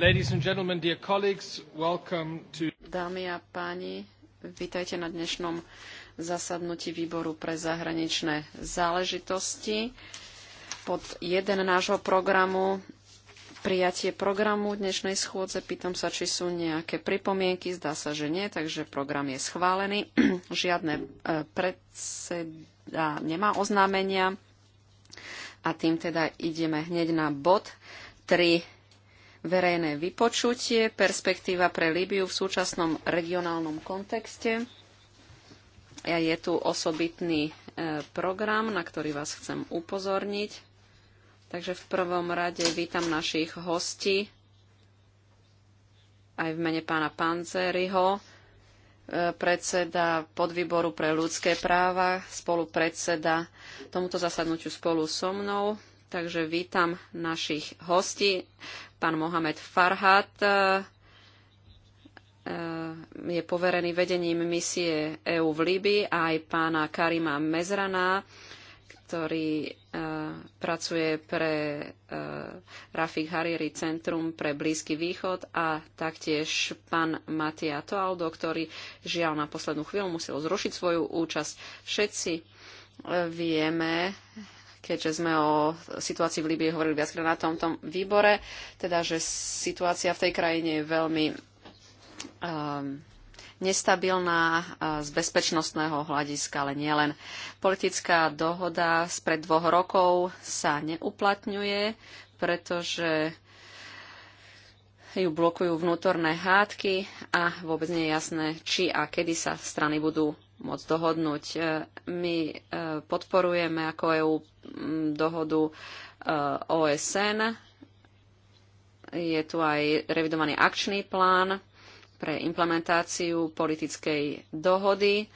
Ladies and gentlemen, dear colleagues, welcome to... Dámy a páni, vítajte na dnešnom zasadnutí výboru pre zahraničné záležitosti. Pod jeden nášho programu prijatie programu dnešnej schôdze. Pýtam sa, či sú nejaké pripomienky. Zdá sa, že nie, takže program je schválený. Žiadne e, predseda nemá oznámenia. A tým teda ideme hneď na bod 3 verejné vypočutie, perspektíva pre Líbiu v súčasnom regionálnom kontexte. A je tu osobitný e, program, na ktorý vás chcem upozorniť. Takže v prvom rade vítam našich hostí aj v mene pána Panzeriho, e, predseda podvýboru pre ľudské práva, spolupredseda tomuto zasadnutiu spolu so mnou. Takže vítam našich hostí. Pán Mohamed Farhat e, e, je poverený vedením misie EÚ v Líbii a aj pána Karima Mezrana, ktorý e, pracuje pre Rafik Hariri Centrum pre Blízky východ a taktiež pán Matia Toaldo, ktorý žiaľ na poslednú chvíľu musel zrušiť svoju účasť. Všetci vieme, keďže sme o situácii v Líbii hovorili viackrát na tomto výbore, teda, že situácia v tej krajine je veľmi um, nestabilná z bezpečnostného hľadiska, ale nielen. Politická dohoda spred dvoch rokov sa neuplatňuje, pretože ju blokujú vnútorné hádky a vôbec nie je jasné, či a kedy sa strany budú môcť dohodnúť. E, my e, podporujeme ako EU dohodu e, OSN. Je tu aj revidovaný akčný plán pre implementáciu politickej dohody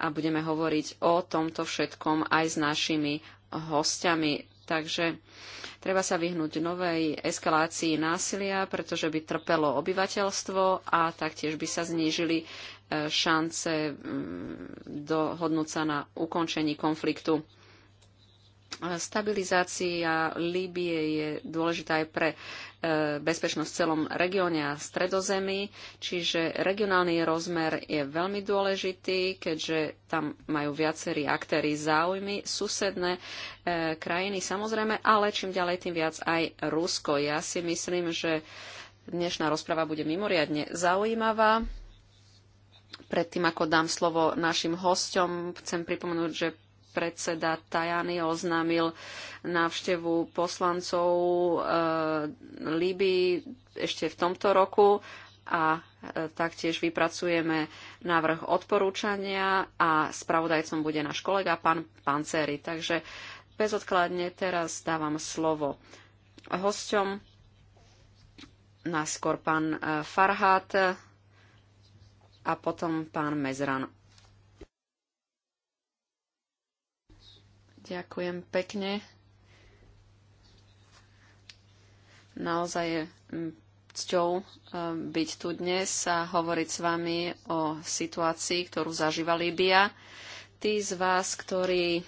a budeme hovoriť o tomto všetkom aj s našimi hostiami. Takže treba sa vyhnúť novej eskalácii násilia, pretože by trpelo obyvateľstvo a taktiež by sa znížili šance mm, dohodnúť sa na ukončení konfliktu. Stabilizácia Líbie je dôležitá aj pre e, bezpečnosť v celom regióne a stredozemí, čiže regionálny rozmer je veľmi dôležitý, keďže tam majú viacerí aktéry záujmy, susedné e, krajiny samozrejme, ale čím ďalej, tým viac aj Rusko. Ja si myslím, že dnešná rozprava bude mimoriadne zaujímavá. Predtým, ako dám slovo našim hosťom, chcem pripomenúť, že predseda Tajany oznámil návštevu poslancov e, eh, Liby ešte v tomto roku a e, taktiež vypracujeme návrh odporúčania a spravodajcom bude náš kolega pán Panceri. Takže bezodkladne teraz dávam slovo hosťom. Naskôr pán eh, Farhat, a potom pán Mezran. Ďakujem pekne. Naozaj je mm, cťou e, byť tu dnes a hovoriť s vami o situácii, ktorú zažíva Líbia. Tí z vás, ktorí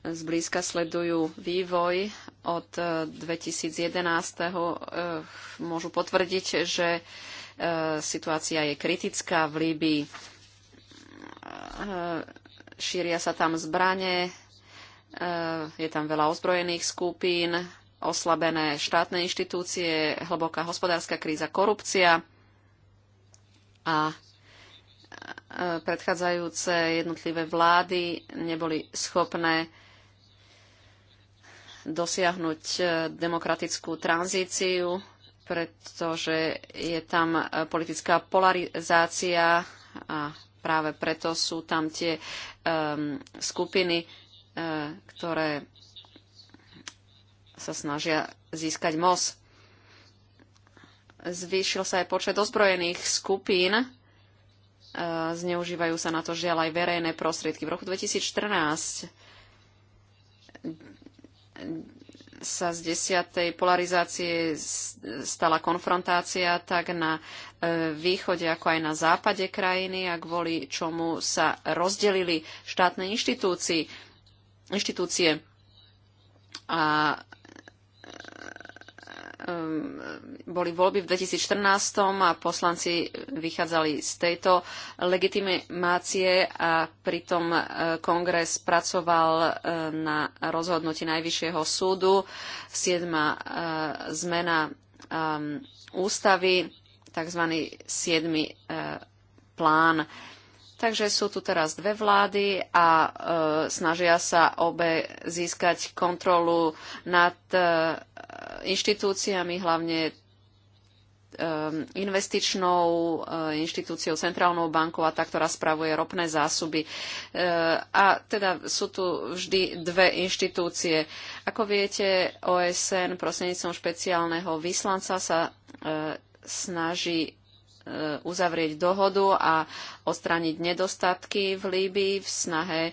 zblízka sledujú vývoj od 2011. E, e, môžu potvrdiť, že E, situácia je kritická v Líbii. E, šíria sa tam zbranie, e, je tam veľa ozbrojených skupín, oslabené štátne inštitúcie, hlboká hospodárska kríza, korupcia a predchádzajúce jednotlivé vlády neboli schopné dosiahnuť demokratickú tranzíciu pretože je tam e, politická polarizácia a práve preto sú tam tie um, skupiny, uh, ktoré sa snažia získať moc. Zvýšil sa aj počet ozbrojených skupín. E, zneužívajú sa na to žiaľ aj verejné prostriedky. V roku 2014 sa z desiatej polarizácie stala konfrontácia tak na e, východe ako aj na západe krajiny a kvôli čomu sa rozdelili štátne inštitúcie. inštitúcie. A Ehm, boli voľby v 2014 a poslanci vychádzali z tejto legitimácie a pritom e, kongres pracoval e, na rozhodnutí Najvyššieho súdu. Siedma e, zmena ehm, ústavy, tzv. siedmy plán. Takže sú tu teraz dve vlády a e, snažia sa obe získať kontrolu nad e, inštitúciami, hlavne ehm, investičnou eh, inštitúciou, centrálnou bankou a tá, ktorá spravuje ropné zásoby. Eh, a teda sú tu vždy dve inštitúcie. Ako viete, OSN prostredníctvom špeciálneho vyslanca sa eh, snaží E, uzavrieť dohodu a odstrániť nedostatky v Líbii v snahe e,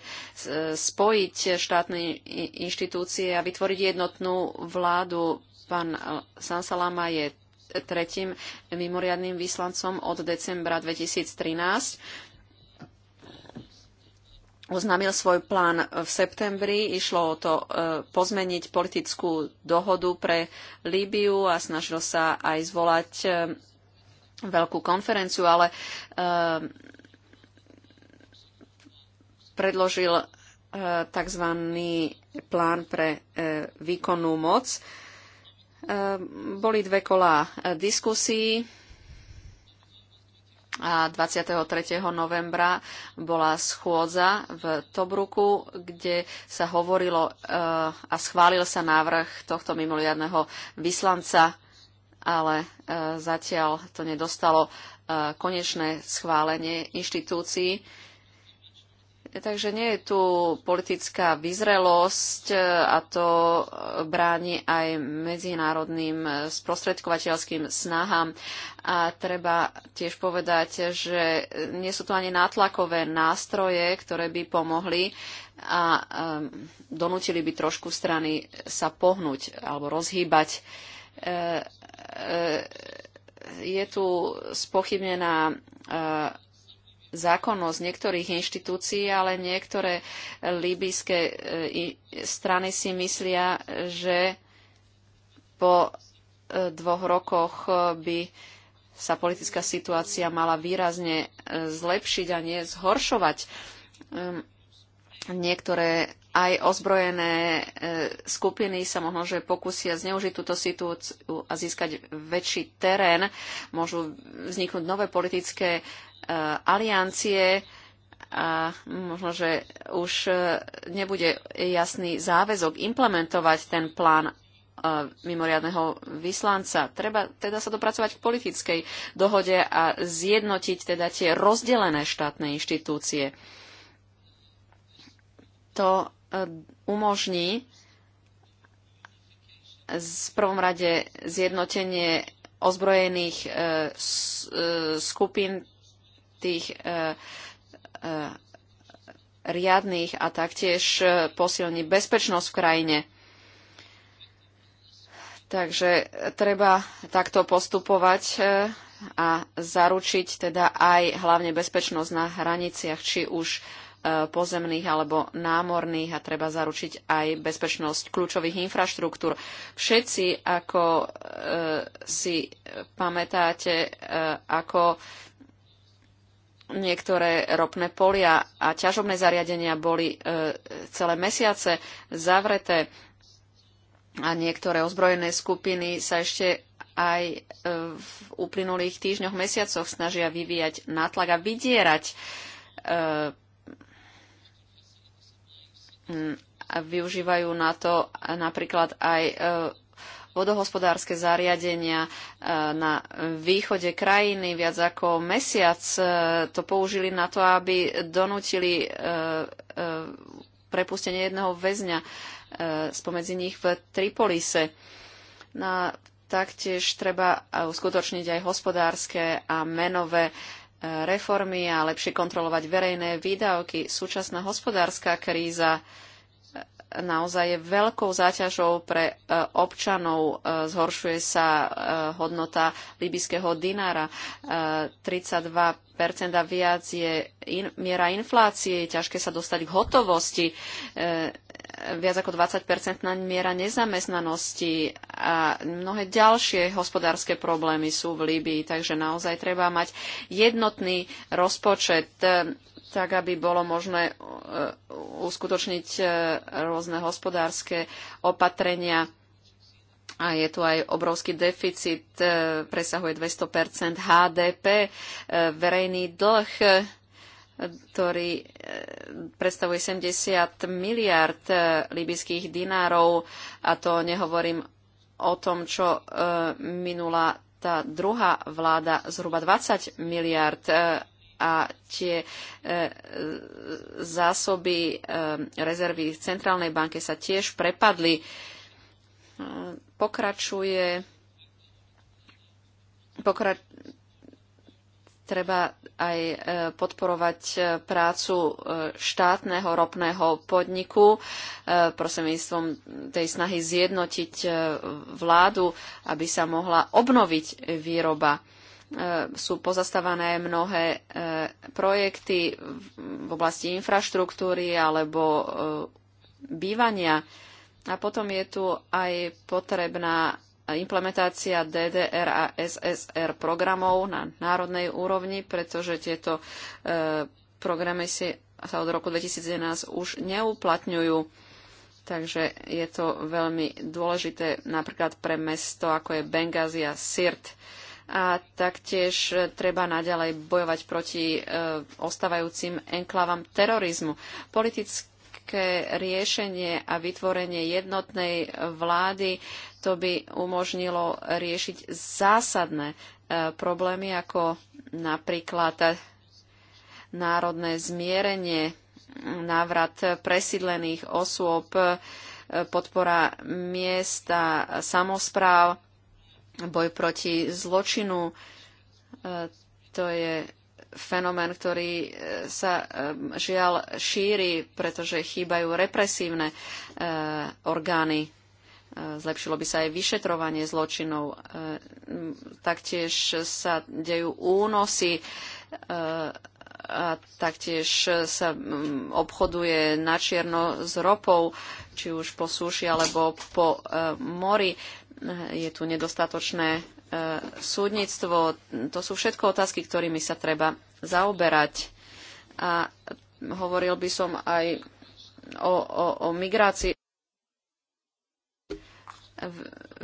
spojiť štátne inštitúcie a vytvoriť jednotnú vládu. Pán Sansalama je tretím mimoriadným vyslancom od decembra 2013. Oznámil svoj plán v septembri. Išlo o to e, pozmeniť politickú dohodu pre Líbiu a snažil sa aj zvolať veľkú konferenciu, ale eh, predložil eh, tzv. plán pre eh, výkonnú moc. Boli dve kolá diskusí a 23. novembra bola schôdza v Tobruku, kde sa hovorilo a schválil sa návrh tohto mimoriadného vyslanca ale e, zatiaľ to nedostalo e, konečné schválenie inštitúcií. Takže nie je tu politická vyzrelosť e, a to bráni aj medzinárodným sprostredkovateľským snahám. A treba tiež povedať, že nie sú tu ani nátlakové nástroje, ktoré by pomohli a donútili by trošku strany sa pohnúť alebo rozhýbať E, je tu spochybnená e, zákonnosť niektorých inštitúcií, ale niektoré líbyjské e, strany si myslia, že po dvoch rokoch by sa politická situácia mala výrazne zlepšiť a nie zhoršovať. Ehm, niektoré aj ozbrojené e, skupiny sa možno, že pokusia zneužiť túto situáciu a získať väčší terén. Môžu vzniknúť nové politické e, aliancie a možno, že už e, nebude jasný záväzok implementovať ten plán mimoriadného vyslanca. Treba teda sa dopracovať k politickej dohode a zjednotiť teda tie rozdelené štátne inštitúcie to e, umožní v prvom rade zjednotenie ozbrojených e, e, skupín tých riadných a taktiež posilní bezpečnosť v krajine. Takže treba takto postupovať a zaručiť teda aj hlavne bezpečnosť na hraniciach, či už pozemných alebo námorných a treba zaručiť aj bezpečnosť kľúčových infraštruktúr. Všetci, ako e, si pamätáte, e, ako niektoré ropné polia a ťažobné zariadenia boli e, celé mesiace zavreté a niektoré ozbrojené skupiny sa ešte aj v uplynulých týždňoch, mesiacoch snažia vyvíjať nátlak a vydierať Mm, a využívajú na to napríklad aj e, vodohospodárske zariadenia e, na východe krajiny. Viac ako mesiac e, to použili na to, aby donútili prepustenie jedného väzňa spomedzi nich v Tripolise. Na taktiež treba uskutočniť aj hospodárske a menové reformy a lepšie kontrolovať verejné výdavky. Súčasná hospodárska kríza naozaj je veľkou záťažou pre e, občanov. E, zhoršuje sa e, hodnota libyského dinára. 32% viac je in, miera inflácie. Je ťažké sa dostať k hotovosti viac ako 20-percentná miera nezamestnanosti a mnohé ďalšie hospodárske problémy sú v Líbii, takže naozaj treba mať jednotný rozpočet e, tak, aby bolo možné e, uskutočniť e, rôzne hospodárske opatrenia. A je tu aj obrovský deficit, presahuje 200 HDP, verejný dlh ktorý e, predstavuje 70 miliard e, libyských dinárov a to nehovorím o tom, čo e, minula tá druhá vláda zhruba 20 miliard a tie zásoby rezervy v Centrálnej banke sa tiež prepadli. Pokračuje pokra- Treba aj e, podporovať e, prácu e, štátneho ropného podniku prosím tej snahy zjednotiť vládu, aby sa mohla obnoviť výroba sú pozastavané mnohé projekty v oblasti infraštruktúry alebo bývania. A potom je tu aj potrebná implementácia DDR a SSR programov na národnej úrovni, pretože tieto e, programy si sa od roku 2011 už neuplatňujú. Takže je to veľmi dôležité napríklad pre mesto, ako je Benghazi a Sirt. A taktiež treba naďalej bojovať proti e, ostávajúcim enklavám terorizmu. Politické politické riešenie a vytvorenie jednotnej vlády, to by umožnilo riešiť zásadné e, problémy, ako napríklad národné zmierenie, návrat presídlených osôb, e, podpora miesta, samozpráv, boj proti zločinu. E, to je fenomén, ktorý e, sa e, žiaľ šíri, pretože chýbajú represívne e, orgány. Zlepšilo by sa aj vyšetrovanie zločinov. Taktiež sa dejú únosy a taktiež sa obchoduje na čierno s ropou, či už po súši alebo po mori. Je tu nedostatočné E, súdnictvo, to sú všetko otázky, ktorými sa treba zaoberať. A hovoril by som aj o, o, o migrácii.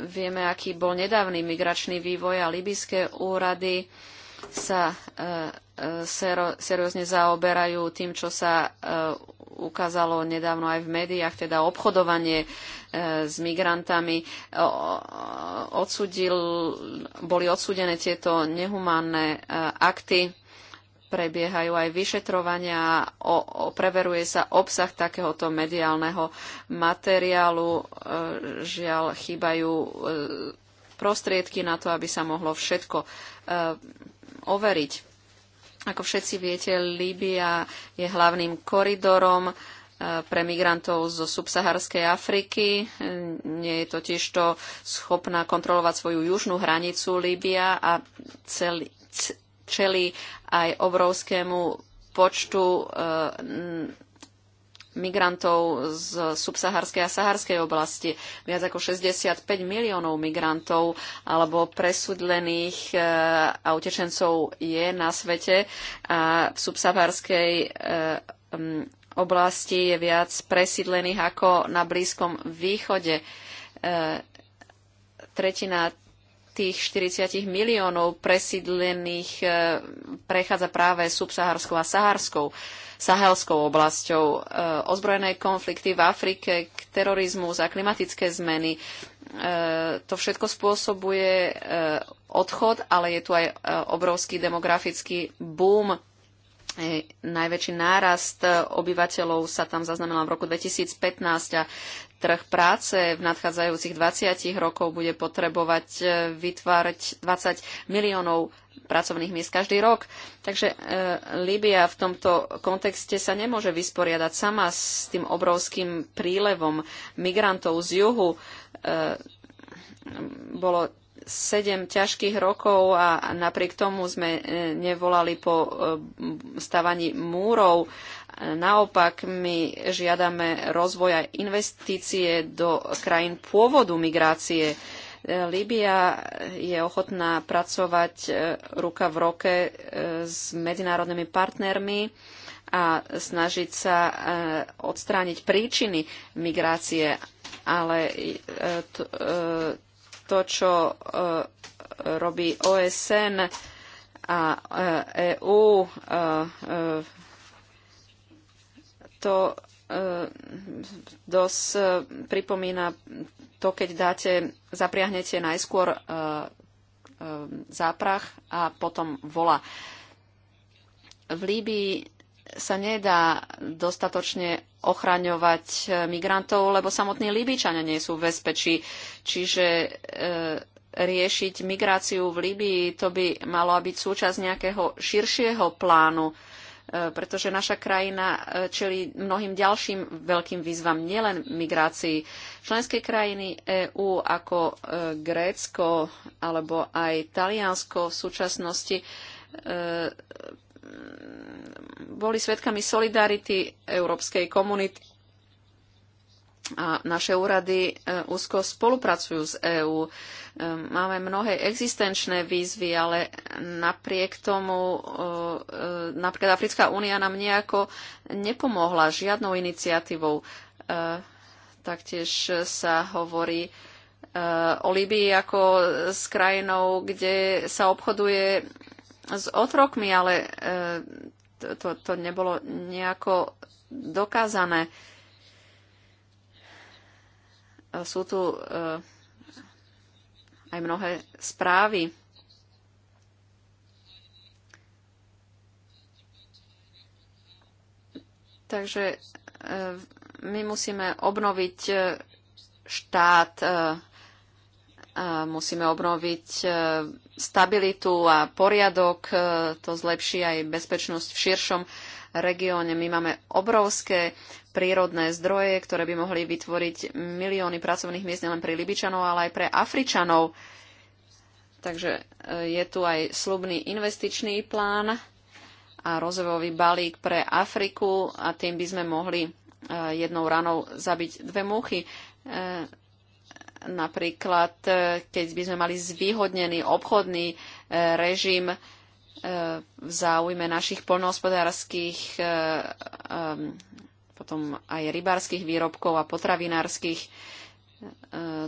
Vieme, aký bol nedávny migračný vývoj a libyské úrady sa e, e, seriózne zaoberajú tým, čo sa e, ukázalo nedávno aj v médiách, teda obchodovanie e, s migrantami. Odsudil, boli odsúdené tieto nehumánne e, akty prebiehajú aj vyšetrovania, o, o, preveruje sa obsah takéhoto mediálneho materiálu. E, žiaľ, chýbajú prostriedky na to, aby sa mohlo všetko overiť. Ako všetci viete, Líbia je hlavným koridorom eh, pre migrantov zo subsaharskej Afriky. Nie je totiž to schopná kontrolovať svoju južnú hranicu Líbia a celý, čeli aj obrovskému počtu eh, migrantov z subsaharskej a saharskej oblasti. Viac ako 65 miliónov migrantov alebo presudlených e, a utečencov je na svete a v subsaharskej e, oblasti je viac presídlených ako na Blízkom východe. E, tretina tých 40 miliónov presídlených e, prechádza práve subsaharskou a saharskou, sahelskou oblasťou. E, ozbrojené konflikty v Afrike, terorizmus a klimatické zmeny, e, to všetko spôsobuje odchod, ale je tu aj obrovský demografický boom najväčší nárast obyvateľov sa tam zaznamenal v roku 2015 a trh práce v nadchádzajúcich 20 rokov bude potrebovať e, vytvárať 20 miliónov pracovných miest každý rok. Takže e, Líbia v tomto kontexte sa nemôže vysporiadať sama s tým obrovským prílevom migrantov z juhu. E, bolo sedem ťažkých rokov a napriek tomu sme e, nevolali po e, stavaní múrov Naopak my žiadame rozvoj a investície do krajín pôvodu migrácie. E, Líbia je ochotná pracovať e, ruka v roke e, s medzinárodnými partnermi a snažiť sa odstrániť príčiny migrácie, ale to, čo robí OSN a EÚ to e, dosť e, pripomína to, keď dáte, zapriahnete najskôr e, záprach a potom vola. V Líbii sa nedá dostatočne ochraňovať migrantov, lebo samotní Líbičania nie sú v bezpečí. Čiže e, riešiť migráciu v Líbii, to by malo byť súčasť nejakého širšieho plánu E, pretože naša krajina e, čeli mnohým ďalším veľkým výzvam, nielen migrácii. Členské krajiny EÚ ako e, Grécko alebo aj Taliansko v súčasnosti boli svedkami solidarity európskej komunity a naše úrady e, úzko spolupracujú s EÚ. E, máme mnohé existenčné výzvy, ale napriek tomu e, napríklad Africká únia nám nejako nepomohla žiadnou iniciatívou. Taktiež sa hovorí o Líbii ako s krajinou, kde sa obchoduje s otrokmi, ale to, to nebolo nejako dokázané. Sú tu e, aj mnohé správy. Takže e, my musíme obnoviť e, štát, musíme obnoviť stabilitu a poriadok, to zlepší aj bezpečnosť v širšom regióne. My máme obrovské prírodné zdroje, ktoré by mohli vytvoriť milióny pracovných miest nielen pre Libičanov, ale aj pre Afričanov. Takže e, je tu aj slubný investičný plán a rozvojový balík pre Afriku a tým by sme mohli e, jednou ranou zabiť dve muchy. E, napríklad, keď by sme mali zvýhodnený obchodný režim v záujme našich polnohospodárských potom aj rybárskych výrobkov a potravinárskych. E,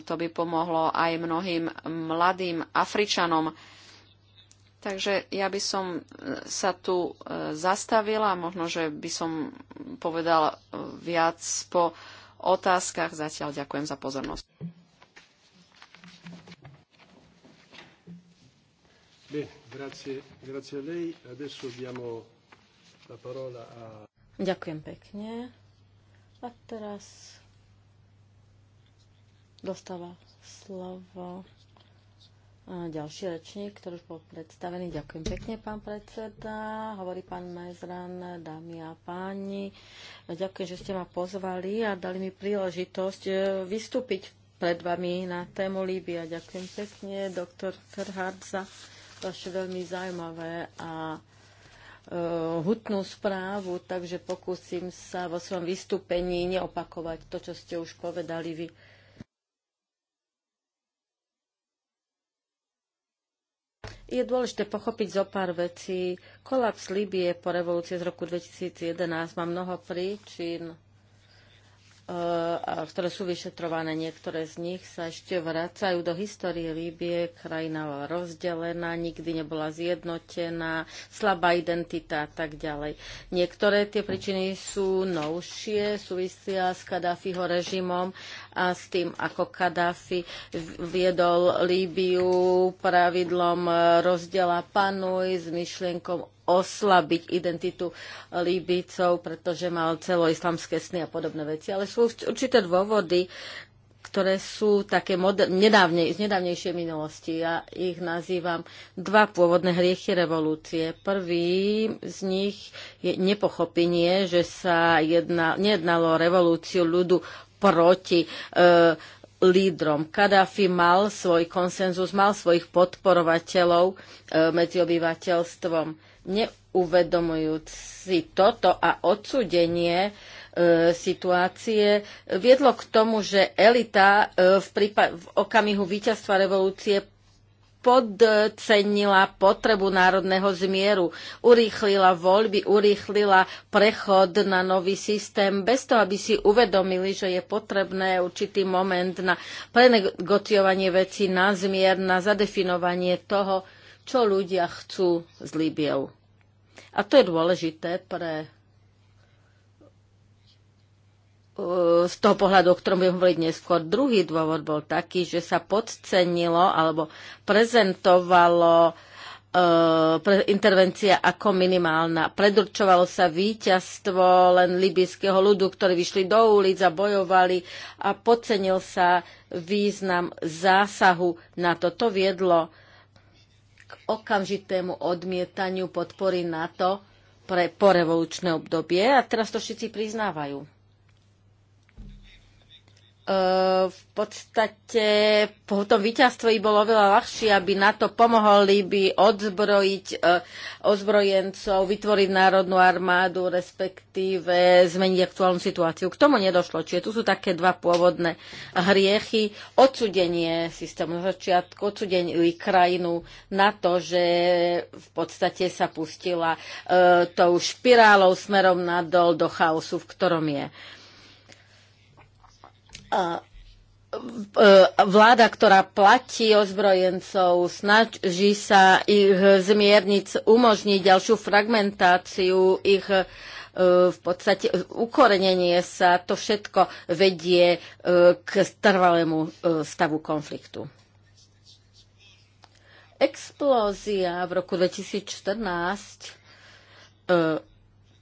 to by pomohlo aj mnohým mladým Afričanom. Takže ja by som e, sa tu e, zastavila, možno, že by som povedal viac po otázkach. Zatiaľ ďakujem za pozornosť. Bene, grazie, grazie a lei. Adesso diamo la parola a Ďakujem pekne. A teraz dostáva slovo ďalší rečník, ktorý už bol predstavený. Ďakujem pekne, pán predseda. Hovorí pán Mezran, dámy a páni. Ďakujem, že ste ma pozvali a dali mi príležitosť e, vystúpiť pred vami na tému Líbia. Ďakujem pekne, doktor Ferhard, za vaše veľmi zaujímavé a Eh, hutnú správu, takže pokúsim sa vo svojom vystúpení neopakovať to, čo ste už povedali vy. Je dôležité pochopiť zo pár vecí. Kolaps Libie po revolúcii z roku 2011 má mnoho príčin ktoré sú vyšetrované. Niektoré z nich sa ešte vracajú do histórie Líbie. Krajina bola rozdelená, nikdy nebola zjednotená, slabá identita a tak ďalej. Niektoré tie príčiny sú novšie, súvisia s Kadáfiho režimom a s tým, ako Kadáfi viedol Líbiu pravidlom eh, rozdela panuj s myšlienkom oslabiť identitu líbicov, pretože mal celoislamské sny a podobné veci. Ale sú určité dôvody, ktoré sú také moder- nedávne, z nedávnejšej minulosti. Ja ich nazývam dva pôvodné hriechy revolúcie. Prvý z nich je nepochopenie, že sa jedna, nejednalo o revolúciu ľudu proti e, lídrom. Kadáfi mal svoj konsenzus, mal svojich podporovateľov e, medzi obyvateľstvom neuvedomujúc si toto a odsúdenie e, situácie viedlo k tomu, že elita e, v, prípade v okamihu víťazstva revolúcie podcenila potrebu národného zmieru, urýchlila voľby, urýchlila prechod na nový systém, bez toho, aby si uvedomili, že je potrebné určitý moment na prenegociovanie veci, na zmier, na zadefinovanie toho, čo ľudia chcú z Libiev. A to je dôležité pre eh, z toho pohľadu, o ktorom budem hovoriť neskôr. Druhý dôvod bol taký, že sa podcenilo alebo prezentovalo e, intervencia ako minimálna. Predurčovalo sa víťazstvo len libyského ľudu, ktorí vyšli do ulic a bojovali a podcenil sa význam zásahu na to. To viedlo okamžitému odmietaniu podpory NATO pre porevolučné obdobie a teraz to všetci priznávajú. E, v podstate po tom víťazstve bolo veľa ľahšie, aby na to pomohli by odzbrojiť e, ozbrojencov, vytvoriť národnú armádu, respektíve zmeniť aktuálnu situáciu. K tomu nedošlo. Čiže tu sú také dva pôvodné hriechy. Odsudenie systému na začiatku, odsudenie krajinu na to, že v podstate sa pustila e, tou špirálou smerom nadol do chaosu, v ktorom je. A e, vláda, ktorá platí ozbrojencov, snaží sa ich zmierniť, umožniť ďalšiu fragmentáciu, ich e, v podstate ukorenenie sa, to všetko vedie e, k trvalému stavu konfliktu. Explózia v roku 2014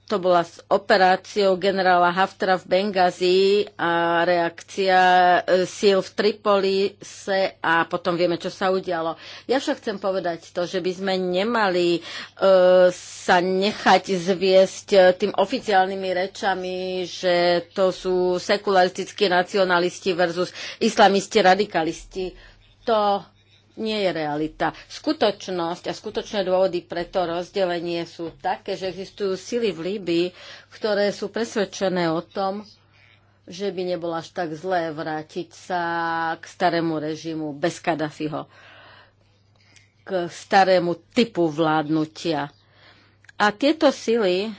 to bola s operáciou generála Haftara v Bengazi a reakcia e, síl v Tripolise a potom vieme, čo sa udialo. Ja však chcem povedať to, že by sme nemali uh, sa nechať zviesť e, tým oficiálnymi rečami, že to sú sekularistickí nacionalisti versus islamisti radikalisti. To nie je realita. Skutočnosť a skutočné dôvody pre to rozdelenie sú také, že existujú sily v Líbii, ktoré sú presvedčené o tom, že by nebolo až tak zlé vrátiť sa k starému režimu bez Kadafiho, k starému typu vládnutia. A tieto sily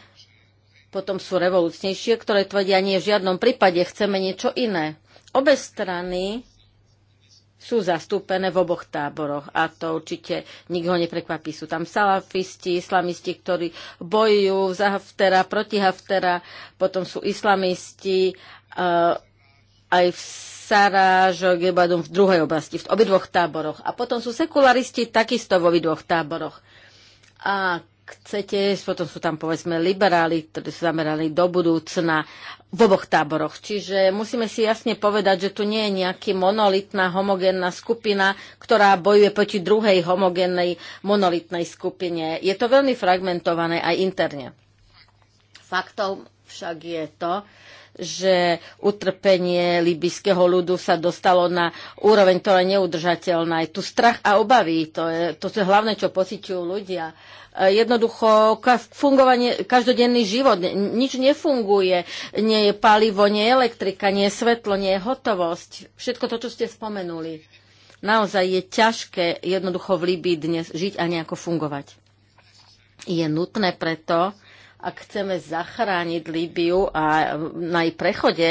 potom sú revolučnejšie, ktoré tvrdia nie v žiadnom prípade, chceme niečo iné. Obe strany sú zastúpené v oboch táboroch a to určite nikto neprekvapí. Sú tam salafisti, islamisti, ktorí bojujú za Haftera, proti Haftera, potom sú islamisti uh, aj v Sarážo, Gebadum v druhej oblasti, v obidvoch táboroch. A potom sú sekularisti takisto v obidvoch táboroch. A chcete, potom sú tam povedzme liberáli, ktorí sú zameraní do budúcna v oboch táboroch. Čiže musíme si jasne povedať, že tu nie je nejaká monolitná homogénna skupina, ktorá bojuje proti druhej homogénnej monolitnej skupine. Je to veľmi fragmentované aj interne. Faktom však je to, že utrpenie libyského ľudu sa dostalo na úroveň, ktorá je neudržateľná. Je tu strach a obavy, to je, to je hlavné, čo pociťujú ľudia. E, jednoducho fungovanie, každodenný život, nič nefunguje. Nie je palivo, nie je elektrika, nie je svetlo, nie je hotovosť. Všetko to, čo ste spomenuli. Naozaj je ťažké jednoducho v Libii dnes žiť a nejako fungovať. Je nutné preto, ak chceme zachrániť Líbiu a na jej prechode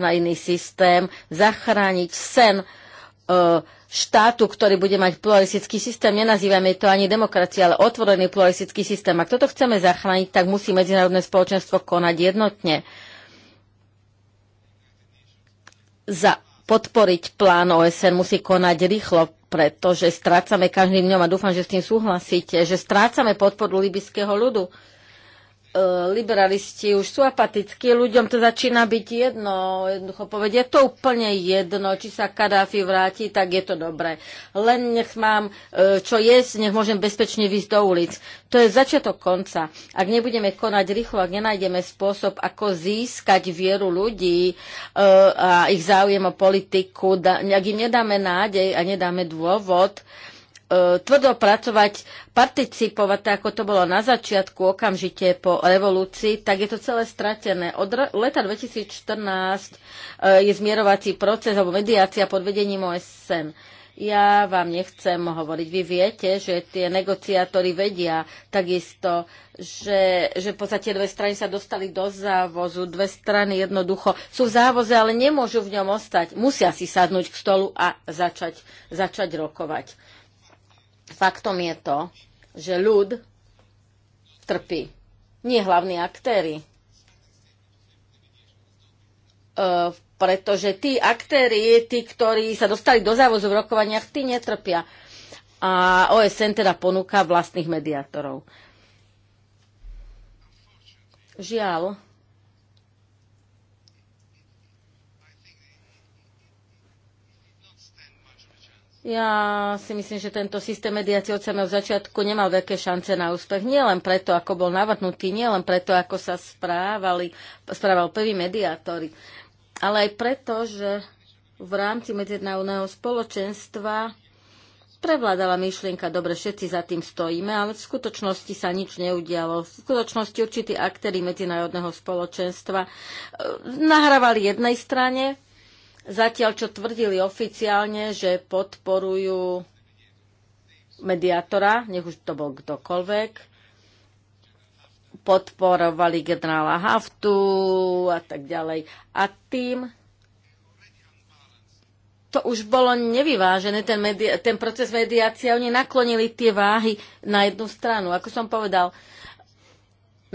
na iný systém, zachrániť sen uh, štátu, ktorý bude mať pluralistický systém. Nenazývame to ani demokracia, ale otvorený pluralistický systém. Ak toto chceme zachrániť, tak musí medzinárodné spoločenstvo konať jednotne. Za podporiť plán OSN musí konať rýchlo, pretože strácame každým dňom a dúfam, že s tým súhlasíte, že strácame podporu libyského ľudu E, liberalisti už sú apatickí, ľuďom to začína byť jedno, jednoducho povedia, je to úplne jedno, či sa Kadáfi vráti, tak je to dobré. Len nech mám e, čo jesť, nech môžem bezpečne výjsť do ulic. To je začiatok konca. Ak nebudeme konať rýchlo, ak nenájdeme spôsob, ako získať vieru ľudí e, a ich záujem o politiku, ak im nedáme nádej a nedáme dôvod, E, tvrdo pracovať, participovať, tak ako to bolo na začiatku, okamžite po revolúcii, tak je to celé stratené. Od leta 2014 e, je zmierovací proces alebo mediácia pod vedením OSN. Ja vám nechcem hovoriť. Vy viete, že tie negociátory vedia takisto, že, že v podstate dve strany sa dostali do závozu, dve strany jednoducho sú v závoze, ale nemôžu v ňom ostať. Musia si sadnúť k stolu a začať, začať rokovať. Faktom je to, že ľud trpí. Nie hlavní aktéry. E, pretože tí aktéry, tí, ktorí sa dostali do závozu v rokovaniach, tí netrpia. A OSN teda ponúka vlastných mediátorov. Žiaľ, Ja si myslím, že tento systém mediácie od samého začiatku nemal veľké šance na úspech. Nie len preto, ako bol navrhnutý, nie len preto, ako sa správali, správal prvý mediátori, ale aj preto, že v rámci medzinárodného spoločenstva prevládala myšlienka, dobre, všetci za tým stojíme, ale v skutočnosti sa nič neudialo. V skutočnosti určití aktéry medzinárodného spoločenstva eh, nahrávali jednej strane Zatiaľ, čo tvrdili oficiálne, že podporujú mediátora, nech už to bol kdokoľvek, podporovali generála Haftu a tak ďalej. A tým to už bolo nevyvážené, ten, media, ten proces mediácie, oni naklonili tie váhy na jednu stranu. Ako som povedal,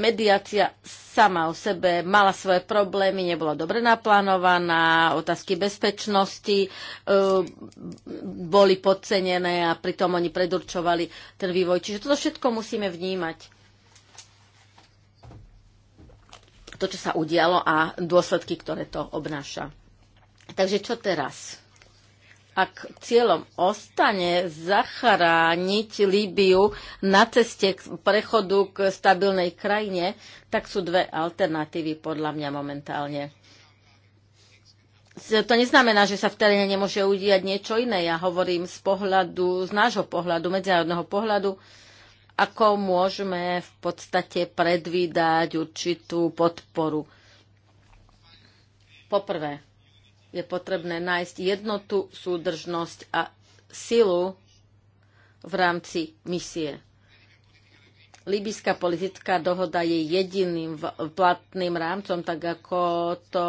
mediácia sama o sebe mala svoje problémy, nebola dobre naplánovaná, otázky bezpečnosti e, boli podcenené a pritom oni predurčovali ten vývoj. Čiže toto všetko musíme vnímať. To, čo sa udialo a dôsledky, ktoré to obnáša. Takže čo teraz? ak cieľom ostane zachrániť Líbiu na ceste k prechodu k stabilnej krajine, tak sú dve alternatívy podľa mňa momentálne. To neznamená, že sa v teréne nemôže udiať niečo iné. Ja hovorím z pohľadu, z nášho pohľadu, medzinárodného pohľadu, ako môžeme v podstate predvídať určitú podporu. Poprvé, je potrebné nájsť jednotu, súdržnosť a silu v rámci misie. Líbyská politická dohoda je jediným platným rámcom, tak ako to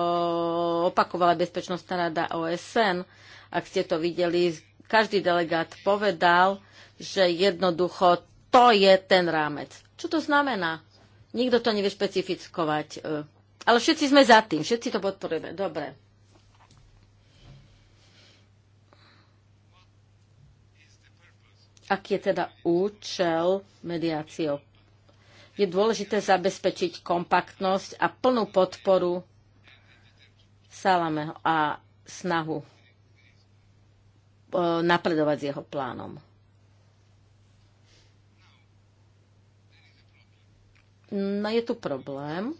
opakovala Bezpečnostná rada OSN. Ak ste to videli, každý delegát povedal, že jednoducho to je ten rámec. Čo to znamená? Nikto to nevie špecifikovať. Eh, ale všetci sme za tým, všetci to podporujeme. Dobre. aký je teda účel mediácie. Je dôležité zabezpečiť kompaktnosť a plnú podporu Salameho a snahu e, napredovať s jeho plánom. No je tu problém,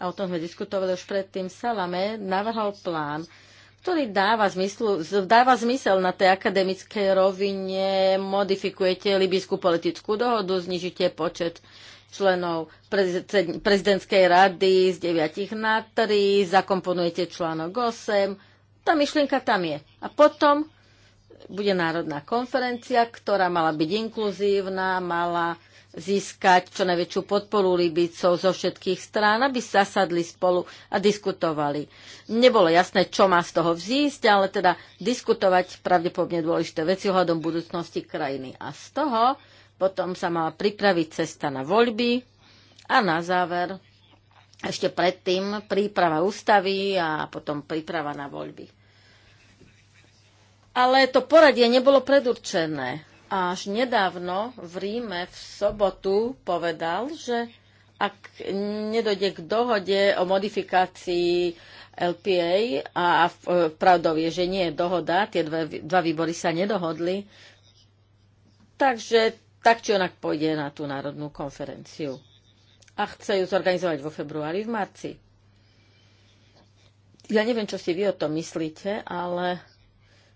a o tom sme diskutovali už predtým, Salame navrhol plán, ktorý dáva, zmyslu, dáva zmysel na tej akademickej rovine, modifikujete libyskú politickú dohodu, znižíte počet členov prezidentskej rady z 9 na 3, zakomponujete článok 8. Tá myšlienka tam je. A potom bude národná konferencia, ktorá mala byť inkluzívna, mala získať čo najväčšiu podporu Libicov zo všetkých strán, aby sa sadli spolu a diskutovali. Nebolo jasné, čo má z toho vzísť, ale teda diskutovať pravdepodobne dôležité veci ohľadom budúcnosti krajiny. A z toho potom sa mala pripraviť cesta na voľby a na záver ešte predtým príprava ústavy a potom príprava na voľby. Ale to poradie nebolo predurčené až nedávno v Ríme v sobotu povedal, že ak nedojde k dohode o modifikácii LPA, a pravdou je, že nie je dohoda, tie dva, dva výbory sa nedohodli, takže tak či onak pôjde na tú národnú konferenciu. A chce ju zorganizovať vo februári, v marci. Ja neviem, čo si vy o tom myslíte, ale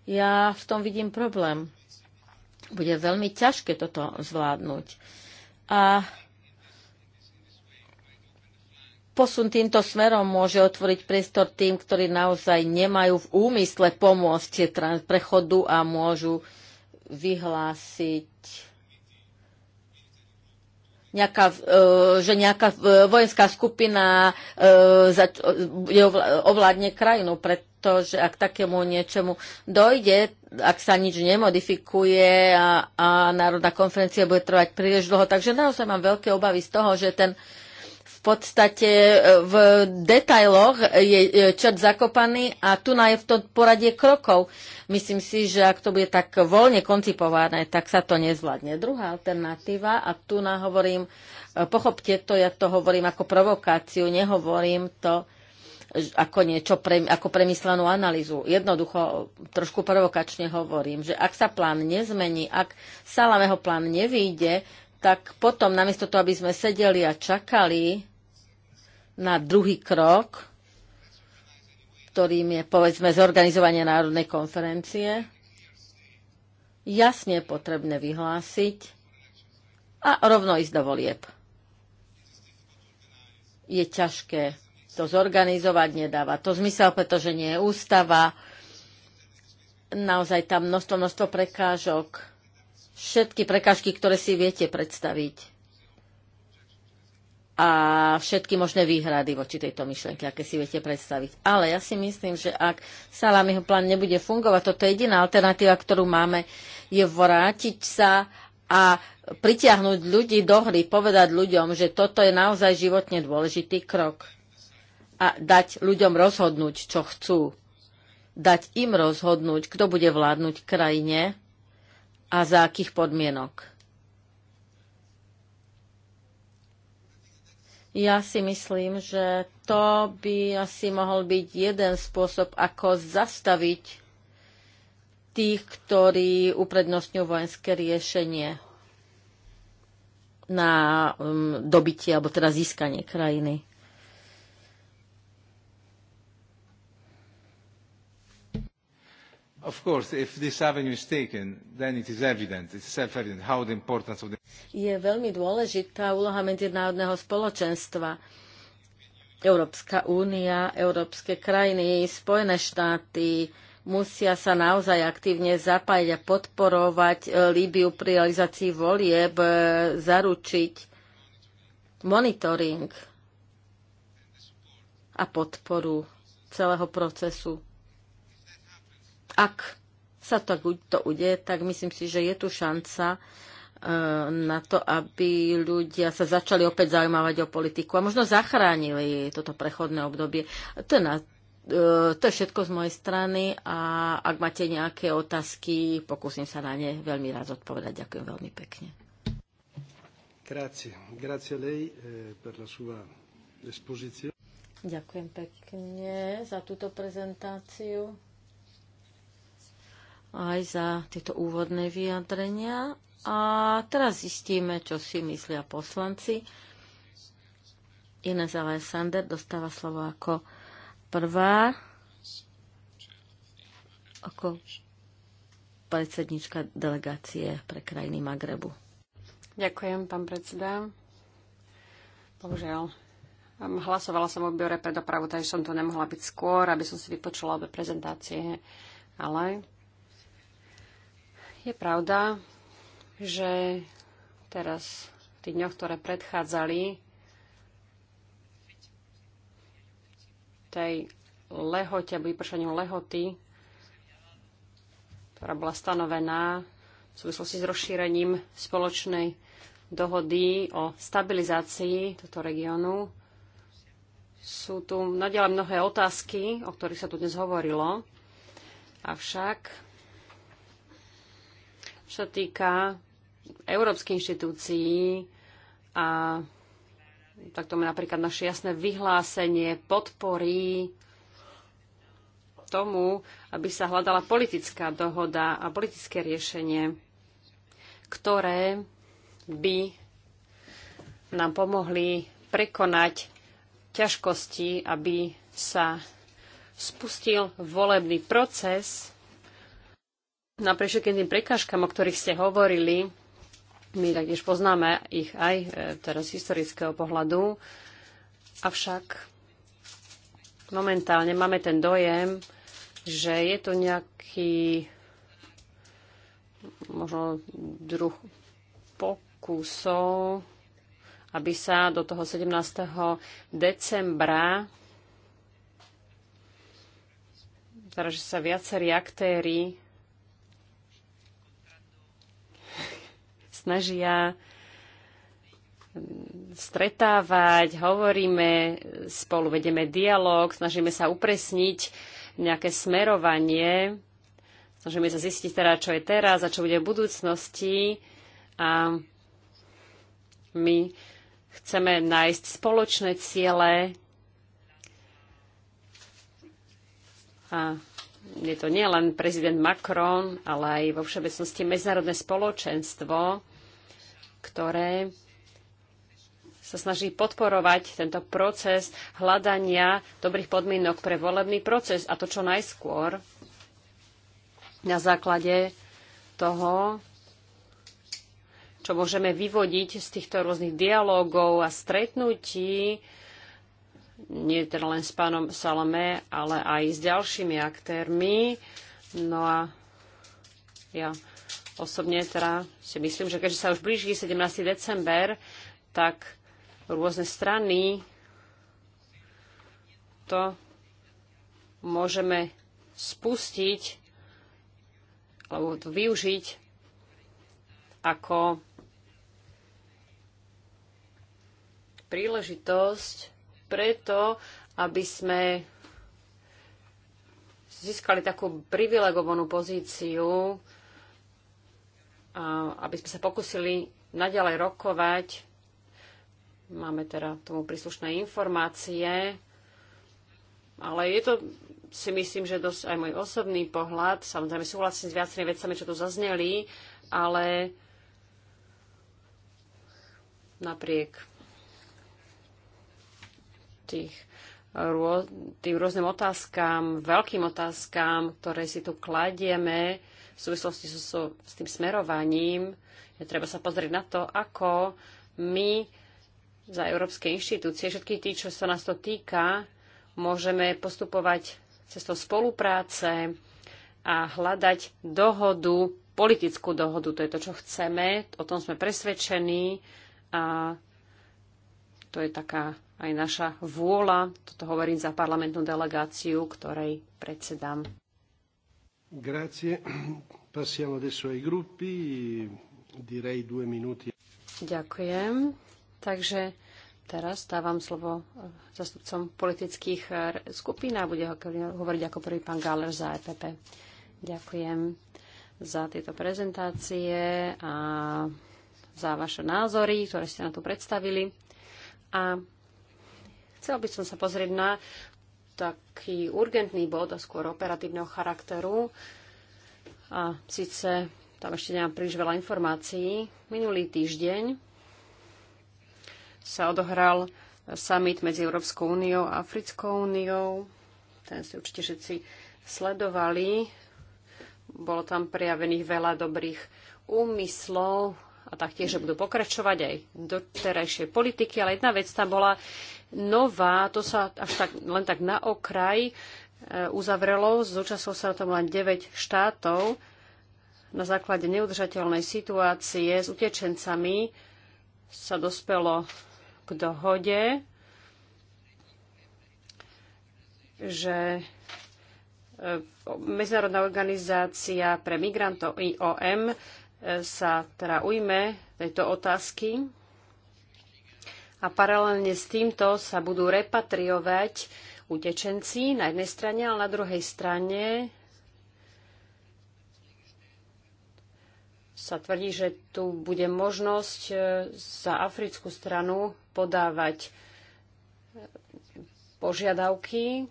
ja v tom vidím problém bude veľmi ťažké toto zvládnuť. A posun týmto smerom môže otvoriť priestor tým, ktorí naozaj nemajú v úmysle pomôcť prechodu a môžu vyhlásiť nejaká, e, že nejaká vojenská skupina e, ovládne krajinu, pretože ak takému niečomu dojde, ak sa nič nemodifikuje a, a Národná konferencia bude trvať príliš dlho. Takže naozaj mám veľké obavy z toho, že ten podstate e, v detailoch je e, čert zakopaný a tu je v to poradie krokov. Myslím si, že ak to bude tak voľne koncipované, tak sa to nezvládne. Druhá alternatíva, a tu hovorím, e, pochopte to, ja to hovorím ako provokáciu, nehovorím to ako niečo, pre, ako premyslenú analýzu. Jednoducho, trošku provokačne hovorím, že ak sa plán nezmení, ak Salameho plán nevýjde, tak potom namiesto toho, aby sme sedeli a čakali, na druhý krok, ktorým je, povedzme, zorganizovanie národnej konferencie, jasne potrebné vyhlásiť a rovno ísť do volieb. Je ťažké to zorganizovať, nedáva to zmysel, pretože nie je ústava. Naozaj tam množstvo, množstvo prekážok. Všetky prekážky, ktoré si viete predstaviť a všetky možné výhrady voči tejto myšlienke, aké si viete predstaviť. Ale ja si myslím, že ak Salamiho plán nebude fungovať, toto je jediná alternatíva, ktorú máme, je vrátiť sa a pritiahnuť ľudí do hry, povedať ľuďom, že toto je naozaj životne dôležitý krok a dať ľuďom rozhodnúť, čo chcú. Dať im rozhodnúť, kto bude vládnuť krajine a za akých podmienok Ja si myslím, že to by asi mohol byť jeden spôsob, ako zastaviť tých, ktorí uprednostňujú vojenské riešenie na um, dobitie alebo teda získanie krajiny. Of course, if this avenue is taken, then it is evident, it's self-evident how the importance of the... Je veľmi dôležitá úloha medzinárodného spoločenstva. Európska únia, európske krajiny, Spojené štáty musia sa naozaj aktívne zapájať a podporovať e, Líbiu pri realizácii volieb, e, zaručiť monitoring a podporu celého procesu ak sa to, to udeje, tak myslím si, že je tu šanca e, na to, aby ľudia sa začali opäť zaujímavať o politiku a možno zachránili toto prechodné obdobie. To je, na, e, to je všetko z mojej strany a ak máte nejaké otázky, pokúsim sa na ne veľmi rád odpovedať. Ďakujem veľmi pekne. Grazie. Grazie lei eh, per la sua esposizione. Ďakujem pekne za túto prezentáciu aj za tieto úvodné vyjadrenia. A teraz zistíme, čo si myslia poslanci. Ines Alexander dostáva slovo ako prvá, ako predsednička delegácie pre krajiny Magrebu. Ďakujem, pán predseda. Bohužiaľ, um, hlasovala som o biore pre dopravu, takže som to nemohla byť skôr, aby som si vypočula obe prezentácie, ale je pravda, že teraz v tých dňoch, ktoré predchádzali tej lehote, alebo vypršaniu lehoty, ktorá bola stanovená v súvislosti s rozšírením spoločnej dohody o stabilizácii tohto regiónu. Sú tu nadiaľ mnohé otázky, o ktorých sa tu dnes hovorilo. Avšak čo sa týka európskych inštitúcií a tak to napríklad naše jasné vyhlásenie podporí tomu, aby sa hľadala politická dohoda a politické riešenie, ktoré by nám pomohli prekonať ťažkosti, aby sa spustil volebný proces, napriek všetkým tým prekážkam, o ktorých ste hovorili, my taktiež poznáme ich aj e, teraz z historického pohľadu, avšak momentálne máme ten dojem, že je to nejaký možno druh pokusov, aby sa do toho 17. decembra, teda, že sa viacerí aktéry snažia stretávať, hovoríme, spolu vedeme dialog, snažíme sa upresniť nejaké smerovanie, snažíme sa zistiť teda, čo je teraz a čo bude v budúcnosti a my chceme nájsť spoločné ciele a je to nielen prezident Macron, ale aj vo všeobecnosti medzinárodné spoločenstvo, ktoré sa snaží podporovať tento proces hľadania dobrých podmienok pre volebný proces a to čo najskôr na základe toho, čo môžeme vyvodiť z týchto rôznych dialogov a stretnutí, nie teda len s pánom Salome, ale aj s ďalšími aktérmi. No a ja osobne teda si myslím, že keďže sa už blíži 17. december, tak rôzne strany to môžeme spustiť alebo to využiť ako príležitosť preto, aby sme získali takú privilegovanú pozíciu aby sme sa pokusili naďalej rokovať. Máme teda tomu príslušné informácie, ale je to si myslím, že dosť aj môj osobný pohľad. Samozrejme súhlasím s viacerými vecami, čo tu zazneli, ale napriek tých tým rôznym otázkam, veľkým otázkam, ktoré si tu kladieme, v súvislosti so, so, s tým smerovaním je treba sa pozrieť na to, ako my za európske inštitúcie, všetky tí, čo sa nás to týka, môžeme postupovať cestou spolupráce a hľadať dohodu, politickú dohodu. To je to, čo chceme, o tom sme presvedčení a to je taká aj naša vôľa. Toto hovorím za parlamentnú delegáciu, ktorej predsedám. Ďakujem. Takže teraz dávam slovo eh, zastupcom politických eh, skupín a bude ho hovoriť ako prvý pán Galer za EPP. Ďakujem za tieto prezentácie a za vaše názory, ktoré ste na to predstavili. A chcel by som sa pozrieť na taký urgentný bod, a skôr operatívneho charakteru. A síce tam ešte nemám príliš veľa informácií. Minulý týždeň sa odohral summit medzi Európskou úniou a Africkou úniou. Ten si určite všetci sledovali. Bolo tam prijavených veľa dobrých úmyslov a taktiež, že budú pokračovať aj do terajšej politiky, ale jedna vec tam bola nová, to sa až tak, len tak na okraj e, uzavrelo, zúčastnilo sa na tom len 9 štátov na základe neudržateľnej situácie s utečencami sa dospelo k dohode, že e, Medzinárodná organizácia pre migrantov IOM e, sa teda ujme tejto otázky a paralelne s týmto sa budú repatriovať utečenci na jednej strane, ale na druhej strane sa tvrdí, že tu bude možnosť e, za africkú stranu podávať e, požiadavky,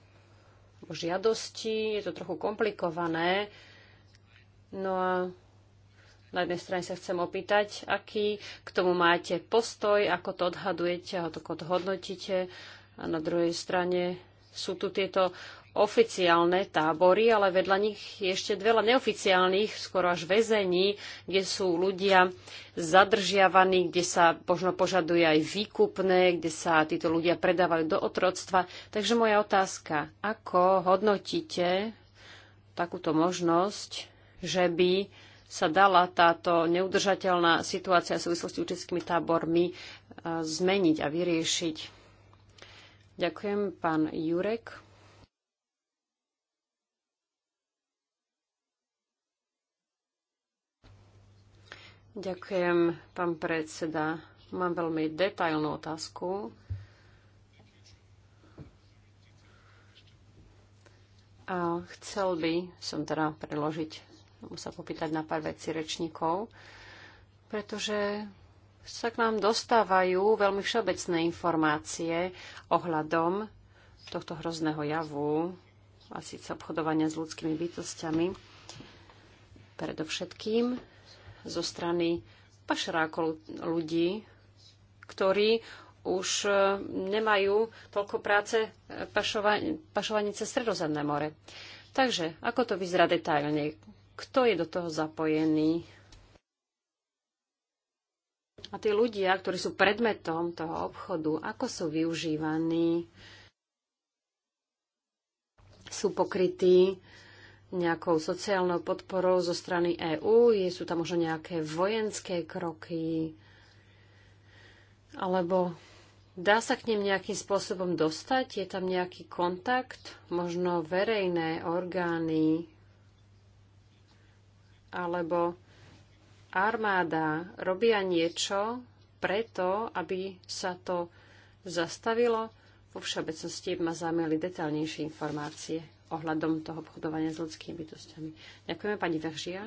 žiadosti. Je to trochu komplikované. No a na jednej strane sa chcem opýtať, aký k tomu máte postoj, ako to odhadujete, ako to hodnotíte. A na druhej strane sú tu tieto oficiálne tábory, ale vedľa nich je ešte veľa neoficiálnych, skoro až väzení, kde sú ľudia zadržiavaní, kde sa možno požaduje aj výkupné, kde sa títo ľudia predávajú do otroctva. Takže moja otázka, ako hodnotíte takúto možnosť, že by sa dala táto neudržateľná situácia v súvislosti s učeckými tábormi e, zmeniť a vyriešiť. Ďakujem, pán Jurek. Ďakujem, pán predseda. Mám veľmi detailnú otázku. A chcel by som teda preložiť sa popýtať na pár vecí rečníkov, pretože sa k nám dostávajú veľmi všeobecné informácie ohľadom tohto hrozného javu, a síce obchodovania s ľudskými bytostiami, predovšetkým zo strany pašerákov ľudí, ktorí už e, nemajú toľko práce e, pašovaní cez Stredozemné more. Takže, ako to vyzerá detailne? kto je do toho zapojený. A tí ľudia, ktorí sú predmetom toho obchodu, ako sú využívaní, sú pokrytí nejakou sociálnou podporou zo strany EÚ, sú tam možno nejaké vojenské kroky, alebo dá sa k ním nejakým spôsobom dostať, je tam nejaký kontakt, možno verejné orgány alebo armáda robia niečo preto, aby sa to zastavilo. Vo všeobecnosti ma zaujímali detaľnejšie informácie ohľadom toho obchodovania s ľudskými bytostiami. Ďakujeme pani Veržia.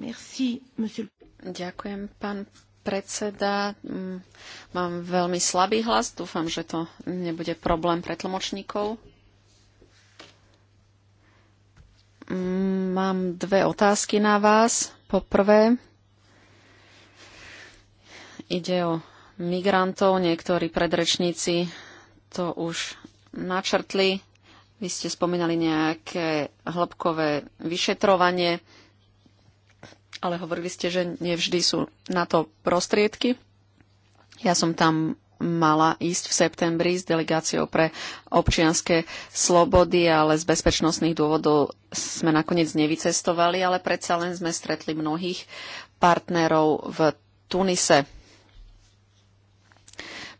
Merci, monsieur. Ďakujem, pán predseda. Mm, mám veľmi slabý hlas, dúfam, že to nebude problém pre tlmočníkov. Mm, mám dve otázky na vás. Poprvé, ide o migrantov. Niektorí predrečníci to už načrtli. Vy ste spomínali nejaké hĺbkové vyšetrovanie, ale hovorili ste, že nevždy sú na to prostriedky. Ja som tam mala ísť v septembri s delegáciou pre občianské slobody, ale z bezpečnostných dôvodov sme nakoniec nevycestovali, ale predsa len sme stretli mnohých partnerov v Tunise.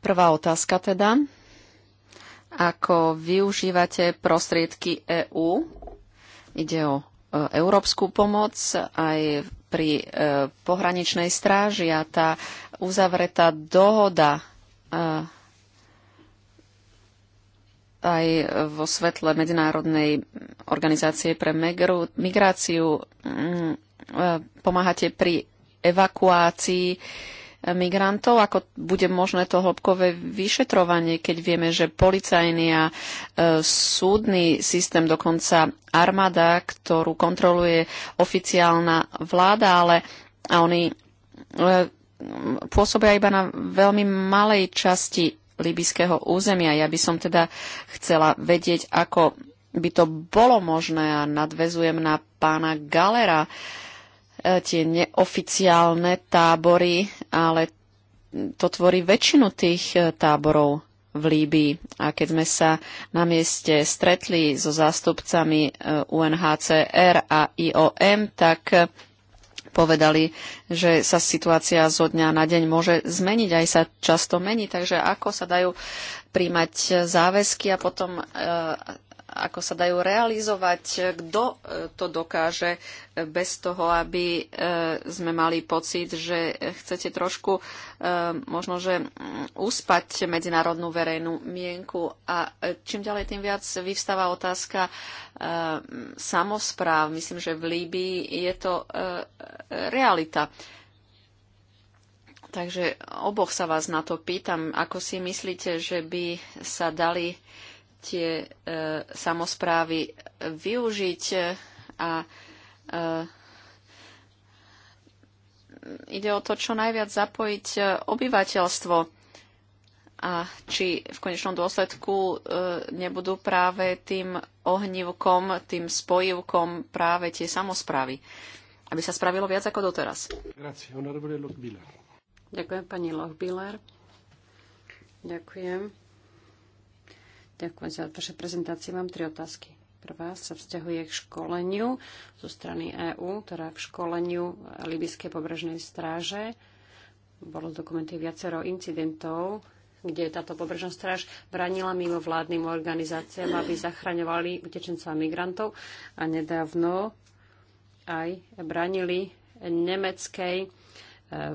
Prvá otázka teda. Ako využívate prostriedky EÚ? Ide o e, európsku pomoc aj pri e, pohraničnej stráži a tá uzavretá dohoda aj vo svetle Medzinárodnej organizácie pre migráciu mm, e, pomáhate pri evakuácii migrantov, ako bude možné to hĺbkové vyšetrovanie, keď vieme, že policajný a e, súdny systém, dokonca armáda, ktorú kontroluje oficiálna vláda, ale a oni e, pôsobia iba na veľmi malej časti libyského územia. Ja by som teda chcela vedieť, ako by to bolo možné a nadvezujem na pána Galera e, tie neoficiálne tábory, ale to tvorí väčšinu tých e, táborov v Líbii. A keď sme sa na mieste stretli so zástupcami e, UNHCR a IOM, tak povedali, že sa situácia zo dňa na deň môže zmeniť, aj sa často mení, takže ako sa dajú príjmať záväzky a potom e, ako sa dajú realizovať, kto e, to dokáže e, bez toho, aby e, sme mali pocit, že chcete trošku možno, že mm, uspať medzinárodnú verejnú mienku. A čím ďalej, tým viac vyvstáva otázka samozpráv. Myslím, že v Líbii je to realita. Takže oboch sa vás na to pýtam, ako si myslíte, že by sa dali tie e, samozprávy využiť a e, ide o to, čo najviac zapojiť e, obyvateľstvo a či v konečnom dôsledku e, nebudú práve tým ohnívkom, tým spojivkom práve tie samozprávy, aby sa spravilo viac ako doteraz. Ďakujem, pani Lochbiller. Ďakujem. Ďakujem za vaše prezentácie. Mám tri otázky. Prvá sa vzťahuje k školeniu zo strany EÚ, ktorá teda v školeniu Libyskej pobrežnej stráže bolo v viacero incidentov, kde táto pobrežná stráž bránila mimo vládnym organizáciám, aby zachraňovali utečencov a migrantov a nedávno aj branili nemeckej e,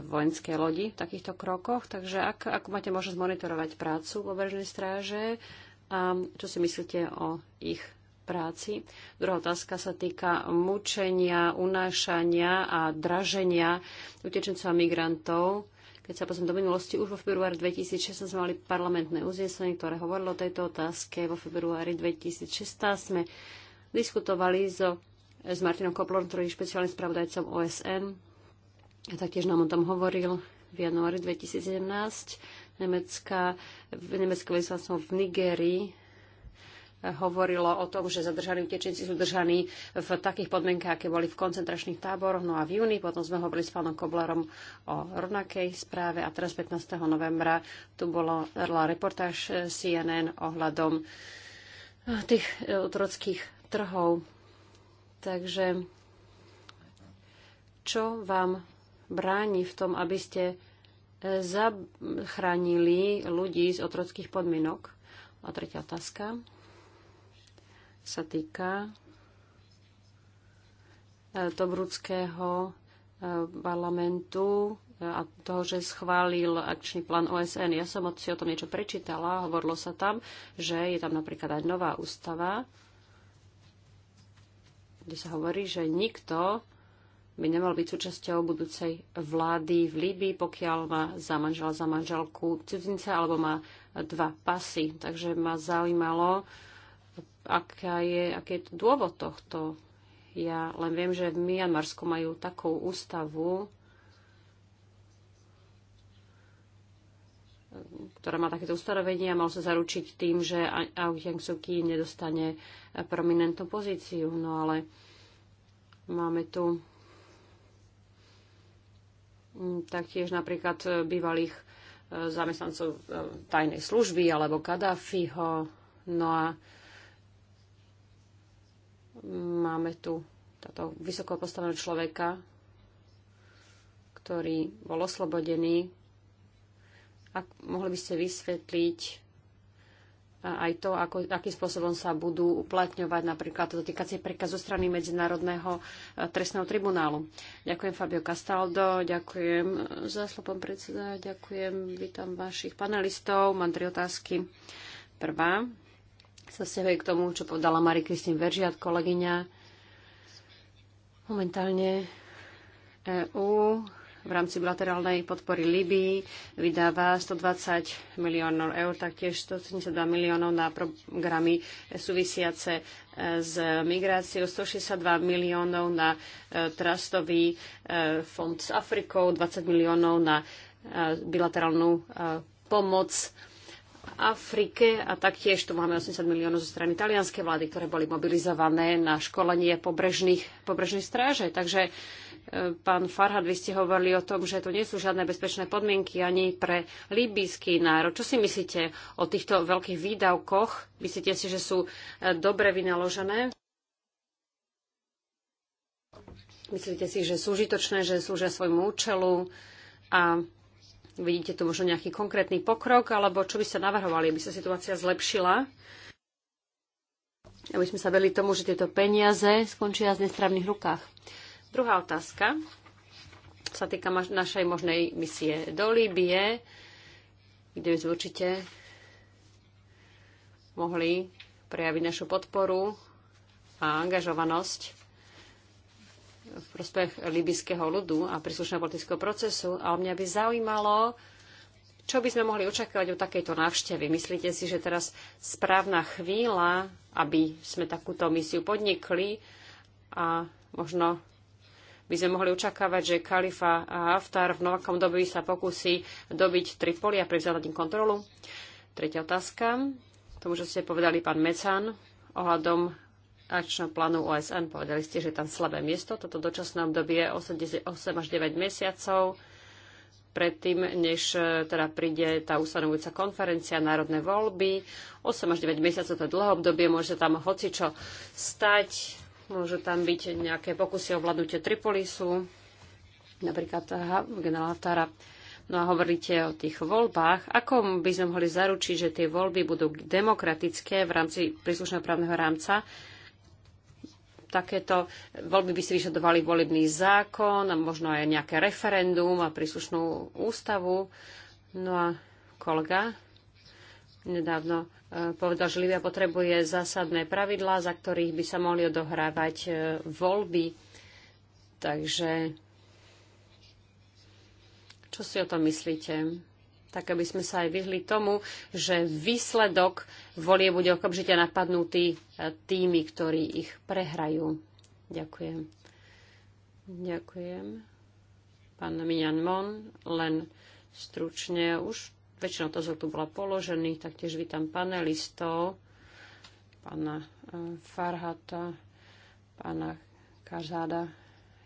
vojenské lodi v takýchto krokoch. Takže ak, ak máte možnosť monitorovať prácu pobrežnej stráže, a čo si myslíte o ich práci. Druhá otázka sa týka mučenia, unášania a draženia utečencov a migrantov. Keď sa pozriem do minulosti, už vo februári 2016 sme mali parlamentné uznesenie, ktoré hovorilo o tejto otázke. Vo februári 2016 sme diskutovali so, s Martinom Koplorom, ktorý je špeciálnym spravodajcom OSN. A taktiež nám o tom hovoril v januári 2017 Nemecka, Nemecku vyslanstvom v Nigerii eh, hovorilo o tom, že zadržaní utečenci sú držaní v takých podmienkach, aké boli v koncentračných táboroch. No a v júni potom sme hovorili s pánom Koblerom o rovnakej správe a teraz 15. novembra tu bola reportáž eh, CNN ohľadom eh, tých otrockých trhov. Takže čo vám bráni v tom, aby ste zachránili ľudí z otrockých podmienok. A tretia otázka sa týka e, Tobrudského e, parlamentu e, a toho, že schválil akčný plán OSN. Ja som si o tom niečo prečítala, hovorilo sa tam, že je tam napríklad aj nová ústava, kde sa hovorí, že nikto by nemal byť súčasťou budúcej vlády v Líbii, pokiaľ má za manžela, za manželku cudzince alebo má dva pasy. Takže ma zaujímalo, aká je, aký je dôvod tohto. Ja len viem, že v Mianmarsku majú takú ústavu, ktorá má takéto ustanovenie a mal sa zaručiť tým, že Aung San Suu Kyi nedostane prominentnú pozíciu. No ale máme tu Mm, taktiež napríklad e, bývalých e, zamestnancov e, tajnej služby alebo Kadáfiho. No a máme tu táto vysoko postaveného človeka, ktorý bol oslobodený. Ak mohli by ste vysvetliť, aj to, ako, akým spôsobom sa budú uplatňovať napríklad dotýkacie príkaz zo strany Medzinárodného e, trestného tribunálu. Ďakujem Fabio Castaldo, ďakujem e, za slobom predseda, ďakujem, vítam vašich panelistov, mám tri otázky. Prvá sa stiahuje k tomu, čo povedala Mari Kristín Veržiat, kolegyňa. Momentálne EU v rámci bilaterálnej podpory Libii vydáva 120 miliónov eur, taktiež 172 miliónov na programy súvisiace e, s migráciou, 162 miliónov na e, trastový e, fond s Afrikou, 20 miliónov na bilaterálnu pomoc Afrike a taktiež tu máme 80 miliónov zo strany talianskej vlády, ktoré boli mobilizované na školenie pobrežných, pobrežných stráže. Takže Pán Farhad, vy ste hovorili o tom, že tu nie sú žiadne bezpečné podmienky ani pre líbyjský národ. Čo si myslíte o týchto veľkých výdavkoch? Myslíte si, že sú eh, dobre vynaložené? Myslíte si, že sú užitočné, že slúžia svojmu účelu a vidíte tu možno nejaký konkrétny pokrok, alebo čo by ste navrhovali, aby sa situácia zlepšila? aby sme sa vedeli tomu, že tieto peniaze skončia v nestravných rukách. Druhá otázka sa týka našej možnej misie do Líbie, kde by sme určite mohli prejaviť našu podporu a angažovanosť v prospech libyského ľudu a príslušného politického procesu. A mňa by zaujímalo, čo by sme mohli očakávať od takejto návštevy? Myslíte si, že teraz správna chvíľa, aby sme takúto misiu podnikli a možno by sme mohli očakávať, že Kalifa a Haftar v novakom dobi sa pokusí dobiť Tripoli a prevzať tým kontrolu? Tretia otázka. Tomu, čo ste povedali pán Mecan ohľadom akčného plánu OSN. Povedali ste, že je tam slabé miesto. Toto dočasné obdobie je 8 až 9 mesiacov predtým, než e, teda príde tá ustanovujúca konferencia, národné voľby. 8 až 9 mesiacov to je dlhé obdobie, môže tam tam hocičo stať. Môžu tam byť nejaké pokusy o vládnutie Tripolisu, napríklad generál Haftara. No a hovoríte o tých voľbách. Ako by sme mohli zaručiť, že tie voľby budú demokratické v rámci príslušného právneho rámca? Takéto voľby by si vyžadovali volebný zákon a možno aj nejaké referendum a príslušnú ústavu. No a kolega, nedávno e, povedal, že Libia potrebuje zásadné pravidlá, za ktorých by sa mohli odohrávať e, voľby. Takže čo si o tom myslíte? Tak, aby sme sa aj vyhli tomu, že výsledok volie bude okamžite napadnutý e, tými, ktorí ich prehrajú. Ďakujem. Ďakujem. Pán Mian Mon, len stručne už bezpečná. Otázok tu bola položený. Taktiež vítam panelistov, pána e, Farhata, pána Kazáda.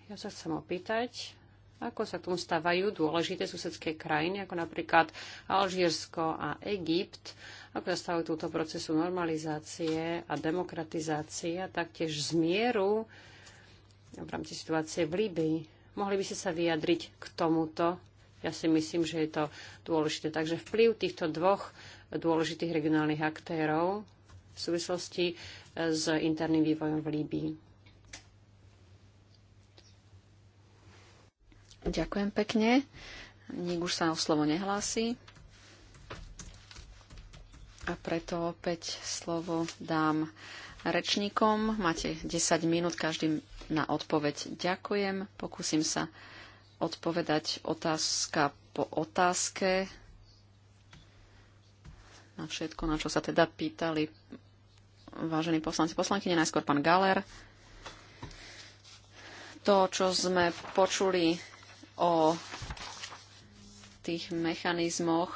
Ja sa chcem opýtať, ako sa k tomu stávajú dôležité susedské krajiny, ako napríklad Alžírsko a Egypt, ako sa stávajú túto procesu normalizácie a demokratizácie a taktiež zmieru v rámci situácie v Líbii. Mohli by ste sa vyjadriť k tomuto ja si myslím, že je to dôležité. Takže vplyv týchto dvoch dôležitých regionálnych aktérov v súvislosti e, s interným vývojom v Líbii. Ďakujem pekne. Nik už sa o slovo nehlási. A preto opäť slovo dám rečníkom. Máte 10 minút každým na odpoveď. Ďakujem. Pokúsim sa odpovedať otázka po otázke na všetko, na čo sa teda pýtali vážení poslanci, poslankyne, najskôr pán Galer. To, čo sme počuli o tých mechanizmoch,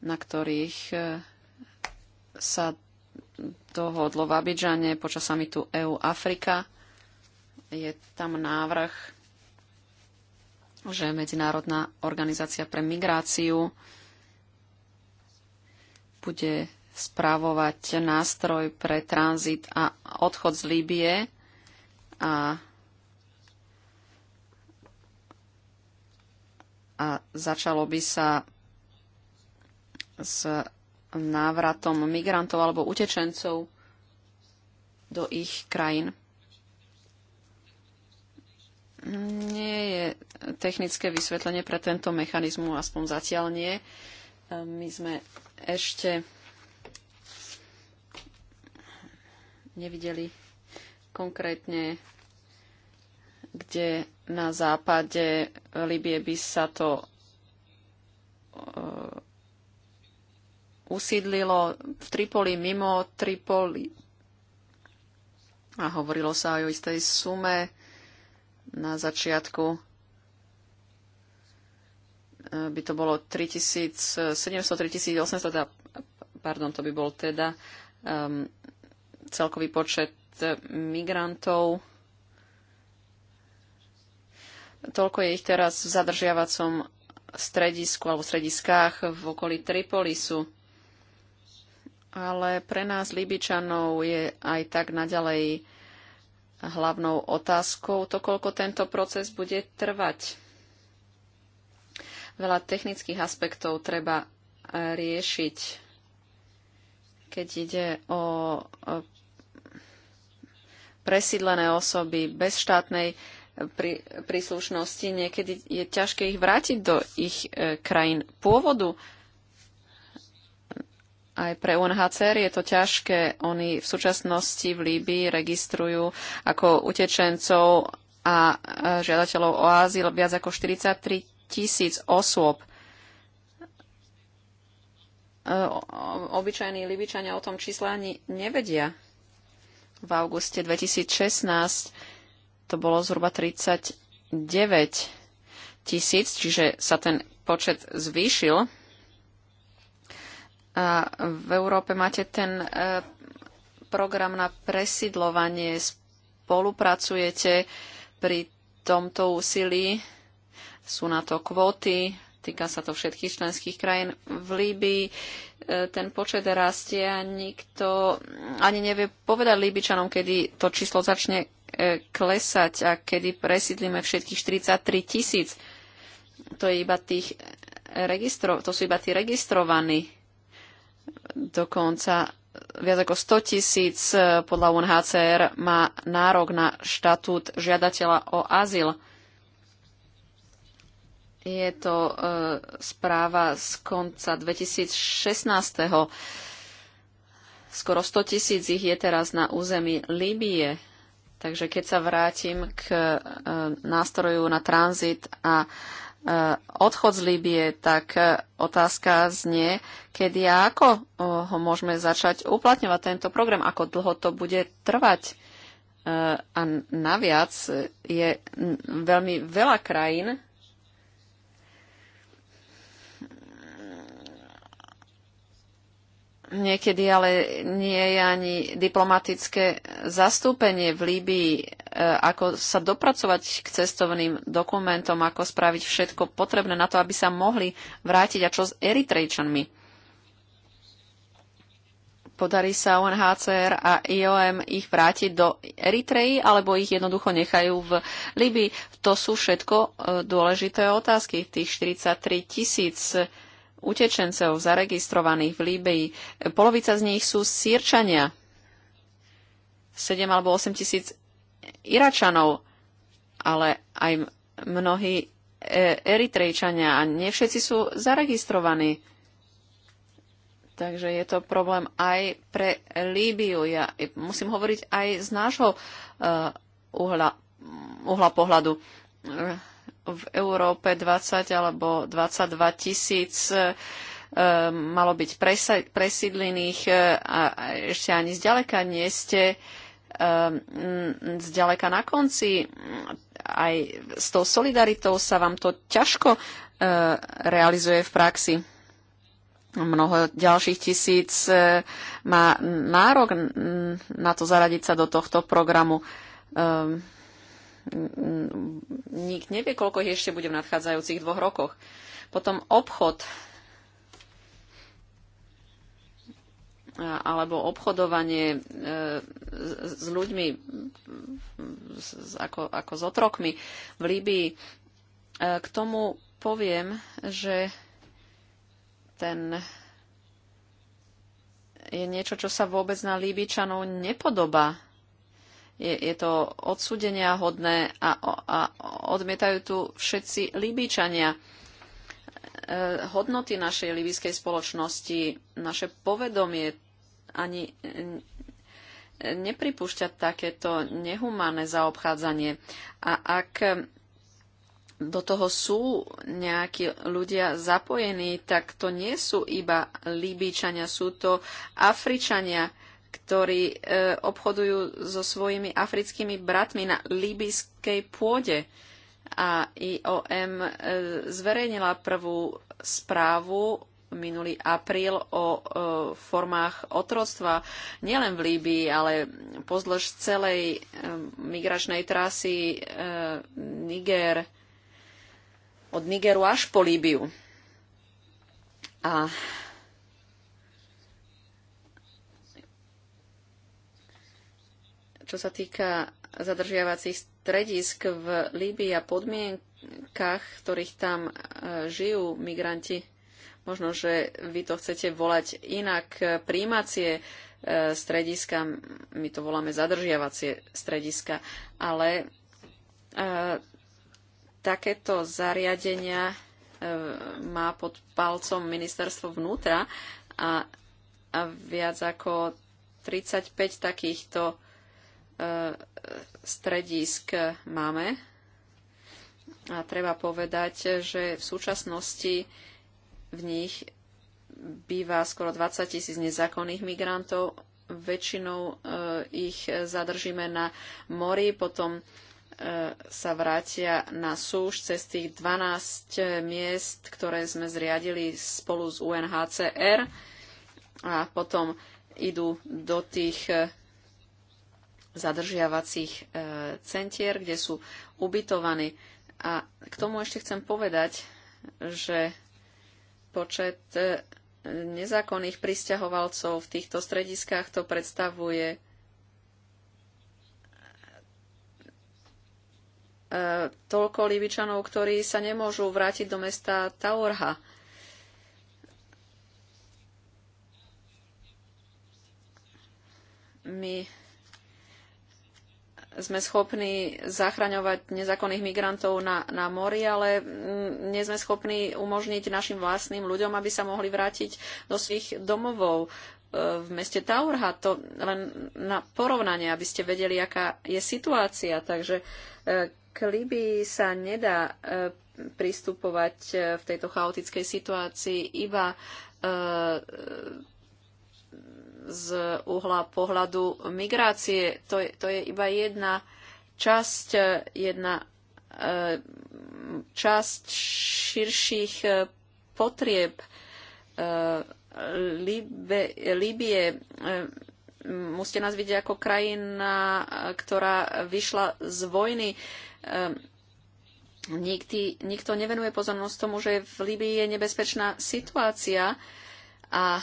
na ktorých e, sa dohodlo v Abidžane počas samitu EU-Afrika je tam návrh, že Medzinárodná organizácia pre migráciu bude správovať nástroj pre tranzit a odchod z Líbie a, a začalo by sa s návratom migrantov alebo utečencov do ich krajín nie je technické vysvetlenie pre tento mechanizmu, aspoň zatiaľ nie. E, my sme ešte nevideli konkrétne, kde na západe Libie by sa to e, usídlilo v Tripoli, mimo Tripoli. A hovorilo sa aj o istej sume na začiatku e, by to bolo 3700, 3800, teda, pardon, to by bol teda um, celkový počet e, migrantov. Toľko je ich teraz v zadržiavacom stredisku alebo strediskách v okolí Tripolisu. Ale pre nás, Libičanov, je aj tak naďalej hlavnou otázkou to, koľko tento proces bude trvať. Veľa technických aspektov treba e, riešiť, keď ide o e, presídlené osoby bez štátnej e, príslušnosti. Niekedy je ťažké ich vrátiť do ich krajín pôvodu aj pre UNHCR je to ťažké. Oni v súčasnosti v Líbii registrujú ako utečencov a žiadateľov o azyl viac ako 43 tisíc osôb. E, obyčajní Libičania o tom čísle ani nevedia. V auguste 2016 to bolo zhruba 39 tisíc, čiže sa ten počet zvýšil v Európe máte ten e, program na presidlovanie, spolupracujete pri tomto úsilí, sú na to kvóty, týka sa to všetkých členských krajín. V Líbii e, ten počet rastie a nikto ani nevie povedať Líbičanom, kedy to číslo začne e, klesať a kedy presídlime všetkých 43 tisíc. To, je iba tých registro- to sú iba tí registrovaní Dokonca viac ako 100 tisíc eh, podľa UNHCR má nárok na štatút žiadateľa o azyl. Je to e, správa z konca 2016. Skoro 100 tisíc ich je teraz na území Líbie. Takže keď sa vrátim k e, nástroju na tranzit a e, Eh, odchod z Líbie, tak eh, otázka znie, kedy a ako eh, ho môžeme začať uplatňovať tento program, ako dlho to bude trvať. A naviac je veľmi veľa krajín, Niekedy ale nie je ani diplomatické zastúpenie v Líbii, e, ako sa dopracovať k cestovným dokumentom, ako spraviť všetko potrebné na to, aby sa mohli vrátiť a čo s Eritrejčanmi. Podarí sa UNHCR a IOM ich vrátiť do Eritreji alebo ich jednoducho nechajú v Líbii? To sú všetko e, dôležité otázky. Tých 43 tisíc 000 utečencov zaregistrovaných v Líbii. Polovica z nich sú sírčania. 7 alebo 8 tisíc Iračanov, ale aj mnohí e, Eritrejčania a nie všetci sú zaregistrovaní. Takže je to problém aj pre Líbiu. Ja musím hovoriť aj z nášho e, uhla, uhla pohľadu v Európe 20 alebo 22 tisíc e, e, malo byť presídlených e, a ešte ani zďaleka nie ste zďaleka na konci. Aj s tou solidaritou sa vám to ťažko realizuje v praxi. Mnoho ďalších tisíc má nárok na to zaradiť sa do tohto programu. Ehm, nik nevie, koľko ich ešte bude v nadchádzajúcich dvoch rokoch. Potom obchod alebo obchodovanie e, s ľuďmi ako, ako s otrokmi v Líbii. E, k tomu poviem, že ten je niečo, čo sa vôbec na Líbičanov nepodobá je, je to odsúdenia hodné a, a odmietajú tu všetci Libíčania. E, hodnoty našej libyskej spoločnosti, naše povedomie ani nepripúšťa takéto nehumánne zaobchádzanie. A ak do toho sú nejakí ľudia zapojení, tak to nie sú iba Libíčania, sú to Afričania, ktorí e, obchodujú so svojimi africkými bratmi na libyskej pôde. A IOM e, zverejnila prvú správu minulý apríl o e, formách otroctva nielen v Líbii, ale pozdĺž celej migračnej trasy Niger, od Nigeru až po Líbiu. A Čo sa týka zadržiavacích stredisk v Líbii a podmienkach, ktorých tam e, žijú migranti, možno, že vy to chcete volať inak, e, príjmacie e, strediska, my to voláme zadržiavacie strediska, ale takéto zariadenia má pod palcom ministerstvo vnútra a, a viac ako 35 takýchto E, stredísk máme. A treba povedať, že v súčasnosti v nich býva skoro 20 tisíc nezákonných migrantov. Väčšinou e, ich zadržíme na mori, potom e, sa vrátia na súž cez tých 12 miest, ktoré sme zriadili spolu s UNHCR a potom idú do tých zadržiavacích e, centier, kde sú ubytovaní. A k tomu ešte chcem povedať, že počet e, nezákonných pristahovalcov v týchto strediskách to predstavuje e, toľko Libičanov, ktorí sa nemôžu vrátiť do mesta Taurha. My sme schopní zachraňovať nezákonných migrantov na, na mori, ale mm, nie sme schopní umožniť našim vlastným ľuďom, aby sa mohli vrátiť do svojich domovov e, v meste Taurha. To len na porovnanie, aby ste vedeli, aká je situácia. Takže e, k Libii sa nedá e, pristupovať v tejto chaotickej situácii iba z uhla pohľadu migrácie. To, je, to je iba jedna časť, eh, jedna eh, časť širších eh, potrieb Líbie. Musíte nás vidieť ako krajina, ktorá vyšla z vojny. Nikdy, nikto nevenuje pozornosť tomu, že v Líbii je nebezpečná situácia a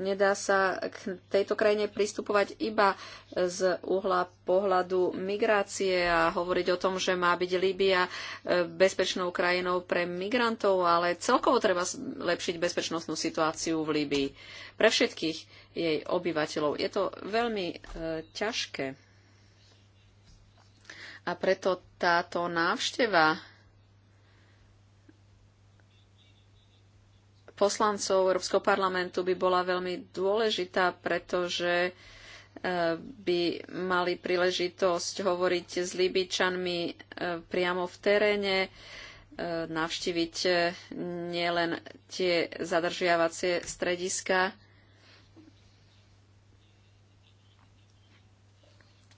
nedá sa k tejto krajine pristupovať iba z uhla pohľadu migrácie a hovoriť o tom, že má byť Líbia e, bezpečnou krajinou pre migrantov, ale celkovo treba lepšiť bezpečnostnú situáciu v Líbii pre všetkých jej obyvateľov. Je to veľmi e, ťažké. A preto táto návšteva poslancov Európskeho parlamentu by bola veľmi dôležitá, pretože e, by mali príležitosť hovoriť s Libičanmi e, priamo v teréne, e, navštíviť nielen tie zadržiavacie strediska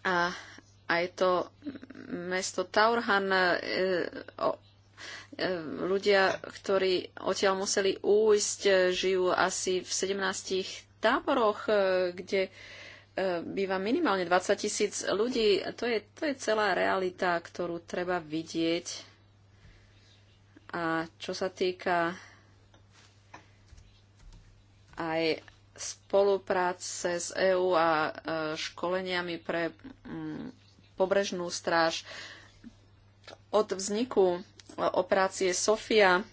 a aj to mesto Taurhan Ľudia, ktorí odtiaľ museli újsť, e, žijú asi v 17 táboroch, e, kde e, býva minimálne 20 tisíc ľudí. To je, to je celá realita, ktorú treba vidieť. A čo sa týka aj spolupráce s EÚ a školeniami pre mm, pobrežnú stráž, od vzniku operácie Sofia. E,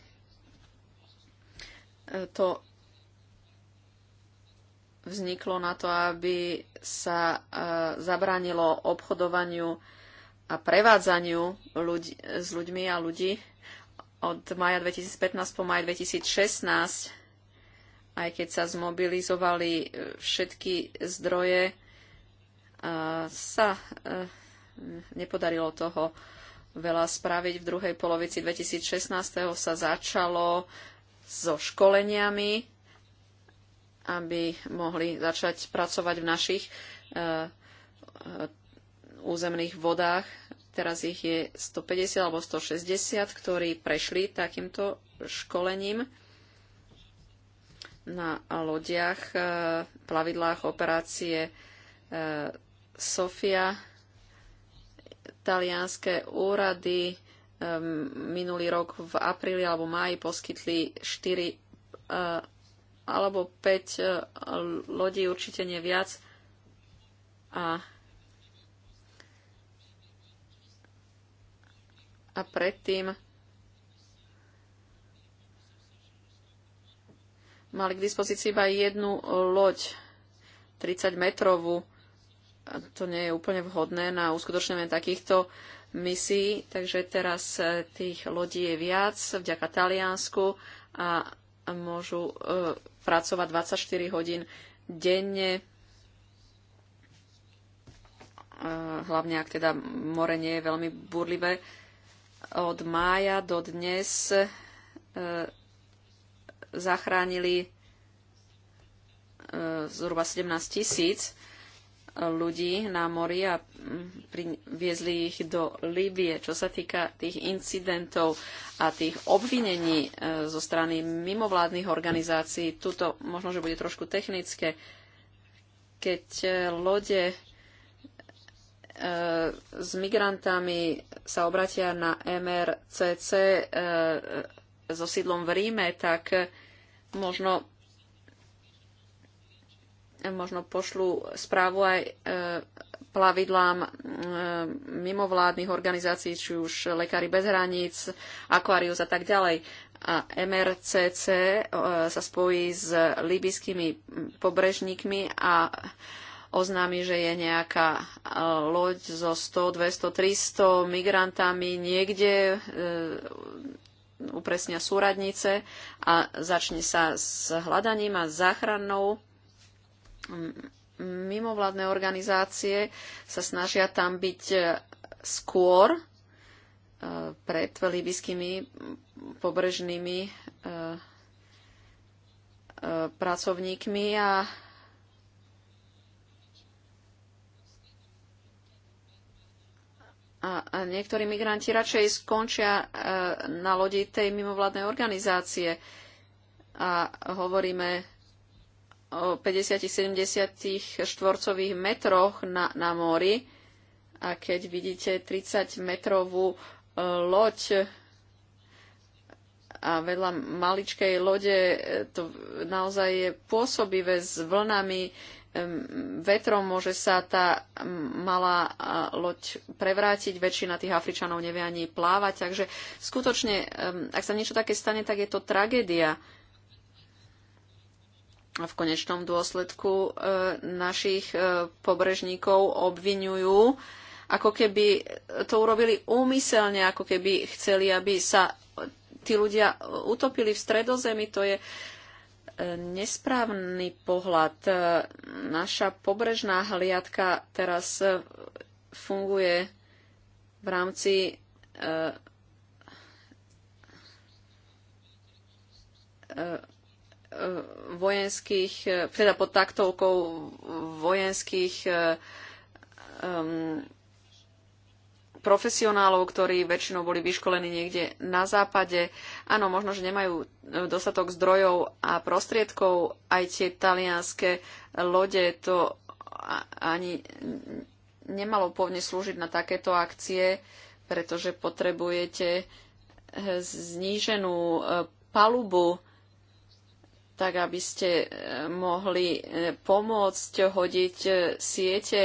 to vzniklo na to, aby sa e, zabránilo obchodovaniu a prevádzaniu ľudí, s ľuďmi a ľudí od maja 2015 po maj 2016, aj keď sa zmobilizovali e, všetky zdroje, sa nepodarilo toho veľa spraviť. V druhej polovici 2016. sa začalo so školeniami, aby mohli začať pracovať v našich eh, eh, územných vodách. Teraz ich je 150 alebo 160, ktorí prešli takýmto školením na lodiach, eh, plavidlách operácie Sofia Talianské úrady minulý rok v apríli alebo máji poskytli 4 e, alebo 5 e, lodí, určite nie viac. A, a predtým mali k dispozícii iba jednu loď 30 metrovú to nie je úplne vhodné na uskutočnenie takýchto misií, takže teraz e, tých lodí je viac vďaka Taliansku a môžu e, pracovať 24 hodín denne, e, hlavne ak teda more nie je veľmi burlivé. Od mája do dnes zachránili zhruba 17 tisíc ľudí na mori a mm, viezli ich do Líbie. Čo sa týka tých incidentov a tých obvinení e, zo strany mimovládnych organizácií, tuto možno, že bude trošku technické, keď e, lode e, s migrantami sa obratia na MRCC so sídlom v Ríme, tak možno možno pošlú správu aj e, plavidlám e, mimovládnych organizácií, či už Lekári bez hraníc, Aquarius a tak ďalej. A MRCC e, sa spojí s libyskými pobrežníkmi a oznámi, že je nejaká loď so 100, 200, 300 migrantami niekde, upresnia súradnice a začne sa s hľadaním a záchrannou mimovládne organizácie sa snažia tam byť e, skôr e, pred libyskými pobrežnými e, pracovníkmi a A, niektorí migranti radšej skončia na lodi tej mimovládnej organizácie. A hovoríme o 50-70 štvorcových metroch na, na mori a keď vidíte 30-metrovú e, loď e, a vedľa maličkej lode e, to naozaj je pôsobivé s vlnami, vetrom môže sa tá malá loď prevrátiť. Väčšina tých Afričanov nevie ani plávať, takže skutočne, ak sa niečo také stane, tak je to tragédia v konečnom dôsledku e, našich e, pobrežníkov obvinujú, ako keby to urobili úmyselne, ako keby chceli, aby sa tí ľudia utopili v stredozemi. To je e, nesprávny pohľad. Naša pobrežná hliadka teraz funguje v rámci uh, uh, vojenských, e, teda pod taktovkou vojenských um, profesionálov, ktorí väčšinou boli vyškolení niekde na západe. Áno, možno, že nemajú e, dostatok zdrojov a prostriedkov. Aj tie talianské lode to ani nemalo povne slúžiť na takéto akcie, pretože potrebujete zníženú palubu tak aby ste eh, mohli eh, pomôcť hodiť eh, siete.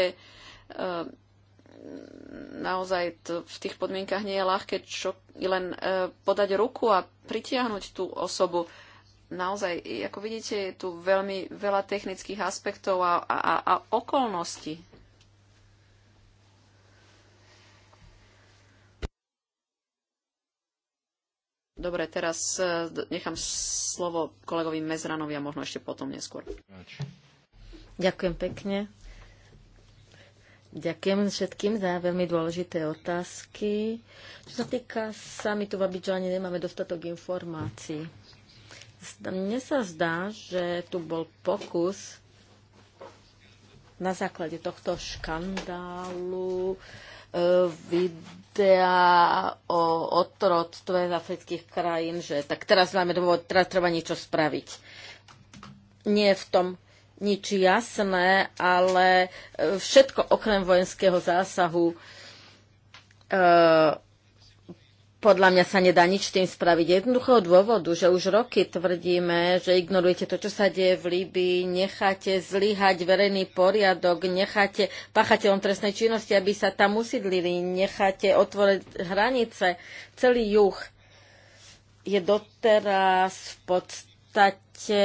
Naozaj to v tých podmienkach nie je ľahké čo, len podať ruku a pritiahnuť tú osobu. Naozaj, ako vidíte, je tu veľmi veľa technických aspektov a, a, a okolností. Dobre, teraz e, nechám slovo kolegovi Mezranovi a možno ešte potom neskôr. Ďakujem pekne. Ďakujem všetkým za veľmi dôležité otázky. Čo sa týka tu v Abidžane, nemáme dostatok informácií. Mne sa zdá, že tu bol pokus na základe tohto škandálu E, videa o otroctve z afrických krajín, že tak teraz máme dôvod, teraz treba niečo spraviť. Nie je v tom nič jasné, ale e, všetko okrem vojenského zásahu uh, podľa mňa sa nedá nič tým spraviť. Jednoduchého dôvodu, že už roky tvrdíme, že ignorujete to, čo sa deje v Líbii, necháte zlyhať verejný poriadok, necháte pachateľom trestnej činnosti, aby sa tam usídlili, necháte otvoriť hranice. Celý juh je doteraz v podstate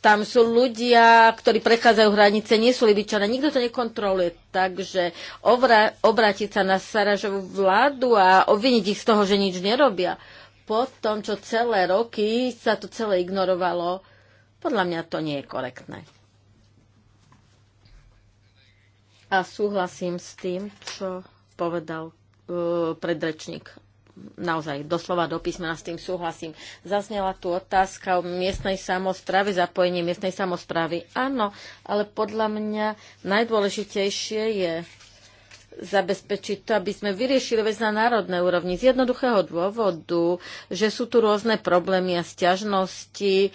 tam sú ľudia, ktorí prechádzajú hranice, nie sú Libičania, nikto to nekontroluje. Takže obra- obrátiť sa na Saražovú vládu a obviniť ich z toho, že nič nerobia, po tom, čo celé roky sa to celé ignorovalo, podľa mňa to nie je korektné. A súhlasím s tým, čo povedal uh, predrečník naozaj doslova do písmena s tým súhlasím. Zaznela tu otázka o miestnej samozprávy, zapojenie miestnej samozprávy. Áno, ale podľa mňa najdôležitejšie je zabezpečiť to, aby sme vyriešili vec na národnej úrovni z jednoduchého dôvodu, že sú tu rôzne problémy a stiažnosti,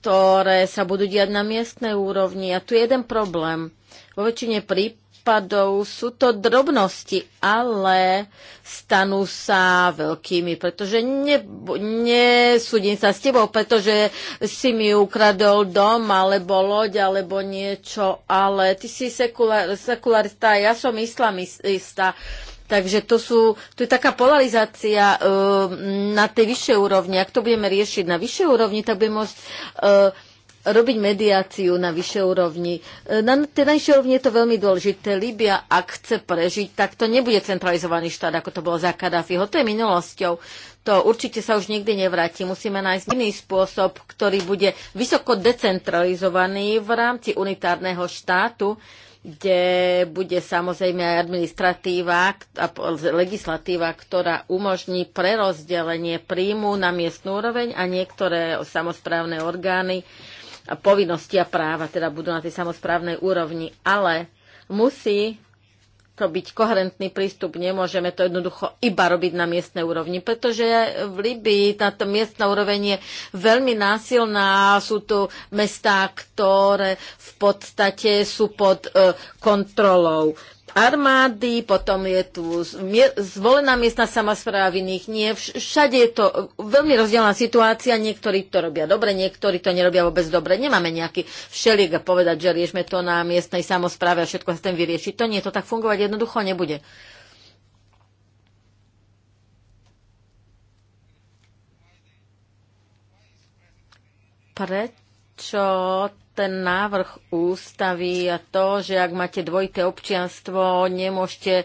ktoré sa budú diať na miestnej úrovni. A tu je jeden problém. Vo väčšine prípadov prípadov sú to drobnosti, ale stanú sa veľkými, pretože ne, nesúdim sa s tebou, pretože si mi ukradol dom, alebo loď, alebo niečo, ale ty si sekulár, sekularista, ja som islamista. Takže to, sú, to je taká polarizácia uh, na tej vyššej úrovni. Ak to budeme riešiť na vyššej úrovni, tak by môcť uh, robiť mediáciu na vyššej úrovni. E, na tej najvyššej úrovni je to veľmi dôležité. Líbia, ak chce prežiť, tak to nebude centralizovaný štát, ako to bolo za Kadáfiho. To je minulosťou. To určite sa už nikdy nevráti. Musíme nájsť iný spôsob, ktorý bude vysoko decentralizovaný v rámci unitárneho štátu, kde bude samozrejme aj administratíva a legislatíva, ktorá umožní prerozdelenie príjmu na miestnú úroveň a niektoré samozprávne orgány povinnosti a práva, teda budú na tej samozprávnej úrovni, ale musí to byť koherentný prístup. Nemôžeme to jednoducho iba robiť na miestnej úrovni, pretože v Libii táto miestna úroveň je veľmi násilná. Sú tu mestá, ktoré v podstate sú pod e, kontrolou armády, potom je tu zvolená miestna samozpráva, iných nie. Všade je to veľmi rozdielna situácia. Niektorí to robia dobre, niektorí to nerobia vôbec dobre. Nemáme nejaký všeliek a povedať, že riešme to na miestnej samozpráve a všetko sa tam vyrieši. To nie, to tak fungovať jednoducho nebude. Preto čo ten návrh ústavy a to, že ak máte dvojité občianstvo, nemôžete e,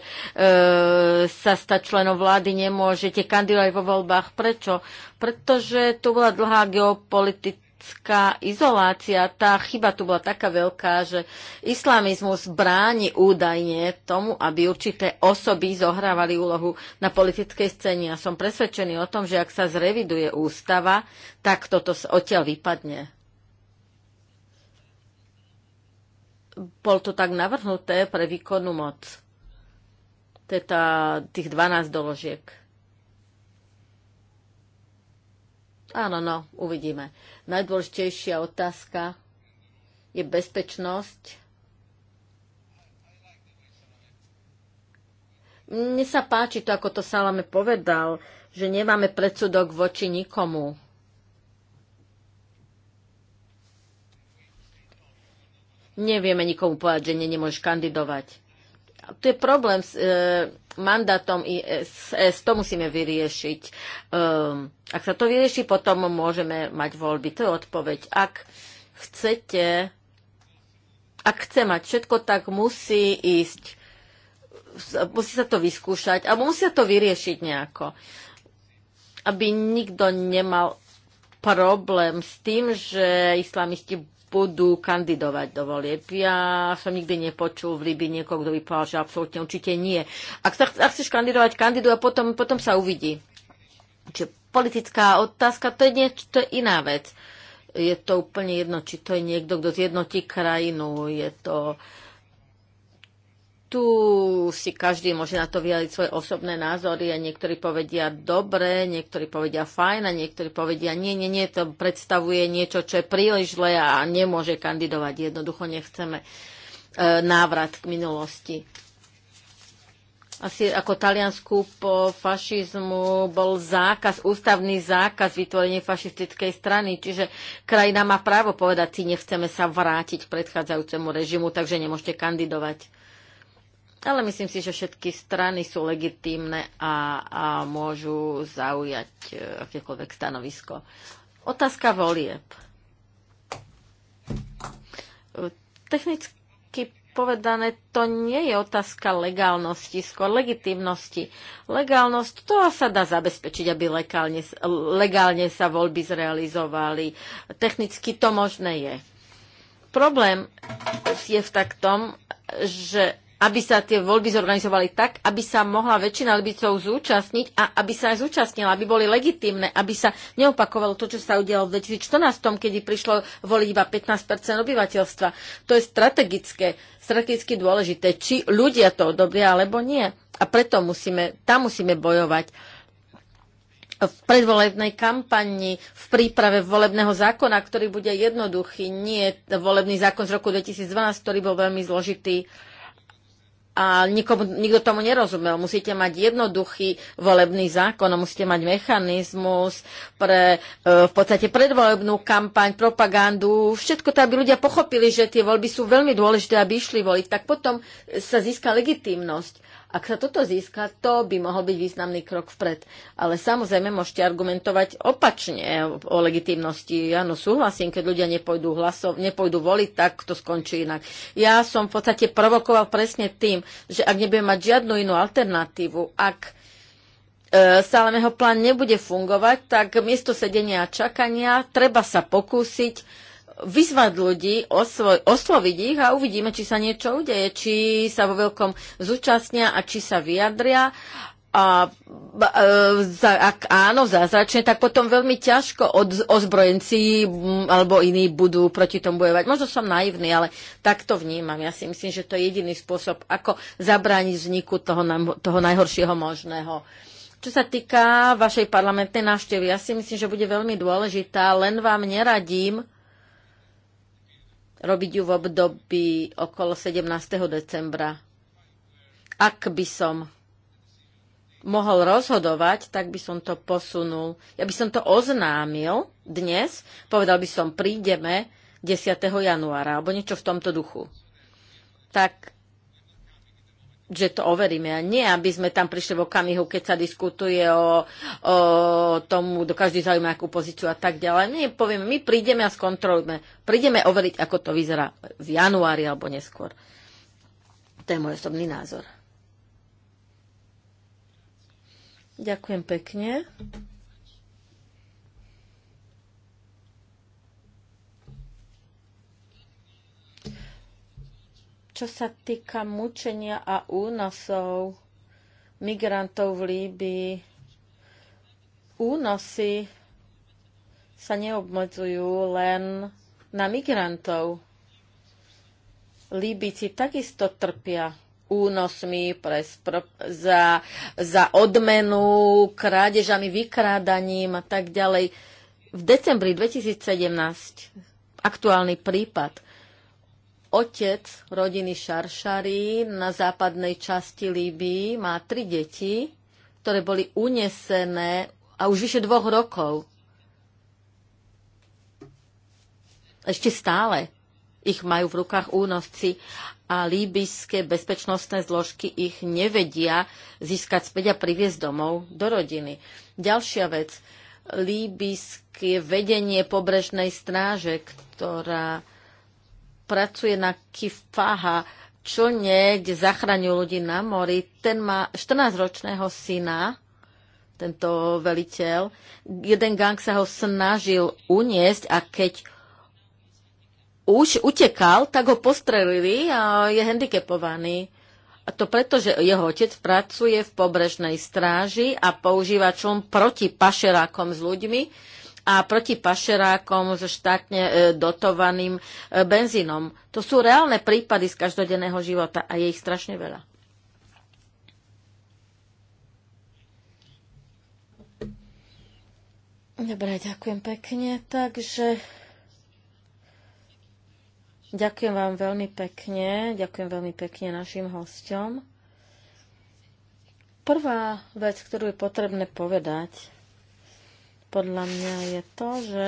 sa stať členom vlády, nemôžete kandidovať vo voľbách. Prečo? Pretože tu bola dlhá geopolitická izolácia. Tá chyba tu bola taká veľká, že islamizmus bráni údajne tomu, aby určité osoby zohrávali úlohu na politickej scéne. A som presvedčený o tom, že ak sa zreviduje ústava, tak toto odtiaľ vypadne. bol to tak navrhnuté pre výkonnú moc. Teda tých 12 doložiek. Áno, no, uvidíme. Najdôležitejšia otázka je bezpečnosť. Mne sa páči to, ako to Salame povedal, že nemáme predsudok voči nikomu. nevieme nikomu povedať, že nie nemôžeš kandidovať. to je problém s e, mandátom ISS, to musíme vyriešiť. E, ak sa to vyrieši, potom môžeme mať voľby. To je odpoveď. Ak chcete, ak chce mať všetko, tak musí ísť, musí sa to vyskúšať, alebo musia to vyriešiť nejako. Aby nikto nemal problém s tým, že islamisti budú kandidovať do volieb. Ja som nikdy nepočul v Libii niekoho, kto by povedal, že absolútne určite nie. Ak, sa, ak chceš kandidovať, kandiduj a potom, potom sa uvidí. Čiže politická otázka, to je, nie, to je iná vec. Je to úplne jedno, či to je niekto, kto zjednotí krajinu. Je to uh, tu si každý môže na to vyjadriť svoje osobné názory a niektorí povedia dobre, niektorí povedia fajn a niektorí povedia nie, nie, nie, to predstavuje niečo, čo je príliš zlé a nemôže kandidovať. Jednoducho nechceme e, návrat k minulosti. Asi ako Taliansku po fašizmu bol zákaz, ústavný zákaz vytvorenia fašistickej strany, čiže krajina má právo povedať si, nechceme sa vrátiť k predchádzajúcemu režimu, takže nemôžete kandidovať ale myslím si, že všetky strany sú legitímne a, a môžu zaujať e, akékoľvek stanovisko. Otázka volieb. E, technicky povedané, to nie je otázka legálnosti, skôr legitimnosti. Legálnosť, to sa dá zabezpečiť, aby legálne, legálne sa voľby zrealizovali. Technicky to možné je. Problém je v tak tom, že aby sa tie voľby zorganizovali tak, aby sa mohla väčšina Libicov zúčastniť a aby sa aj zúčastnila, aby boli legitímne, aby sa neopakovalo to, čo sa udialo v 2014, kedy prišlo voliť iba 15 obyvateľstva. To je strategické, strategicky dôležité, či ľudia to odobria alebo nie. A preto musíme, tam musíme bojovať v predvolebnej kampani, v príprave volebného zákona, ktorý bude jednoduchý, nie volebný zákon z roku 2012, ktorý bol veľmi zložitý. Uh, a nikomu, nikto tomu nerozumel. Musíte mať jednoduchý volebný zákon, musíte mať mechanizmus pre e, v podstate predvolebnú kampaň, propagandu, všetko to, aby ľudia pochopili, že tie voľby sú veľmi dôležité, aby išli voliť, tak potom sa získa legitímnosť ak sa toto získa, to by mohol byť významný krok vpred. Ale samozrejme môžete argumentovať opačne o legitimnosti. Áno, súhlasím, keď ľudia nepôjdu, hlasov, nepôjdu voliť, tak to skončí inak. Ja som v podstate provokoval presne tým, že ak nebudem mať žiadnu inú alternatívu, ak e, Salameho plán nebude fungovať, tak miesto sedenia a čakania treba sa pokúsiť vyzvať ľudí, oslo- osloviť ich a uvidíme, či sa niečo udeje, či sa vo veľkom zúčastnia a či sa vyjadria. A, a, e, ak áno, zázračne, tak potom veľmi ťažko od, ozbrojenci mm, alebo iní budú proti tomu bojovať. Možno som naivný, ale tak to vnímam. Ja si myslím, že to je jediný spôsob, ako zabrániť vzniku toho, toho najhoršieho možného. Čo sa týka vašej parlamentnej návštevy, ja si myslím, že bude veľmi dôležitá. Len vám neradím, robiť ju v období okolo 17. decembra. Ak by som mohol rozhodovať, tak by som to posunul. Ja by som to oznámil dnes, povedal by som, prídeme 10. januára, alebo niečo v tomto duchu. Tak že to overíme. A nie, aby sme tam prišli v okamihu, keď sa diskutuje o, o tom, do každý zaujíma akú pozíciu a tak ďalej. Nie, povieme, my prídeme a skontrolujeme. Prídeme overiť, ako to vyzerá v januári alebo neskôr. To je môj osobný názor. Ďakujem pekne. Čo sa týka mučenia a únosov migrantov v Líbii, únosy sa neobmedzujú len na migrantov. Líbici takisto trpia únosmi pre spr- za, za odmenu, krádežami, vykrádaním a tak ďalej. V decembri 2017 aktuálny prípad Otec rodiny Šaršari na západnej časti Líbii má tri deti, ktoré boli unesené a už vyše dvoch rokov. Ešte stále ich majú v rukách únosci a líbyjské bezpečnostné zložky ich nevedia získať späť a priviesť domov do rodiny. Ďalšia vec, líbyjské vedenie pobrežnej stráže, ktorá pracuje na Kifaha člne, kde zachraňujú ľudí na mori. Ten má 14-ročného syna, tento veliteľ. Jeden gang sa ho snažil uniesť a keď už utekal, tak ho postrelili a je handicapovaný. A to preto, že jeho otec pracuje v pobrežnej stráži a používa čln proti pašerákom s ľuďmi, a proti pašerákom so štátne e, dotovaným e, benzínom. To sú reálne prípady z každodenného života a je ich strašne veľa. Dobre, ďakujem pekne. Takže ďakujem vám veľmi pekne. Ďakujem veľmi pekne našim hostom. Prvá vec, ktorú je potrebné povedať, podľa mňa je to, že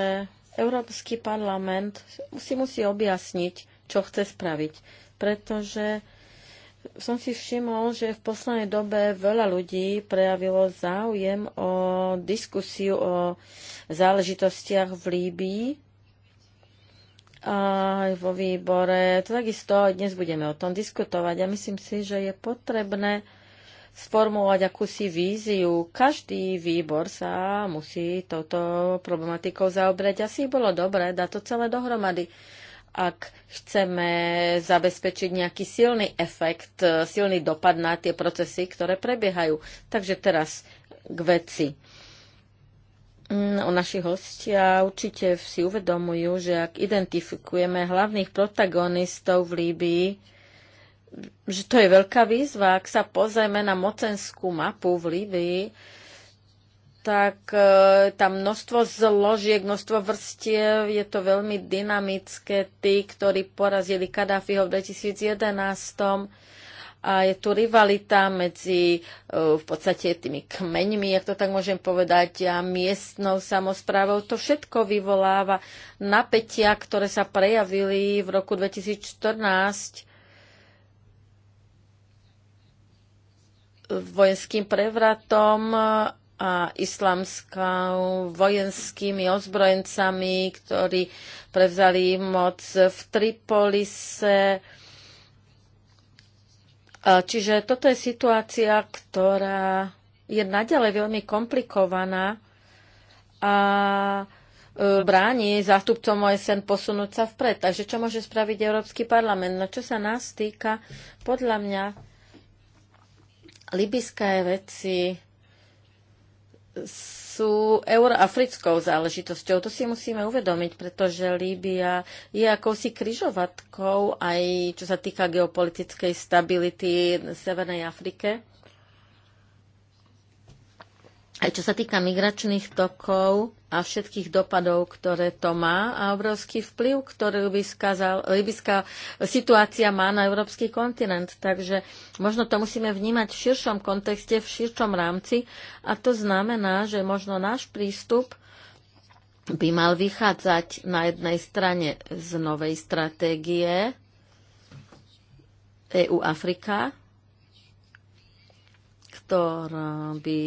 Európsky parlament si musí objasniť, čo chce spraviť. Pretože som si všimol, že v poslednej dobe veľa ľudí prejavilo záujem o diskusiu o záležitostiach v Líbii aj vo výbore. To takisto dnes budeme o tom diskutovať a myslím si, že je potrebné sformulovať akúsi víziu. Každý výbor sa musí touto problematikou zaobrať. Asi bolo dobré dať to celé dohromady. Ak chceme zabezpečiť nejaký silný efekt, silný dopad na tie procesy, ktoré prebiehajú. Takže teraz k veci. Mm, o naši hostia určite si uvedomujú, že ak identifikujeme hlavných protagonistov v Líbii, že to je veľká výzva. Ak sa pozrieme na mocenskú mapu v Líbii, tak e, tam množstvo zložiek, množstvo vrstiev, je to veľmi dynamické. Tí, ktorí porazili Kadáfiho v 2011, a je tu rivalita medzi e, v podstate tými kmeňmi, ak to tak môžem povedať, a miestnou samozprávou. To všetko vyvoláva napätia, ktoré sa prejavili v roku 2014 vojenským prevratom a islamskou vojenskými ozbrojencami, ktorí prevzali moc v Tripolise. Čiže toto je situácia, ktorá je naďalej veľmi komplikovaná a e, bráni zástupcom OSN posunúť sa vpred. Takže čo môže spraviť Európsky parlament? No čo sa nás týka, podľa mňa libyské veci sú euroafrickou záležitosťou. To si musíme uvedomiť, pretože Líbia je akousi kryžovatkou aj čo sa týka geopolitickej stability v Severnej Afrike. Aj čo sa týka migračných tokov, a všetkých dopadov, ktoré to má a obrovský vplyv, ktorý libyská situácia má na európsky kontinent. Takže možno to musíme vnímať v širšom kontexte, v širšom rámci a to znamená, že možno náš prístup by mal vychádzať na jednej strane z novej stratégie EU-Afrika, ktorá by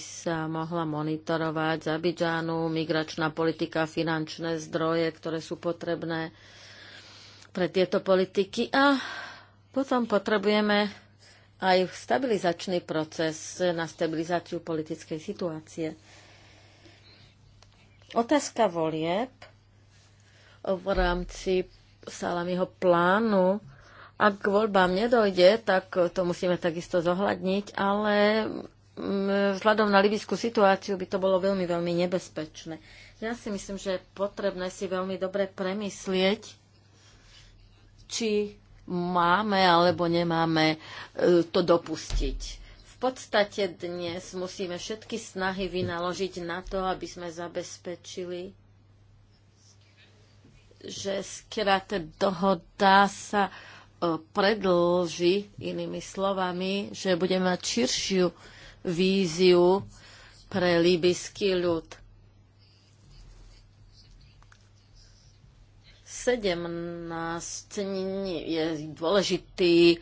sa mohla monitorovať z Abidžanu, migračná politika, finančné zdroje, ktoré sú potrebné pre tieto politiky. A potom potrebujeme aj stabilizačný proces na stabilizáciu politickej situácie. Otázka volieb v rámci Salamiho plánu ak k voľbám nedojde, tak to musíme takisto zohľadniť, ale mm, vzhľadom na libyskú situáciu by to bolo veľmi, veľmi nebezpečné. Ja si myslím, že je potrebné si veľmi dobre premyslieť, či máme alebo nemáme e, to dopustiť. V podstate dnes musíme všetky snahy vynaložiť na to, aby sme zabezpečili, že skrát dohoda sa E, predlží, inými slovami, že budeme mať širšiu víziu pre líbyský ľud. 17 je dôležitý e,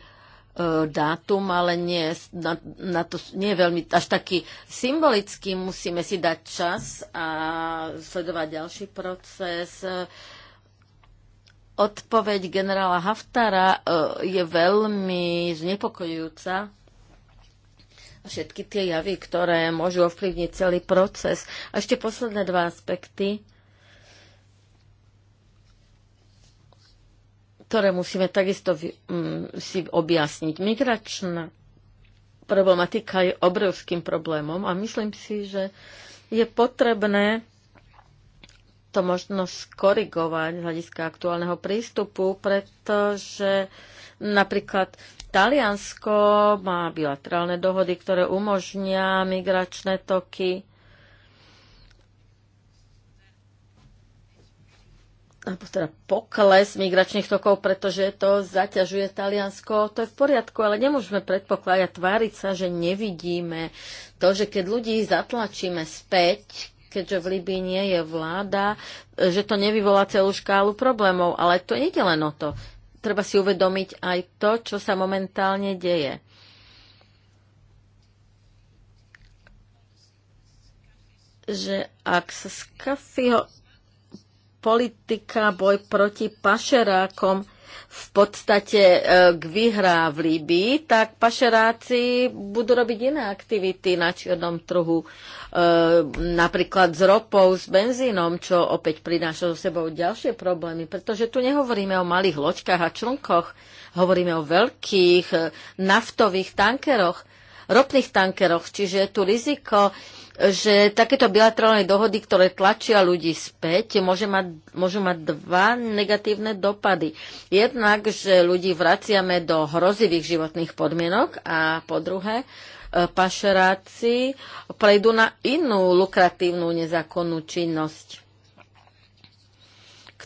dátum, ale nie, na, na to nie je veľmi až taký symbolický. Musíme si dať čas a sledovať ďalší proces Odpoveď generála Haftara e, je veľmi znepokojujúca všetky tie javy, ktoré môžu ovplyvniť celý proces. A ešte posledné dva aspekty, ktoré musíme takisto mm, si objasniť. Migračná problematika je obrovským problémom a myslím si, že je potrebné to možno skorigovať z hľadiska aktuálneho prístupu, pretože napríklad Taliansko má bilaterálne dohody, ktoré umožnia migračné toky. alebo teda pokles migračných tokov, pretože to zaťažuje Taliansko. To je v poriadku, ale nemôžeme predpokladať, tváriť sa, že nevidíme to, že keď ľudí zatlačíme späť keďže v Libii nie je vláda, že to nevyvolá celú škálu problémov. Ale to nie je len o to. Treba si uvedomiť aj to, čo sa momentálne deje. že ak sa z Kafiho politika, boj proti pašerákom v podstate e, k vyhrá v Líbii, tak pašeráci budú robiť iné aktivity na čiernom trhu, e, napríklad s ropou, s benzínom, čo opäť prináša so sebou ďalšie problémy, pretože tu nehovoríme o malých loďkách a člnkoch, hovoríme o veľkých e, naftových tankeroch, ropných tankeroch, čiže je tu riziko že takéto bilaterálne dohody, ktoré tlačia ľudí späť, môže mať, môžu mať dva negatívne dopady. Jednak, že ľudí vraciame do hrozivých životných podmienok a po druhé, e, pašeráci prejdú na inú lukratívnu nezákonnú činnosť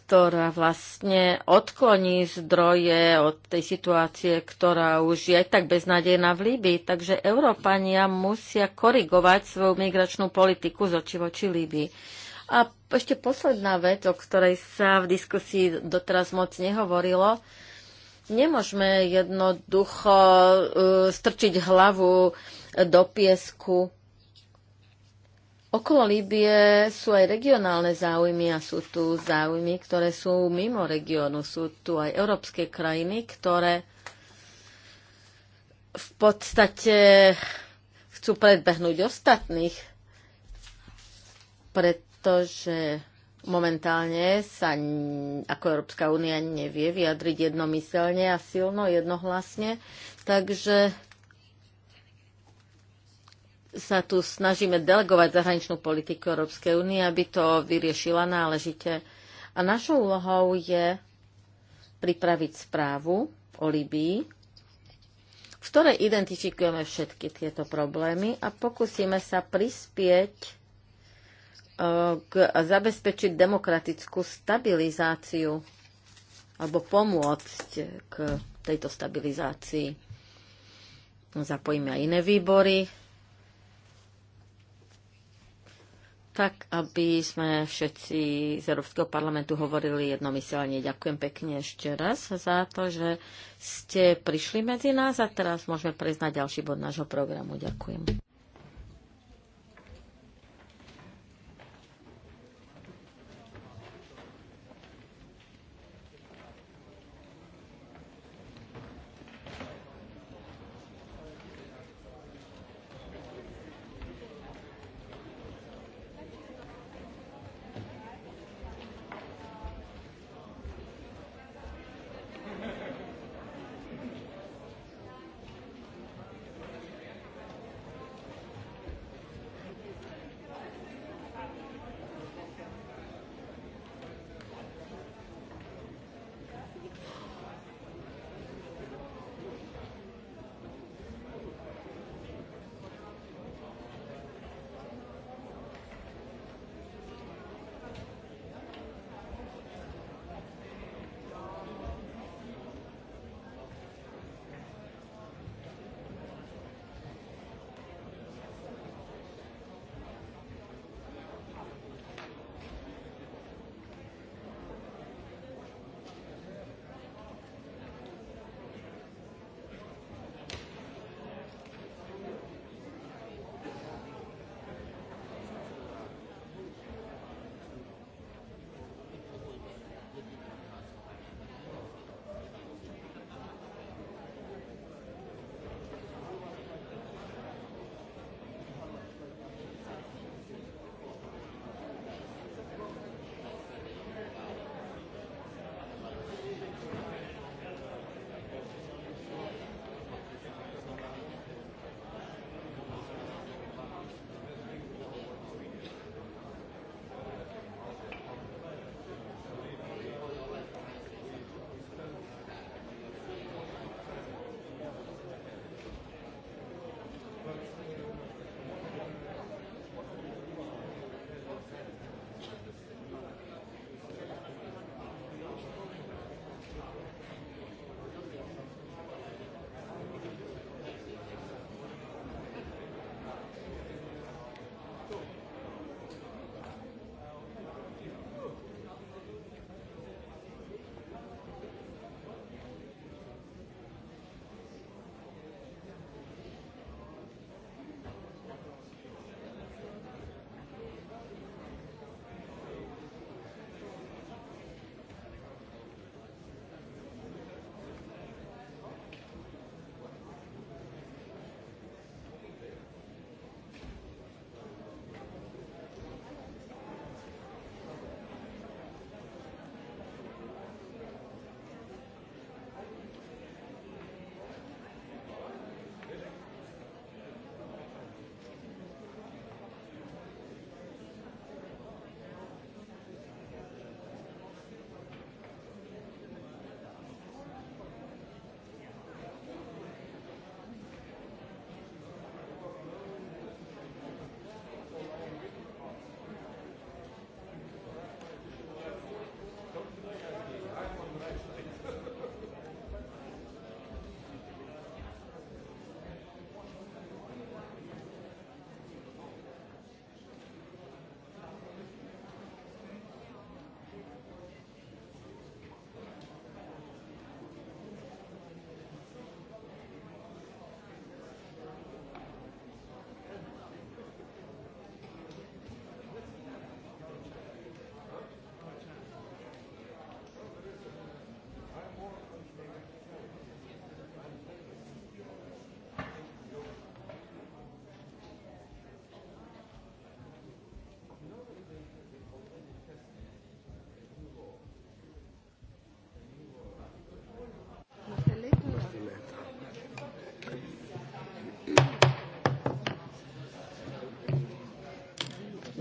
ktorá vlastne odkloní zdroje od tej situácie, ktorá už je aj tak beznádejná v Líbii. Takže Európania musia korigovať svoju migračnú politiku z oči voči Líbii. A ešte posledná vec, o ktorej sa v diskusii doteraz moc nehovorilo. Nemôžeme jednoducho uh, strčiť hlavu do piesku Okolo Líbie sú aj regionálne záujmy a sú tu záujmy, ktoré sú mimo regiónu. Sú tu aj európske krajiny, ktoré v podstate chcú predbehnúť ostatných, pretože momentálne sa ako Európska únia nevie vyjadriť jednomyselne a silno, jednohlasne. Takže sa tu snažíme delegovať zahraničnú politiku Európskej únie, aby to vyriešila náležite. A našou úlohou je pripraviť správu o Libii, v ktorej identifikujeme všetky tieto problémy a pokúsime sa prispieť e, k zabezpečiť demokratickú stabilizáciu alebo pomôcť k tejto stabilizácii. Zapojíme aj iné výbory, tak aby sme všetci z Európskeho parlamentu hovorili jednomyselne. Ďakujem pekne ešte raz za to, že ste prišli medzi nás a teraz môžeme prejsť na ďalší bod nášho programu. Ďakujem.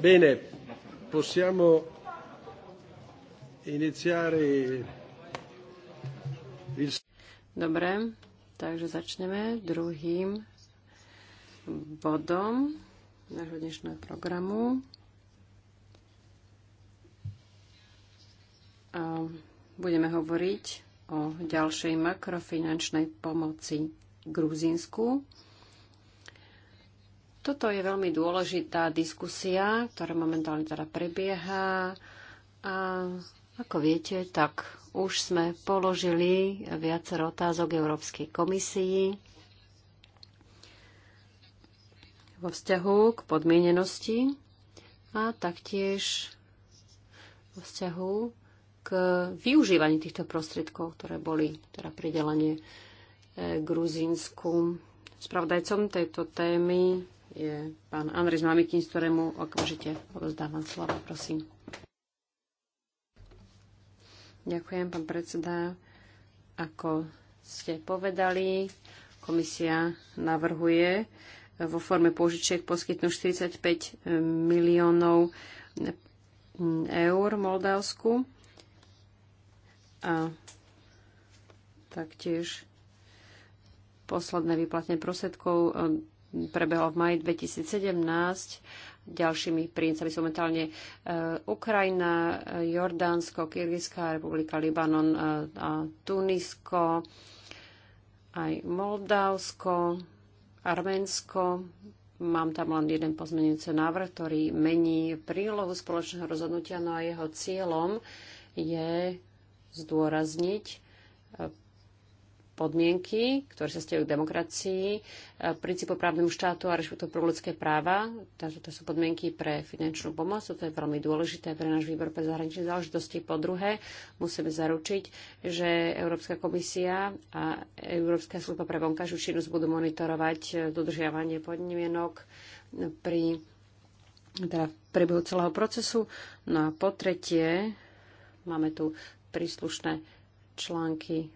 Bene, possiamo iniziare il... Dobre, takže začneme druhým bodom nášho dnešného programu. A budeme hovoriť o ďalšej makrofinančnej pomoci Gruzínsku. Toto je veľmi dôležitá diskusia, ktorá momentálne teda prebieha. A ako viete, tak už sme položili viacero otázok Európskej komisii vo vzťahu k podmienenosti a taktiež vo vzťahu k využívaní týchto prostriedkov, ktoré boli teda pridelené eh, Gruzínsku. Spravdajcom tejto témy je pán Andrej Mamikin, ktorému okamžite odozdávam slovo. Prosím. Ďakujem, pán predseda. Ako ste povedali, komisia navrhuje vo forme požičiek poskytnú 45 miliónov eur Moldavsku. A taktiež posledné vyplatenie prostriedkov prebehlo v maji 2017. Ďalšími princami sú momentálne e, Ukrajina, e, Jordánsko, Kyrgyzská republika, Libanon e, a Tunisko, aj Moldavsko, Arménsko. Mám tam len jeden pozmenujúci návrh, ktorý mení prílohu spoločného rozhodnutia, no a jeho cieľom je zdôrazniť podmienky, ktoré sa stejú k demokracii, e, princípu právnemu štátu a rešpektu pro ľudské práva. Takže to sú podmienky pre finančnú pomoc. To je veľmi dôležité pre náš výbor pre zahraničné záležitosti. Po druhé, musíme zaručiť, že Európska komisia a Európska služba pre vonkajšiu činnosť budú monitorovať e, dodržiavanie podmienok pri teda v priebehu celého procesu. No a po tretie, máme tu príslušné články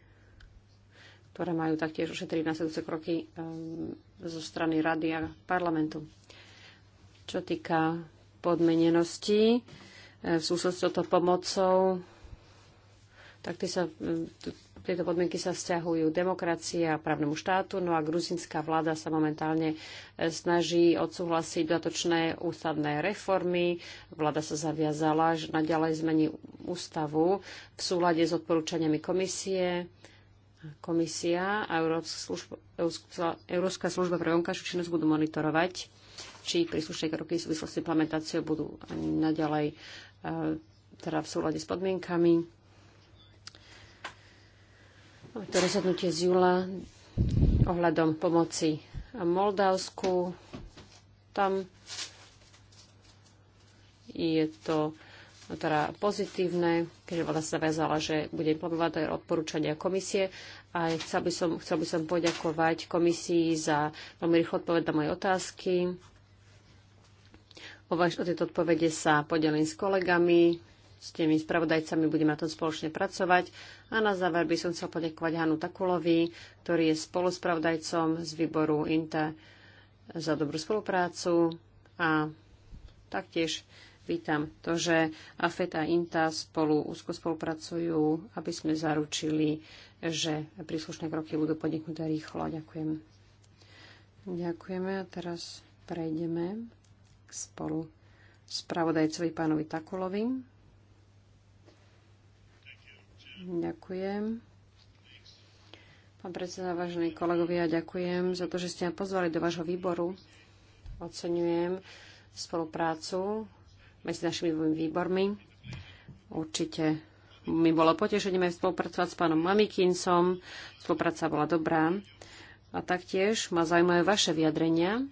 ktoré majú taktiež ošetriť následujúce kroky um, zo strany rady a parlamentu. Čo týka podmenenosti eh, v súvislosti s pomocou, tak sa, eh, tieto podmienky sa vzťahujú demokracia a právnemu štátu, no a gruzinská vláda sa momentálne eh, snaží odsúhlasiť dodatočné ústavné reformy. Vláda sa zaviazala, že naďalej zmení ústavu v súlade s odporúčaniami komisie Komisia a Európska služba pre vonkajšiu činnosť budú monitorovať, či príslušné kroky v súvislosti s implementáciou budú naďalej e, teda v súlade s podmienkami. To rozhodnutie z júla ohľadom pomoci Moldavsku. Tam je to No teda pozitívne, keďže vláda sa väzala, že bude implementovať odporúčania komisie. A chcel by som, chcel by som poďakovať komisii za veľmi rýchlo odpoveď na moje otázky. O, vaš, o tieto odpovede sa podelím s kolegami, s tými spravodajcami budeme na tom spoločne pracovať. A na záver by som chcel poďakovať Hanu Takulovi, ktorý je spoluspravodajcom z výboru INTE za dobrú spoluprácu a taktiež Vítam to, že AFET a INTA spolu úzko spolupracujú, aby sme zaručili, že príslušné kroky budú podniknuté rýchlo. Ďakujem. Ďakujeme a teraz prejdeme k spolu spravodajcovi pánovi Takulovi. Ďakujem. Pán predseda, vážení kolegovia, ďakujem za to, že ste ma pozvali do vášho výboru. Oceňujem spoluprácu medzi našimi dvomi výbormi. Určite mi bolo potešením aj spolupracovať s pánom Mamikinsom. Spolupráca bola dobrá. A taktiež ma zaujímajú vaše vyjadrenia.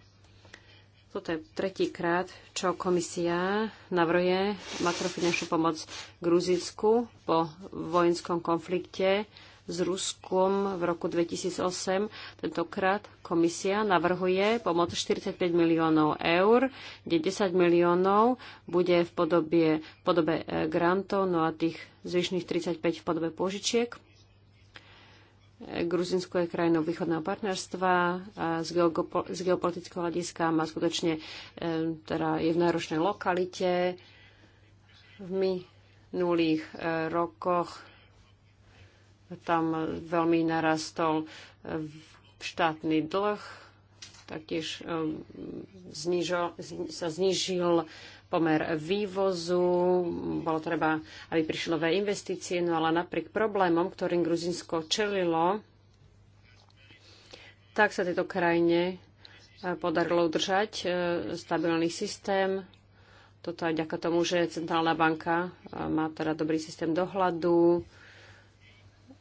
Toto je tretíkrát, čo komisia navrhuje makrofinančnú pomoc Gruzicku po vojenskom konflikte s Ruskom v roku 2008. Tentokrát komisia navrhuje pomoc 45 miliónov eur, kde 10 miliónov bude v podobie, v podobe e, grantov, no a tých zvyšných 35 v podobe požičiek. E, Gruzinsko je krajinou východného partnerstva a z, geopo- z geopolitického hľadiska má skutočne, e, teda je v náročnej lokalite. V minulých rokoch tam veľmi narastol eh, štátny dlh, taktiež eh, znižo, sa znižil pomer vývozu, bolo treba, aby prišli nové investície, no ale napriek problémom, ktorým Gruzinsko čelilo, tak sa tejto krajine eh, podarilo udržať stabilný systém. Toto aj ďaká tomu, že Centrálna banka má teda dobrý systém dohľadu,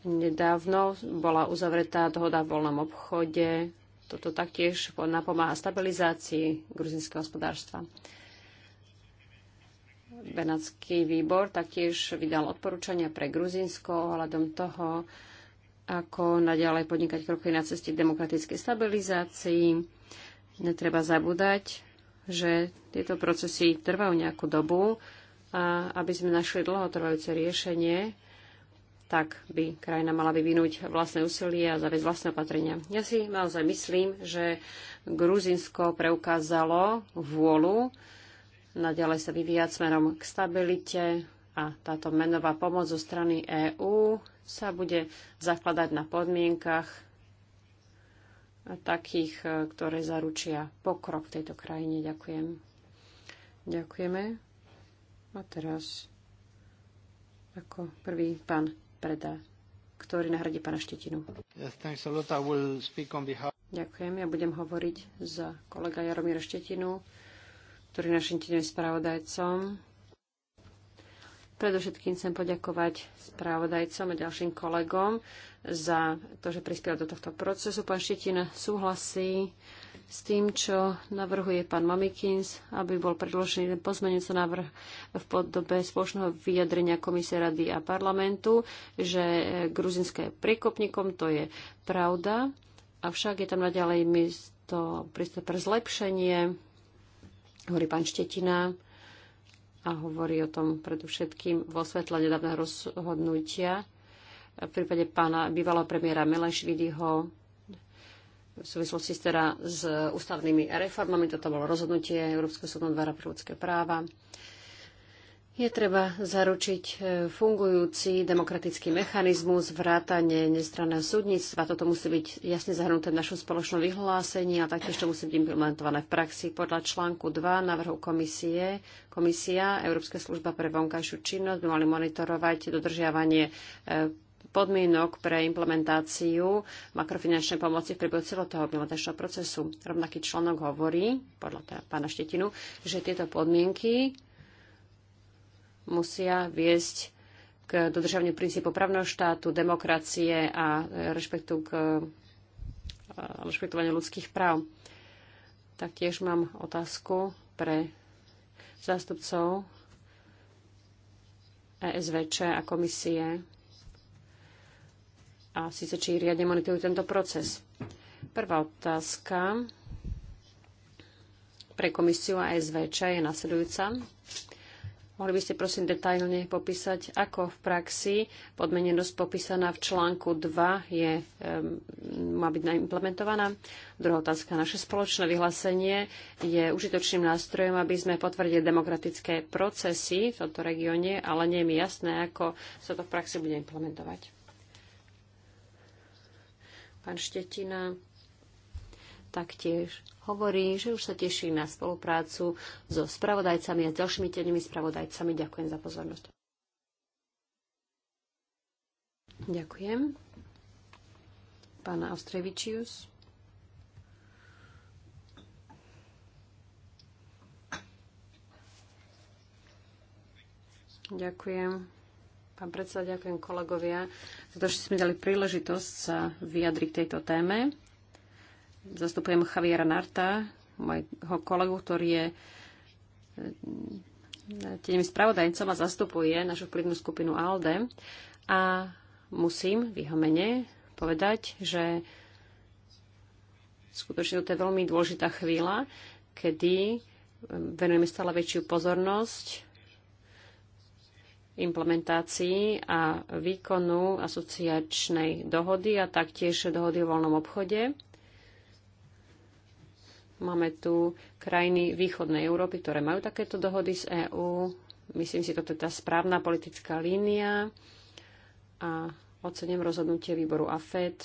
Nedávno bola uzavretá dohoda v voľnom obchode. Toto taktiež napomáha stabilizácii gruzinského hospodárstva. Benátský výbor taktiež vydal odporúčania pre Gruzinsko ohľadom toho, ako naďalej podnikať kroky na ceste k demokratickej stabilizácii. Netreba zabúdať, že tieto procesy trvajú nejakú dobu a aby sme našli dlhotrvajúce riešenie, tak by krajina mala vyvinúť vlastné úsilie a zaviesť vlastné opatrenia. Ja si naozaj myslím, že Gruzinsko preukázalo vôľu naďalej sa vyvíjať smerom k stabilite a táto menová pomoc zo strany EÚ sa bude zakladať na podmienkach takých, ktoré zaručia pokrok v tejto krajine. Ďakujem. Ďakujeme. A teraz ako prvý pán Preda, ktorý nahradí pána Štetinu. Ďakujem. Ja budem hovoriť za kolega Jaromíra Štetinu, ktorý našim tým spravodajcom. Predovšetkým chcem poďakovať správodajcom a ďalším kolegom za to, že prispiel do tohto procesu. Pán Štetina súhlasí s tým, čo navrhuje pán Mamikins, aby bol predložený ten pozmenujúci návrh v podobe spoločného vyjadrenia Komisie rady a parlamentu, že Gruzinské je priekopníkom, to je pravda, avšak je tam naďalej miesto pre zlepšenie, hovorí pán Štetina, a hovorí o tom predovšetkým vo svetle nedávneho rozhodnutia v prípade pána bývalého premiéra Melešvidyho v súvislosti teda s ústavnými reformami. Toto bolo rozhodnutie Európskeho súdneho dvora pre ľudské práva. Je treba zaručiť e, fungujúci demokratický mechanizmus, vrátanie nestranného súdnictva. Toto musí byť jasne zahrnuté v našom spoločnom vyhlásení a taktiež to musí byť implementované v praxi. Podľa článku 2 návrhu komisie, komisia, Európska služba pre vonkajšiu činnosť by mali monitorovať dodržiavanie e, podmienok pre implementáciu makrofinančnej pomoci v priebehu celého toho implementačného procesu. Rovnaký článok hovorí, podľa teda pána Štetinu, že tieto podmienky musia viesť k dodržavaniu princípu právneho štátu, demokracie a rešpektu k e, rešpektovaniu ľudských práv. Taktiež mám otázku pre zástupcov ESVČ a komisie a síce či riadne monitorujú tento proces. Prvá otázka pre komisiu a ESVČ je nasledujúca. Mohli by ste prosím detailne popísať, ako v praxi podmenenosť popísaná v článku 2 je, má byť implementovaná. Druhá otázka. Naše spoločné vyhlásenie je užitočným nástrojom, aby sme potvrdili demokratické procesy v tomto regióne, ale nie je mi jasné, ako sa to v praxi bude implementovať. Pán Štetina taktiež hovorí, že už sa teší na spoluprácu so spravodajcami a s ďalšími tenými spravodajcami. Ďakujem za pozornosť. Ďakujem. Pán Austrevičius. Ďakujem. Pán predseda, ďakujem kolegovia za to, že ste mi dali príležitosť sa vyjadriť k tejto téme zastupujem Javiera Narta, môjho kolegu, ktorý je e, tým spravodajcom a zastupuje našu vplyvnú skupinu ALDE. A musím v jeho mene povedať, že skutočne to je veľmi dôležitá chvíľa, kedy e, venujeme stále väčšiu pozornosť implementácii a výkonu asociačnej dohody a taktiež dohody o voľnom obchode. Máme tu krajiny východnej Európy, ktoré majú takéto dohody z EÚ. Myslím si, toto je tá správna politická línia a ocením rozhodnutie výboru AFED,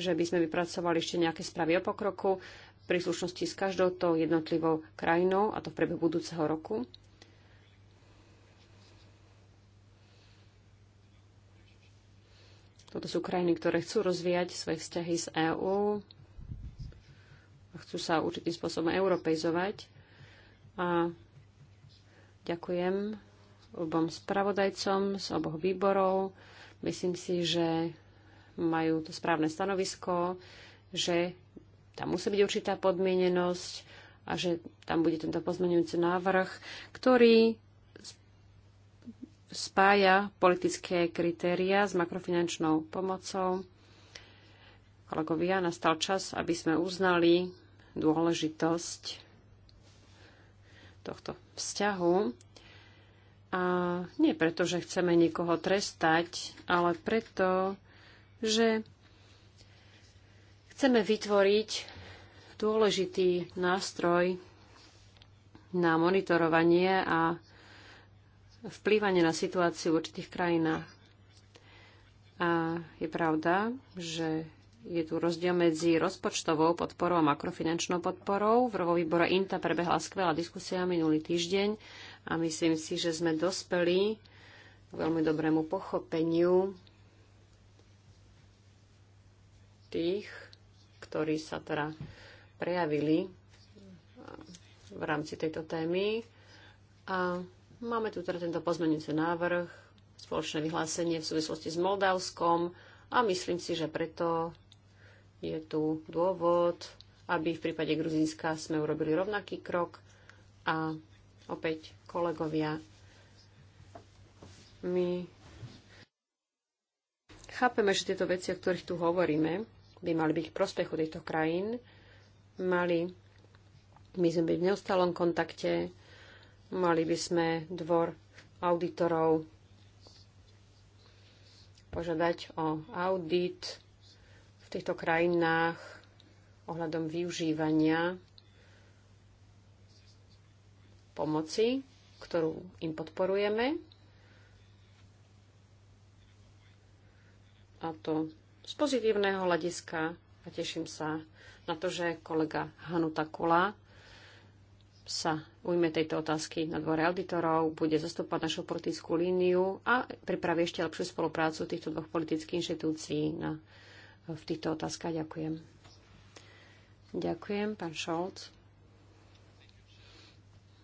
že by sme vypracovali ešte nejaké správy o pokroku v príslušnosti s každou to jednotlivou krajinou, a to v priebehu budúceho roku. Toto sú krajiny, ktoré chcú rozvíjať svoje vzťahy s EÚ chcú sa určitým spôsobom europeizovať. A ďakujem obom spravodajcom z oboch výborov. Myslím si, že majú to správne stanovisko, že tam musí byť určitá podmienenosť a že tam bude tento pozmenujúci návrh, ktorý spája politické kritéria s makrofinančnou pomocou. Kolegovia, nastal čas, aby sme uznali dôležitosť tohto vzťahu. A nie preto, že chceme niekoho trestať, ale preto, že chceme vytvoriť dôležitý nástroj na monitorovanie a vplývanie na situáciu v určitých krajinách. A je pravda, že je tu rozdiel medzi rozpočtovou podporou a makrofinančnou podporou. V rovo INTA prebehla skvelá diskusia minulý týždeň a myslím si, že sme dospeli k veľmi dobrému pochopeniu tých, ktorí sa teda prejavili eh, v rámci tejto témy. A máme tu teda tento pozmenujúci návrh, spoločné vyhlásenie v súvislosti s Moldavskom a myslím si, že preto je tu dôvod, aby v prípade Gruzínska sme urobili rovnaký krok a opäť kolegovia, my chápeme, že tieto veci, o ktorých tu hovoríme, by mali byť v prospechu týchto krajín, mali My sme byť v neustálom kontakte, mali by sme dvor auditorov požiadať o audit týchto krajinách ohľadom využívania pomoci, ktorú im podporujeme. A to z pozitívneho hľadiska a teším sa na to, že kolega Hanuta Kula sa ujme tejto otázky na dvore auditorov, bude zastúpať našu politickú líniu a pripraví ešte lepšiu spoluprácu týchto dvoch politických inštitúcií na v týchto otázkach. Ďakujem. Ďakujem, pán Šolc.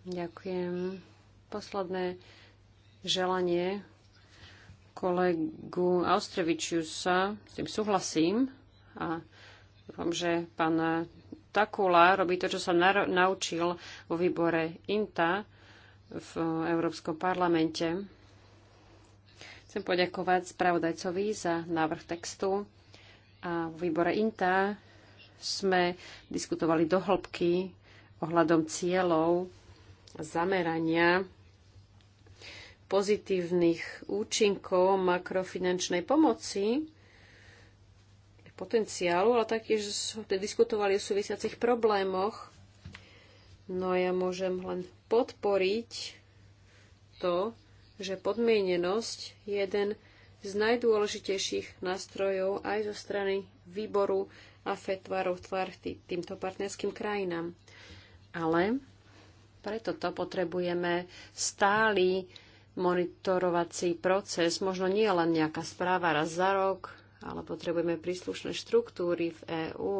Ďakujem. Posledné želanie kolegu Austrevičiusa, s tým súhlasím a dúfam, že pán Takula robí to, čo sa naučil vo výbore INTA v Európskom parlamente. Chcem poďakovať spravodajcovi za návrh textu a v výbore INTA sme diskutovali do hĺbky ohľadom cieľov zamerania pozitívnych účinkov makrofinančnej pomoci, potenciálu, ale taktiež diskutovali o súvisiacich problémoch. No ja môžem len podporiť to, že podmienenosť je jeden z najdôležitejších nástrojov aj zo strany výboru a e tvárov tvár týmto partnerským krajinám. Ale preto to potrebujeme stály monitorovací proces, možno nie len nejaká správa raz za rok, ale potrebujeme príslušné štruktúry v EÚ.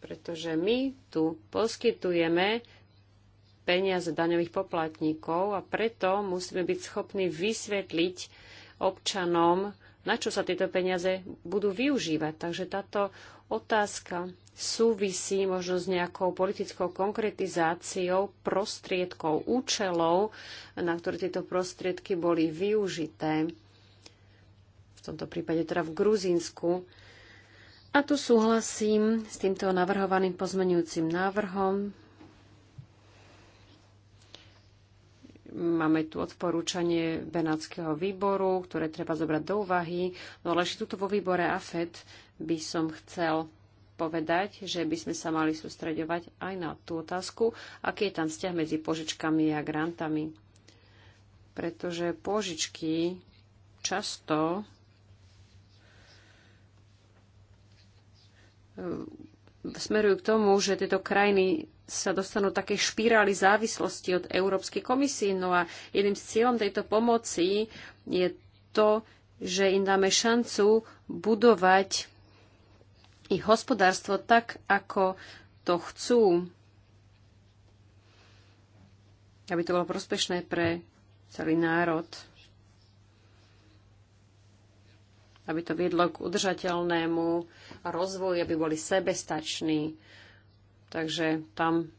Pretože my tu poskytujeme peniaze daňových poplatníkov a preto musíme byť schopní vysvetliť občanom, na čo sa tieto peniaze budú využívať. Takže táto otázka súvisí možno s nejakou politickou konkretizáciou prostriedkov, účelov, na ktoré tieto prostriedky boli využité. V tomto prípade teda v Gruzínsku. A tu súhlasím s týmto navrhovaným pozmenujúcim návrhom. Máme tu odporúčanie Benátskeho výboru, ktoré treba zobrať do úvahy. No ale ešte tuto vo výbore AFED by som chcel povedať, že by sme sa mali sústreďovať aj na tú otázku, aký je tam vzťah medzi požičkami a grantami. Pretože požičky často smerujú k tomu, že tieto krajiny sa dostanú také špirály závislosti od Európskej komisie. No a jedným z cieľom tejto pomoci je to, že im dáme šancu budovať ich hospodárstvo tak, ako to chcú, aby to bolo prospešné pre celý národ, aby to viedlo k udržateľnému rozvoj, aby boli sebestační. Takže tam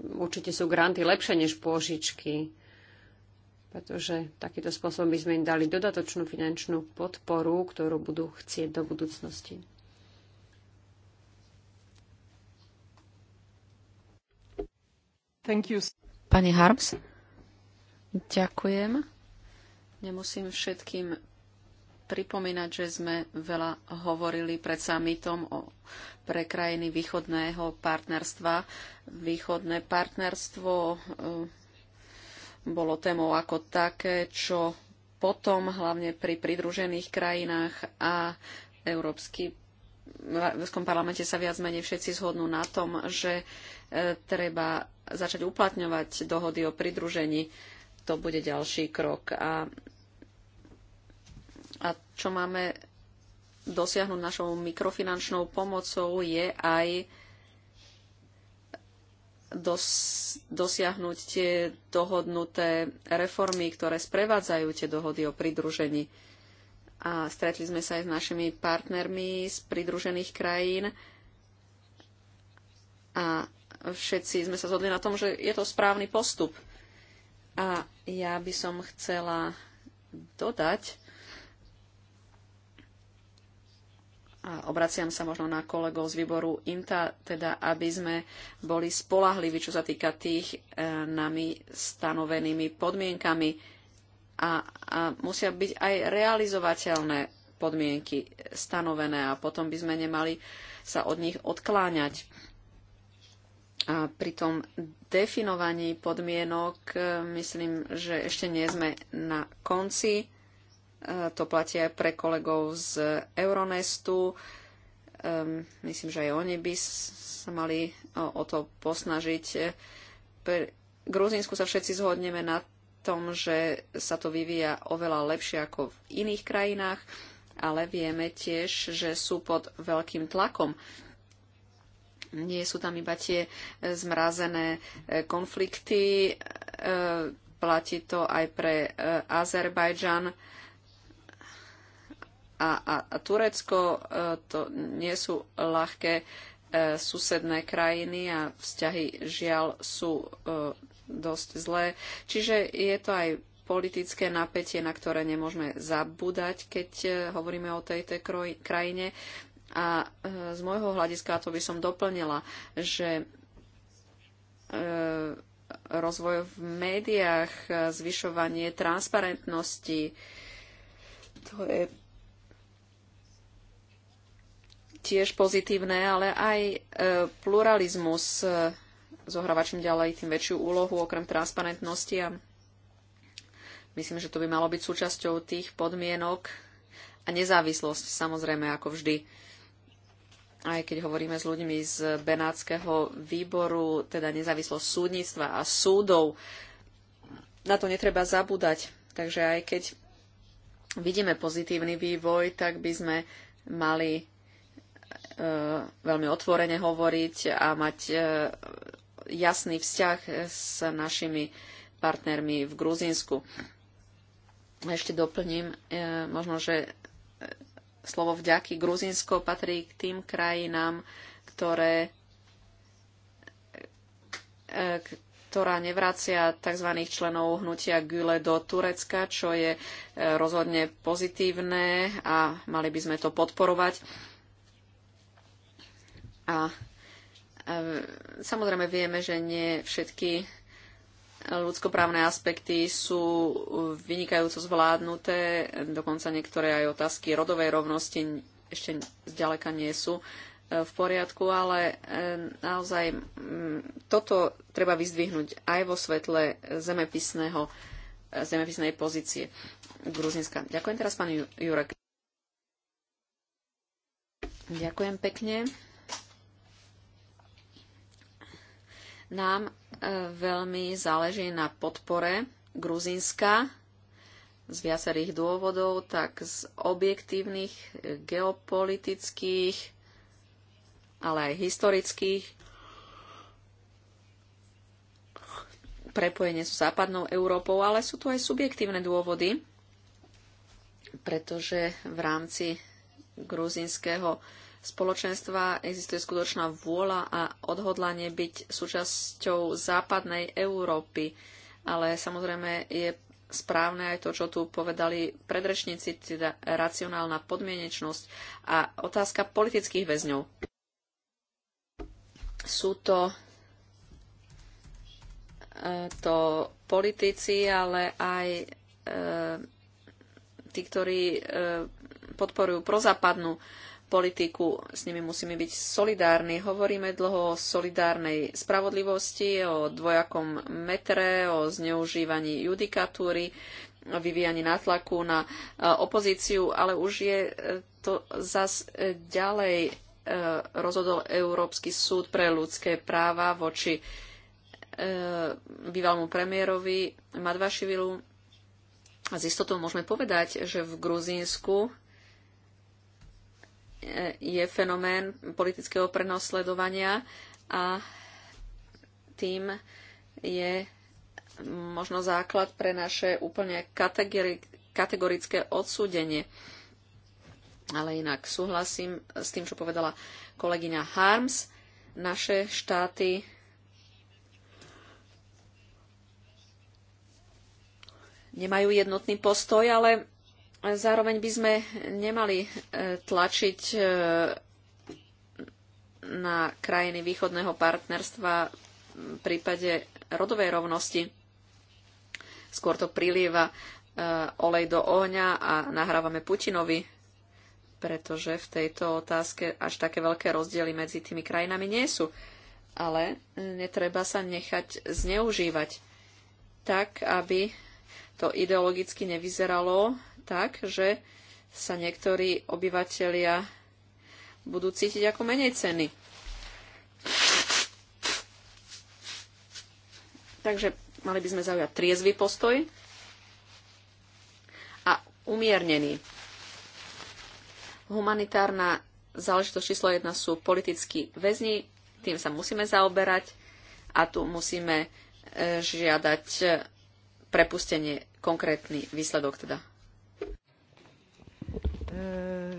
určite sú granty lepšie než pôžičky, pretože takýto spôsobom by sme im dali dodatočnú finančnú podporu, ktorú budú chcieť do budúcnosti. Thank you. Pani Harms, ďakujem. Nemusím všetkým pripomínať, že sme veľa hovorili pred samitom o pre krajiny východného partnerstva. Východné partnerstvo eh, bolo témou ako také, čo potom hlavne pri pridružených krajinách a Európsky v Európskom parlamente sa viac menej všetci zhodnú na tom, že eh, treba začať uplatňovať dohody o pridružení. To bude ďalší krok. A a čo máme dosiahnuť našou mikrofinančnou pomocou je aj dos, dosiahnuť tie dohodnuté reformy, ktoré sprevádzajú tie dohody o pridružení. A stretli sme sa aj s našimi partnermi z pridružených krajín a všetci sme sa zhodli na tom, že je to správny postup. A ja by som chcela dodať, a obraciam sa možno na kolegov z výboru INTA, teda aby sme boli spolahliví, čo sa týka tých e, nami stanovenými podmienkami a, a musia byť aj realizovateľné podmienky stanovené a potom by sme nemali sa od nich odkláňať. A pri tom definovaní podmienok e, myslím, že ešte nie sme na konci Eh, to platí aj pre kolegov z Euronestu. Myslím, že aj oni by sa mali o to posnažiť. Pre Gruzínsku sa všetci zhodneme na tom, že sa to vyvíja oveľa lepšie ako v iných krajinách, ale vieme tiež, že sú pod veľkým tlakom. Nie sú tam iba tie eh, zmrazené eh, konflikty, platí to aj pre Azerbajdžan a, a, a Turecko e, to nie sú ľahké e, susedné krajiny a vzťahy žiaľ sú e, dosť zlé. Čiže je to aj politické napätie, na ktoré nemôžeme zabúdať, keď hovoríme o tejto krajine. A z môjho hľadiska, to by som doplnila, že rozvoj v médiách, zvyšovanie transparentnosti, to je tiež pozitívne, ale aj e, pluralizmus e, zohráva čím ďalej tým väčšiu úlohu okrem transparentnosti a myslím, že to by malo byť súčasťou tých podmienok a nezávislosť samozrejme ako vždy. Aj keď hovoríme s ľuďmi z Benátskeho výboru, teda nezávislosť súdnictva a súdov, na to netreba zabúdať. Takže aj keď vidíme pozitívny vývoj, tak by sme mali E, veľmi otvorene hovoriť a mať e, jasný vzťah s našimi partnermi v Gruzínsku. Ešte doplním, e, možno, že slovo vďaky. Gruzínsko patrí k tým krajinám, ktoré, ktorá nevracia tzv. členov hnutia Güle do Turecka, čo je rozhodne pozitívne a mali by sme to podporovať. A samozrejme vieme, že nie všetky ľudskoprávne aspekty sú vynikajúco zvládnuté, dokonca niektoré aj otázky rodovej rovnosti ešte zďaleka nie sú e, v poriadku, ale e, naozaj toto treba vyzdvihnúť aj vo svetle zemepisného, e, zemepisnej pozície Gruzinska. Ďakujem teraz pán Jurek. Ďakujem pekne. Nám e, veľmi záleží na podpore Gruzinska, z viacerých dôvodov, tak z objektívnych, e, geopolitických, ale aj historických. Prepojenie s západnou Európou, ale sú tu aj subjektívne dôvody, pretože v rámci gruzinského spoločenstva existuje skutočná vôľa a odhodlanie byť súčasťou západnej Európy. Ale samozrejme je správne aj to, čo tu povedali predrečníci, teda racionálna podmienečnosť a otázka politických väzňov. Sú to e, to politici, ale aj e, tí, ktorí e, podporujú prozápadnú politiku, s nimi musíme byť solidárni. Hovoríme dlho o solidárnej spravodlivosti, o dvojakom metre, o zneužívaní judikatúry, vyvíjaní nátlaku na e, opozíciu, ale už je e, to zas e, ďalej rozhodol Európsky súd pre ľudské práva voči bývalému premiérovi Madvašivilu. A z istotou môžeme povedať, že v Gruzínsku je fenomén politického prenosledovania a tým je možno základ pre naše úplne kategori- kategorické odsúdenie. Ale inak súhlasím s tým, čo povedala kolegyňa Harms. Naše štáty nemajú jednotný postoj, ale Zároveň by sme nemali e, tlačiť e, na krajiny východného partnerstva v prípade rodovej rovnosti. Skôr to prilieva e, olej do ohňa a nahrávame Putinovi, pretože v tejto otázke až také veľké rozdiely medzi tými krajinami nie sú. Ale netreba sa nechať zneužívať tak, aby to ideologicky nevyzeralo tak, že sa niektorí obyvateľia budú cítiť ako menej ceny. Takže mali by sme zaujať triezvy postoj a umiernený. Humanitárna záležitosť číslo jedna sú politickí väzni, tým sa musíme zaoberať a tu musíme e, žiadať e, prepustenie, konkrétny výsledok teda Uh,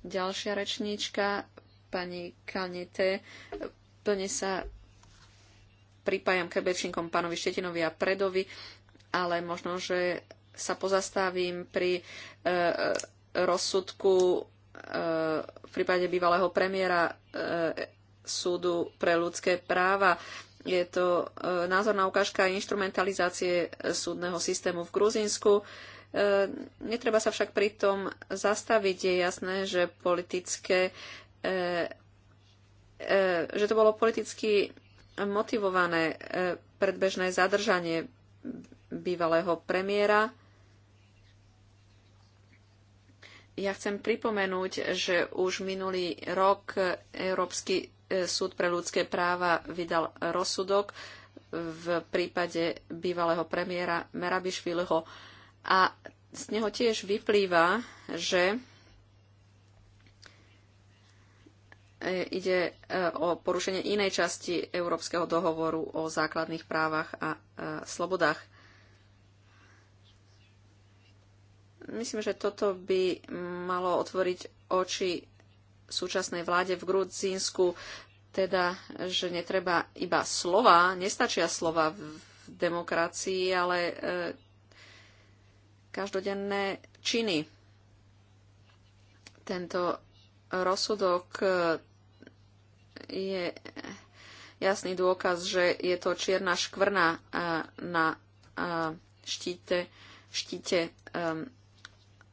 Ďalšia rečníčka, pani Kanete. Plne sa pripájam k bečníkom pánovi Štetinovi a Predovi, ale možno, že sa pozastavím pri e, rozsudku e, v prípade bývalého premiéra e, súdu pre ľudské práva. Je to e, názorná ukážka instrumentalizácie súdneho systému v Gruzínsku. E, netreba sa však pritom zastaviť. Je jasné, že politické e, že to bolo politicky motivované predbežné zadržanie bývalého premiéra. Ja chcem pripomenúť, že už minulý rok Európsky súd pre ľudské práva vydal rozsudok v prípade bývalého premiéra Merabišvilho. A z neho tiež vyplýva, že e, ide e, o porušenie inej časti Európskeho dohovoru o základných právach a e, slobodách. Myslím, že toto by malo otvoriť oči súčasnej vláde v Gruzínsku, teda, že netreba iba slova, nestačia slova v demokracii, ale e, každodenné činy. Tento rozsudok e, je jasný dôkaz, že je to čierna škvrna e, na e, štíte, štíte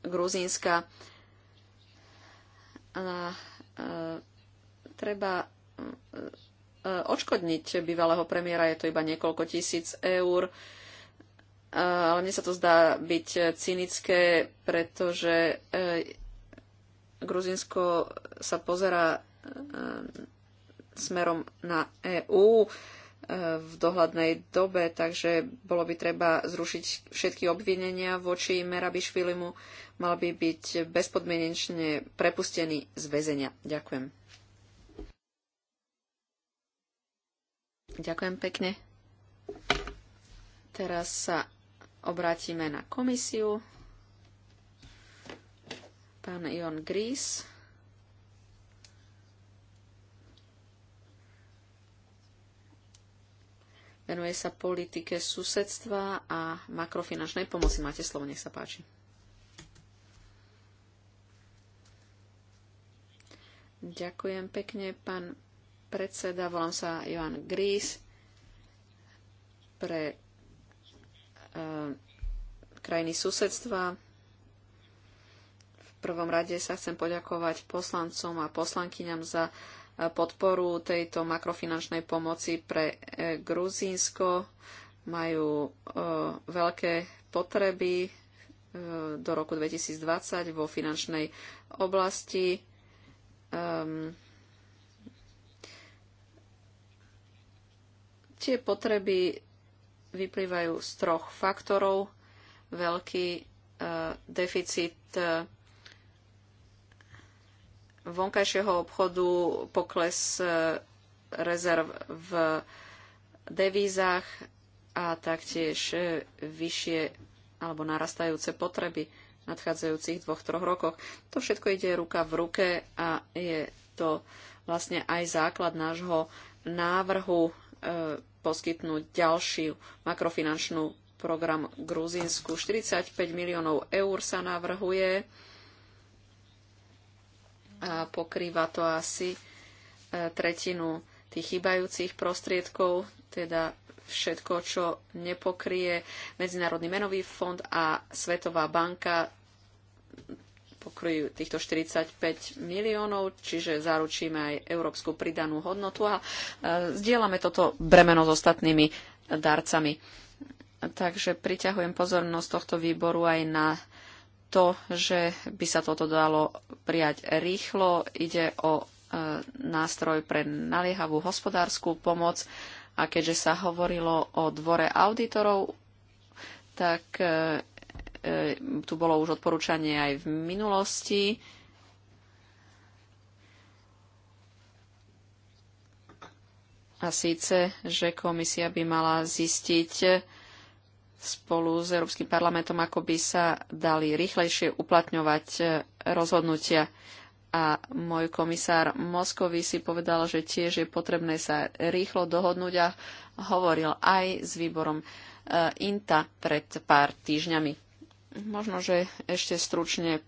Gruzínska. E, treba e, e, odškodniť bývalého premiéra, je to iba niekoľko tisíc eur, ale mne sa to zdá byť cynické, pretože Gruzinsko sa pozera smerom na EÚ v dohľadnej dobe, takže bolo by treba zrušiť všetky obvinenia voči Merabišvilimu. Mal by byť bezpodmienečne prepustený z väzenia. Ďakujem. Ďakujem pekne. Teraz sa obrátime na komisiu. Pán Ion Gris. Venuje sa politike susedstva a makrofinančnej pomoci. Máte slovo, nech sa páči. Ďakujem pekne, pán predseda. Volám sa Johan Gris pre e, krajiny susedstva. V prvom rade sa chcem poďakovať poslancom a poslankyňam za podporu tejto makrofinančnej pomoci pre e, Gruzínsko. Majú e, veľké potreby e, do roku 2020 vo finančnej oblasti. Ehm, tie potreby vyplývajú z troch faktorov. Veľký deficit vonkajšieho obchodu, pokles e, rezerv v devízach a taktiež e, vyššie alebo narastajúce potreby v nadchádzajúcich dvoch, troch rokoch. To všetko ide ruka v ruke a je to vlastne aj základ nášho návrhu e, poskytnúť ďalšiu makrofinančnú program Gruzínsku. 45 miliónov eur sa navrhuje a pokrýva to asi e, tretinu tých chýbajúcich prostriedkov, teda všetko, čo nepokrie Medzinárodný menový fond a Svetová banka pokryjú týchto 45 miliónov, čiže zaručíme aj európsku pridanú hodnotu a e, zdieľame toto bremeno s ostatnými darcami. Takže priťahujem pozornosť tohto výboru aj na to, že by sa toto dalo prijať rýchlo. Ide o e, nástroj pre naliehavú hospodárskú pomoc a keďže sa hovorilo o dvore auditorov, tak e, e, tu bolo už odporúčanie aj v minulosti. A síce, že komisia by mala zistiť, spolu s Európskym parlamentom, ako by sa dali rýchlejšie uplatňovať e, rozhodnutia. A môj komisár Moskovi si povedal, že tiež je potrebné sa rýchlo dohodnúť a hovoril aj s výborom e, INTA pred pár týždňami. Možno, že ešte stručne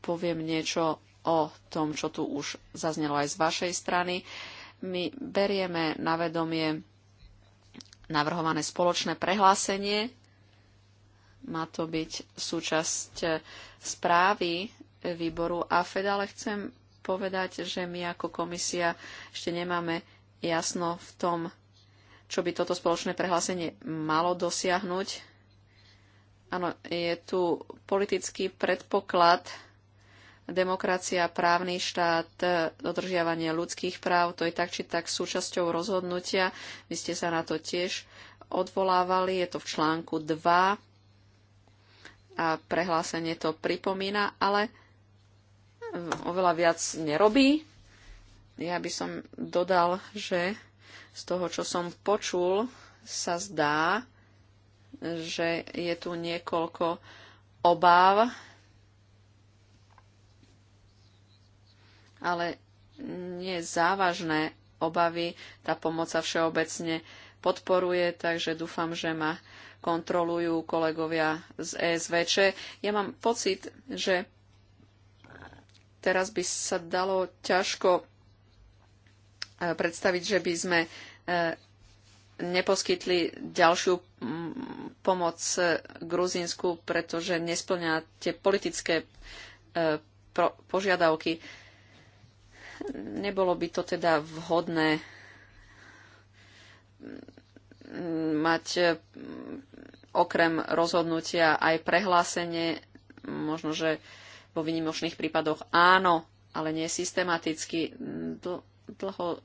poviem niečo o tom, čo tu už zaznelo aj z vašej strany. My berieme na vedomie navrhované spoločné prehlásenie má to byť súčasť eh, správy výboru AFED, ale chcem povedať, že my ako komisia ešte nemáme jasno v tom, čo by toto spoločné prehlásenie malo dosiahnuť. Áno, je tu politický predpoklad demokracia, právny štát, eh, dodržiavanie ľudských práv, to je tak či tak súčasťou rozhodnutia. Vy ste sa na to tiež odvolávali, je to v článku 2 a prehlásenie to pripomína, ale oveľa viac nerobí. Ja by som dodal, že z toho, čo som počul, sa zdá, že je tu niekoľko obáv, ale nie závažné obavy. Tá pomoc sa všeobecne podporuje, takže dúfam, že ma kontrolujú kolegovia z ESVČ. Ja mám pocit, že teraz by sa dalo ťažko e, predstaviť, že by sme e, neposkytli ďalšiu pomoc e, Gruzínsku, pretože nesplňa tie politické požiadavky. Nebolo by to teda vhodné mať e, okrem rozhodnutia aj prehlásenie, možno, že vo vynimočných prípadoch áno, ale nie systematicky. Dl- dlho e,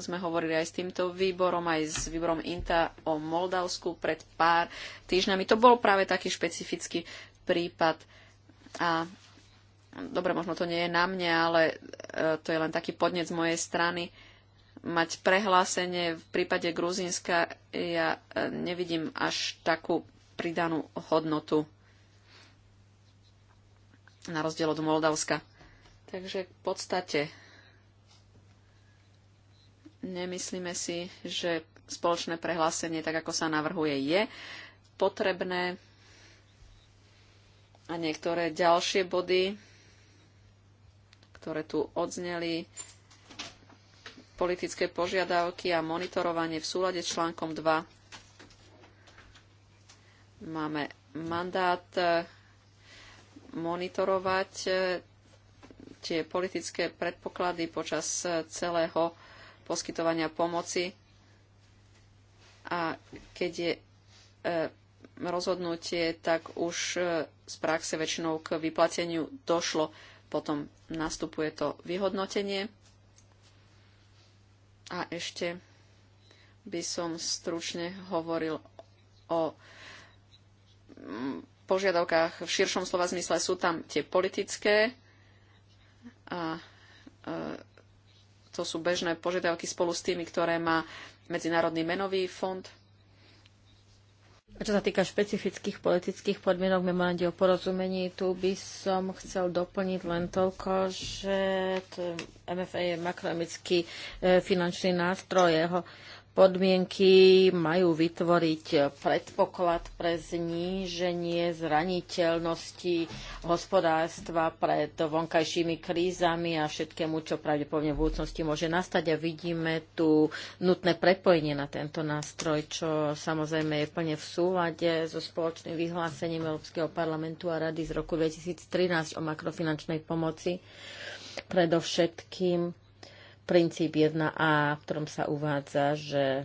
sme hovorili aj s týmto výborom, aj s výborom INTA o Moldavsku pred pár týždňami. To bol práve taký špecifický prípad. A dobre, možno to nie je na mne, ale e, to je len taký podnec z mojej strany mať prehlásenie. V prípade Gruzínska ja e, nevidím až takú pridanú hodnotu na rozdiel od Moldavska. Takže v podstate nemyslíme si, že spoločné prehlásenie, tak ako sa navrhuje, je potrebné a niektoré ďalšie body, ktoré tu odzneli, politické požiadavky a monitorovanie v súlade s článkom 2. Máme mandát eh, monitorovať eh, tie politické predpoklady počas eh, celého poskytovania pomoci a keď je rozhodnutie, tak už z praxe väčšinou k vyplateniu došlo. Potom nastupuje to vyhodnotenie a ešte by som stručne hovoril o požiadavkách v širšom slova zmysle. Sú tam tie politické a e, to sú bežné požiadavky spolu s tými, ktoré má Medzinárodný menový fond. Čo sa týka špecifických politických podmienok memorandí o porozumení, tu by som chcel doplniť len toľko, že MFA je makroemický e, finančný nástroj. Jeho podmienky majú vytvoriť predpoklad pre zníženie zraniteľnosti hospodárstva pred vonkajšími krízami a všetkému, čo pravdepodobne v budúcnosti môže nastať. A vidíme tu nutné prepojenie na tento nástroj, čo samozrejme je plne v súlade so spoločným vyhlásením Európskeho parlamentu a rady z roku 2013 o makrofinančnej pomoci. Predovšetkým princíp 1a, v ktorom sa uvádza, že e,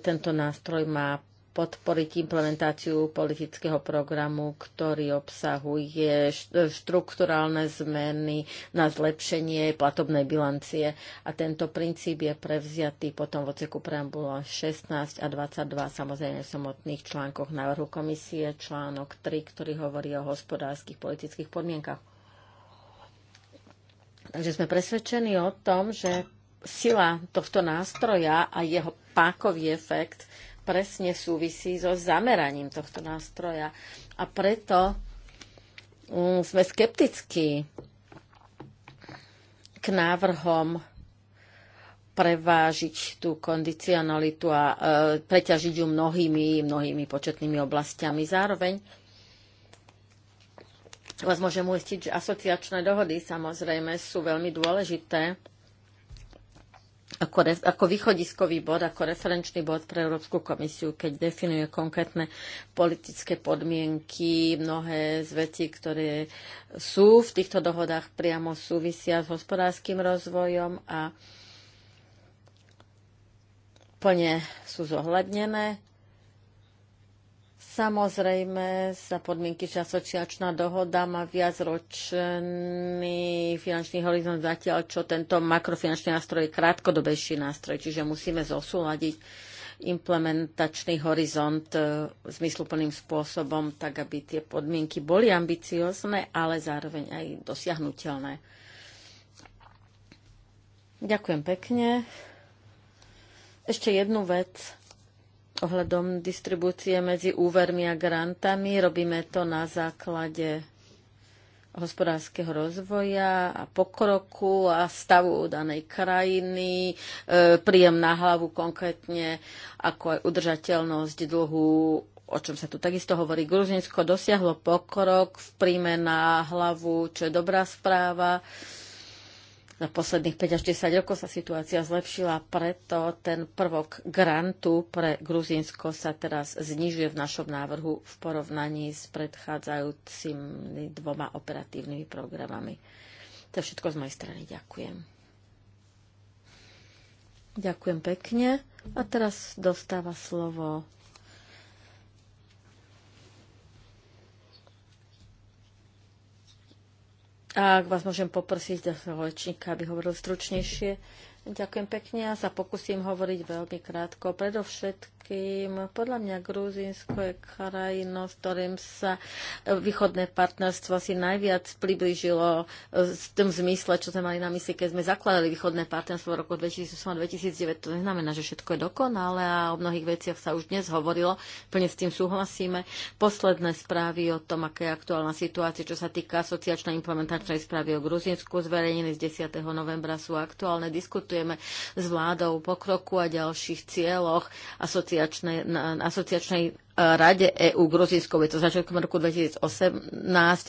tento nástroj má podporiť implementáciu politického programu, ktorý obsahuje e, štrukturálne zmeny na zlepšenie platobnej bilancie. A tento princíp je prevziatý potom v oceku preambula 16 a 22, samozrejme v samotných článkoch návrhu komisie, článok 3, ktorý hovorí o hospodárskych politických podmienkach. Takže sme presvedčení o tom, že sila tohto nástroja a jeho pákový efekt presne súvisí so zameraním tohto nástroja. A preto mm, sme skeptickí k návrhom prevážiť tú kondicionalitu a e, preťažiť ju mnohými, mnohými početnými oblastiami. Zároveň vás môžem uistiť, že asociačné dohody samozrejme sú veľmi dôležité ako, re, ako východiskový bod, ako referenčný bod pre Európsku komisiu, keď definuje konkrétne politické podmienky. Mnohé z vecí, ktoré sú v týchto dohodách, priamo súvisia s hospodárskym rozvojom a plne sú zohľadnené. Samozrejme, za podmienky, časočiačná dohoda má viacročný finančný horizont zatiaľ, čo tento makrofinančný nástroj je krátkodobejší nástroj, čiže musíme zosúľadiť implementačný horizont e, zmysluplným spôsobom, tak aby tie podmienky boli ambiciozne, ale zároveň aj dosiahnutelné. Ďakujem pekne. Ešte jednu vec ohľadom distribúcie medzi úvermi a grantami. Robíme to na základe hospodárskeho rozvoja a pokroku a stavu danej krajiny, e, príjem na hlavu konkrétne, ako aj udržateľnosť dlhu o čom sa tu takisto hovorí, Gruzinsko dosiahlo pokrok v príjme na hlavu, čo je dobrá správa. Za posledných 5 až 10 rokov sa situácia zlepšila, preto ten prvok grantu pre Gruzinsko sa teraz znižuje v našom návrhu v porovnaní s predchádzajúcimi dvoma operatívnymi programami. To je všetko z mojej strany. Ďakujem. Ďakujem pekne. A teraz dostáva slovo Ak vás môžem poprosiť do slovečníka, aby hovoril stručnejšie. Ďakujem pekne a sa pokúsim hovoriť veľmi krátko. Predovšetkým všetkým. Podľa mňa Gruzínsko je krajinou, s ktorým sa východné partnerstvo si najviac priblížilo e, v tom zmysle, čo sme mali na mysli, keď sme zakladali východné partnerstvo v roku 2008-2009. To neznamená, že všetko je dokonalé a o mnohých veciach sa už dnes hovorilo. Plne s tým súhlasíme. Posledné správy o tom, aká je aktuálna situácia, čo sa týka asociačnej implementačnej správy o Gruzínsku, zverejnené z 10. novembra sú aktuálne. Diskutujeme s vládou pokroku a ďalších cieľoch asociačnej asociačnej, na asociačnej e, Rade EU Gruzinskou, je to začiatkom roku 2018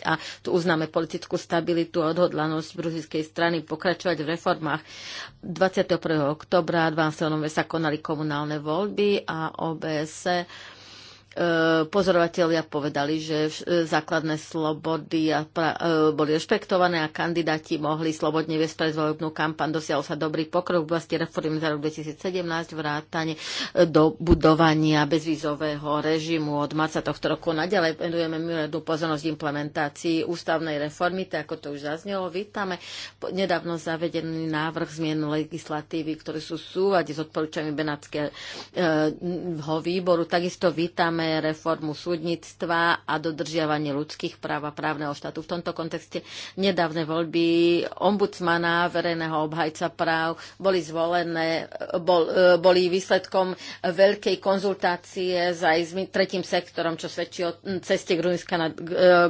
a tu uznáme politickú stabilitu a odhodlanosť gruzinskej strany pokračovať v reformách. 21. oktobra 12. sa konali komunálne voľby a OBS E, pozorovatelia povedali, že e, základné slobody e, boli rešpektované a kandidáti mohli slobodne viesť predvolebnú kampan. Dosial sa dobrý pokrok v oblasti reformy za rok 2017, vrátane do budovania bezvízového režimu od marca tohto roku. Naďalej venujeme mimoriadnú pozornosť implementácii ústavnej reformy, tak ako to už zaznelo, vítame nedávno zavedený návrh zmien legislatívy, ktoré sú súvade s odporúčami Benátského výboru. Takisto vítame máme reformu súdnictva a dodržiavanie ľudských práv a právneho štátu. V tomto kontexte nedávne voľby ombudsmana, verejného obhajca práv, boli zvolené, bol, e, boli výsledkom veľkej konzultácie s aj tretím sektorom, čo svedčí o ceste Grunska e,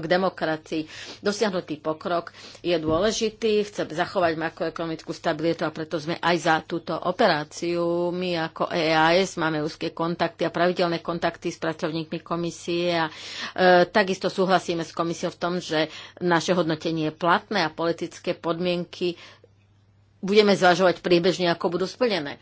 k demokracii. Dosiahnutý pokrok je dôležitý, chce zachovať makroekonomickú stabilitu a preto sme aj za túto operáciu. My ako EAS máme úzke kontakty a pravidelné kontakty s pracovníkmi komisie a e, takisto súhlasíme s komisiou v tom, že naše hodnotenie je platné a politické podmienky budeme zvažovať priebežne, ako budú splnené. E,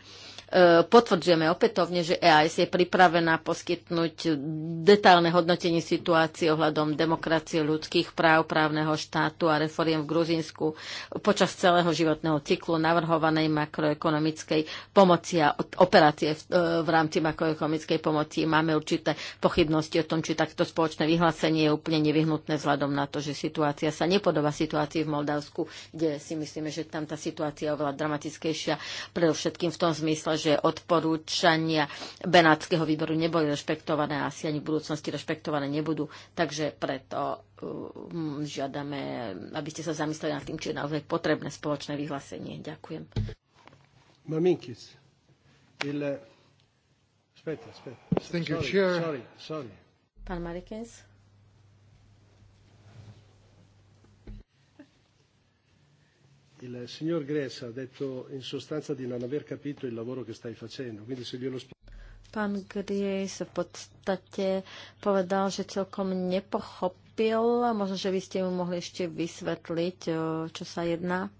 E, potvrdzujeme opätovne, že EAS je pripravená poskytnúť detailné hodnotenie situácie ohľadom demokracie, ľudských práv, právneho štátu a reforiem v Gruzínsku počas celého životného cyklu navrhovanej makroekonomickej pomoci a operácie v, e, v rámci makroekonomickej pomoci. Máme určité pochybnosti o tom, či takto spoločné vyhlásenie je úplne nevyhnutné vzhľadom na to, že situácia sa nepodoba situácii v Moldavsku, kde si myslíme, že tam tá situácia je oveľa dramatickejšia, predovšetkým v tom zmysle, že odporúčania Benátskeho výboru neboli rešpektované a asi ani v budúcnosti rešpektované nebudú. Takže preto uh, žiadame, aby ste sa zamysleli nad tým, či je naozaj potrebné spoločné vyhlásenie. Ďakujem. Maminkis. Il... Aspetta, aspetta. Thank you, sorry, sorry, sorry. Pán Marikens. il signor Gress ha detto in sostanza di non aver capito il lavoro che stai facendo, quindi se glielo spiego. Pán Gries v podstate povedal, že celkom nepochopil a možno, že by ste mu mohli ešte vysvetliť, čo sa jedná.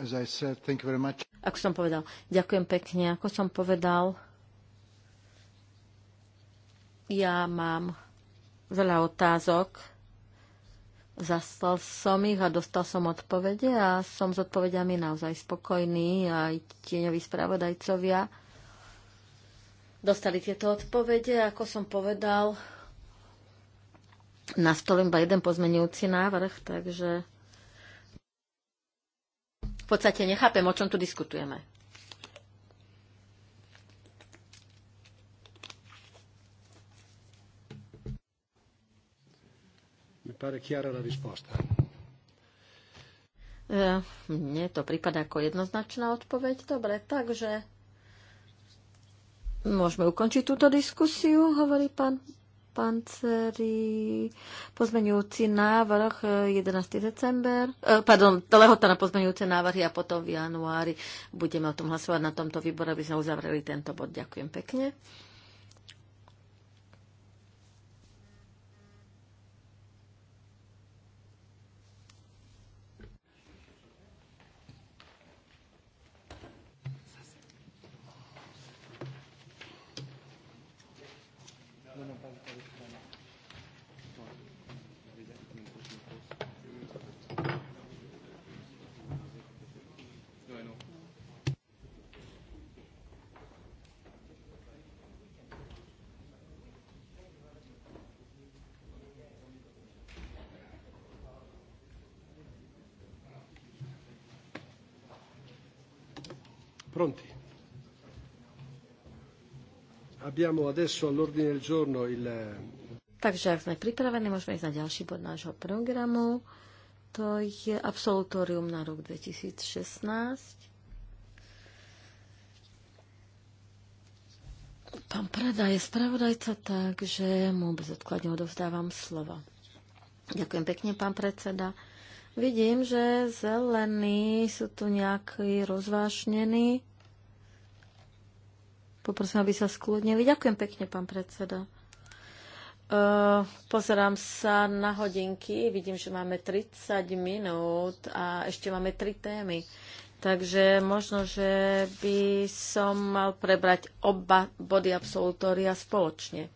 As I said, thank you very much. Ako som povedal, ďakujem pekne. Ako som povedal, ja mám veľa otázok Zaslal som ich a dostal som odpovede a som s odpovediami naozaj spokojný. Aj tieňoví spravodajcovia dostali tieto odpovede. Ako som povedal, stole iba jeden pozmenujúci návrh, takže v podstate nechápem, o čom tu diskutujeme. pare chiara la risposta. E, mne to prípada ako jednoznačná odpoveď. Dobre, takže môžeme ukončiť túto diskusiu, hovorí pán Panceri. Pozmenujúci návrh 11. E, december. E, pardon, lehota na pozmenujúce návrhy a potom v januári budeme o tom hlasovať na tomto výbore, aby sme uzavreli tento bod. Ďakujem pekne. Pronti? Abbiamo adesso all'ordine del giorno il... Takže ak sme pripravení, môžeme ísť na ďalší bod nášho programu. To je absolutórium na rok 2016. Pán Preda je spravodajca, takže mu bezodkladne odovzdávam slovo. Ďakujem pekne, pán predseda. Vidím, že zelení sú tu nejakí rozvášnení. Poprosím, aby sa skľudnili. Ďakujem pekne, pán predseda. Uh, pozerám sa na hodinky, vidím, že máme 30 minút a ešte máme tri témy. Takže možno, že by som mal prebrať oba body absolutória spoločne.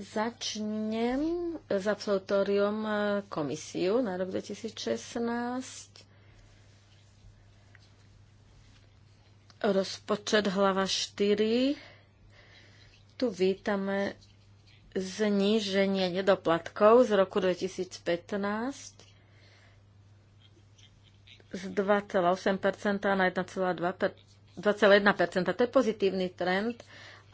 Začnem s absolutórium e, komisiu na rok 2016 Rozpočet hlava 4. Tu vítame zníženie nedoplatkov z roku 2015 z 2,8% na 2,1%. To je pozitívny trend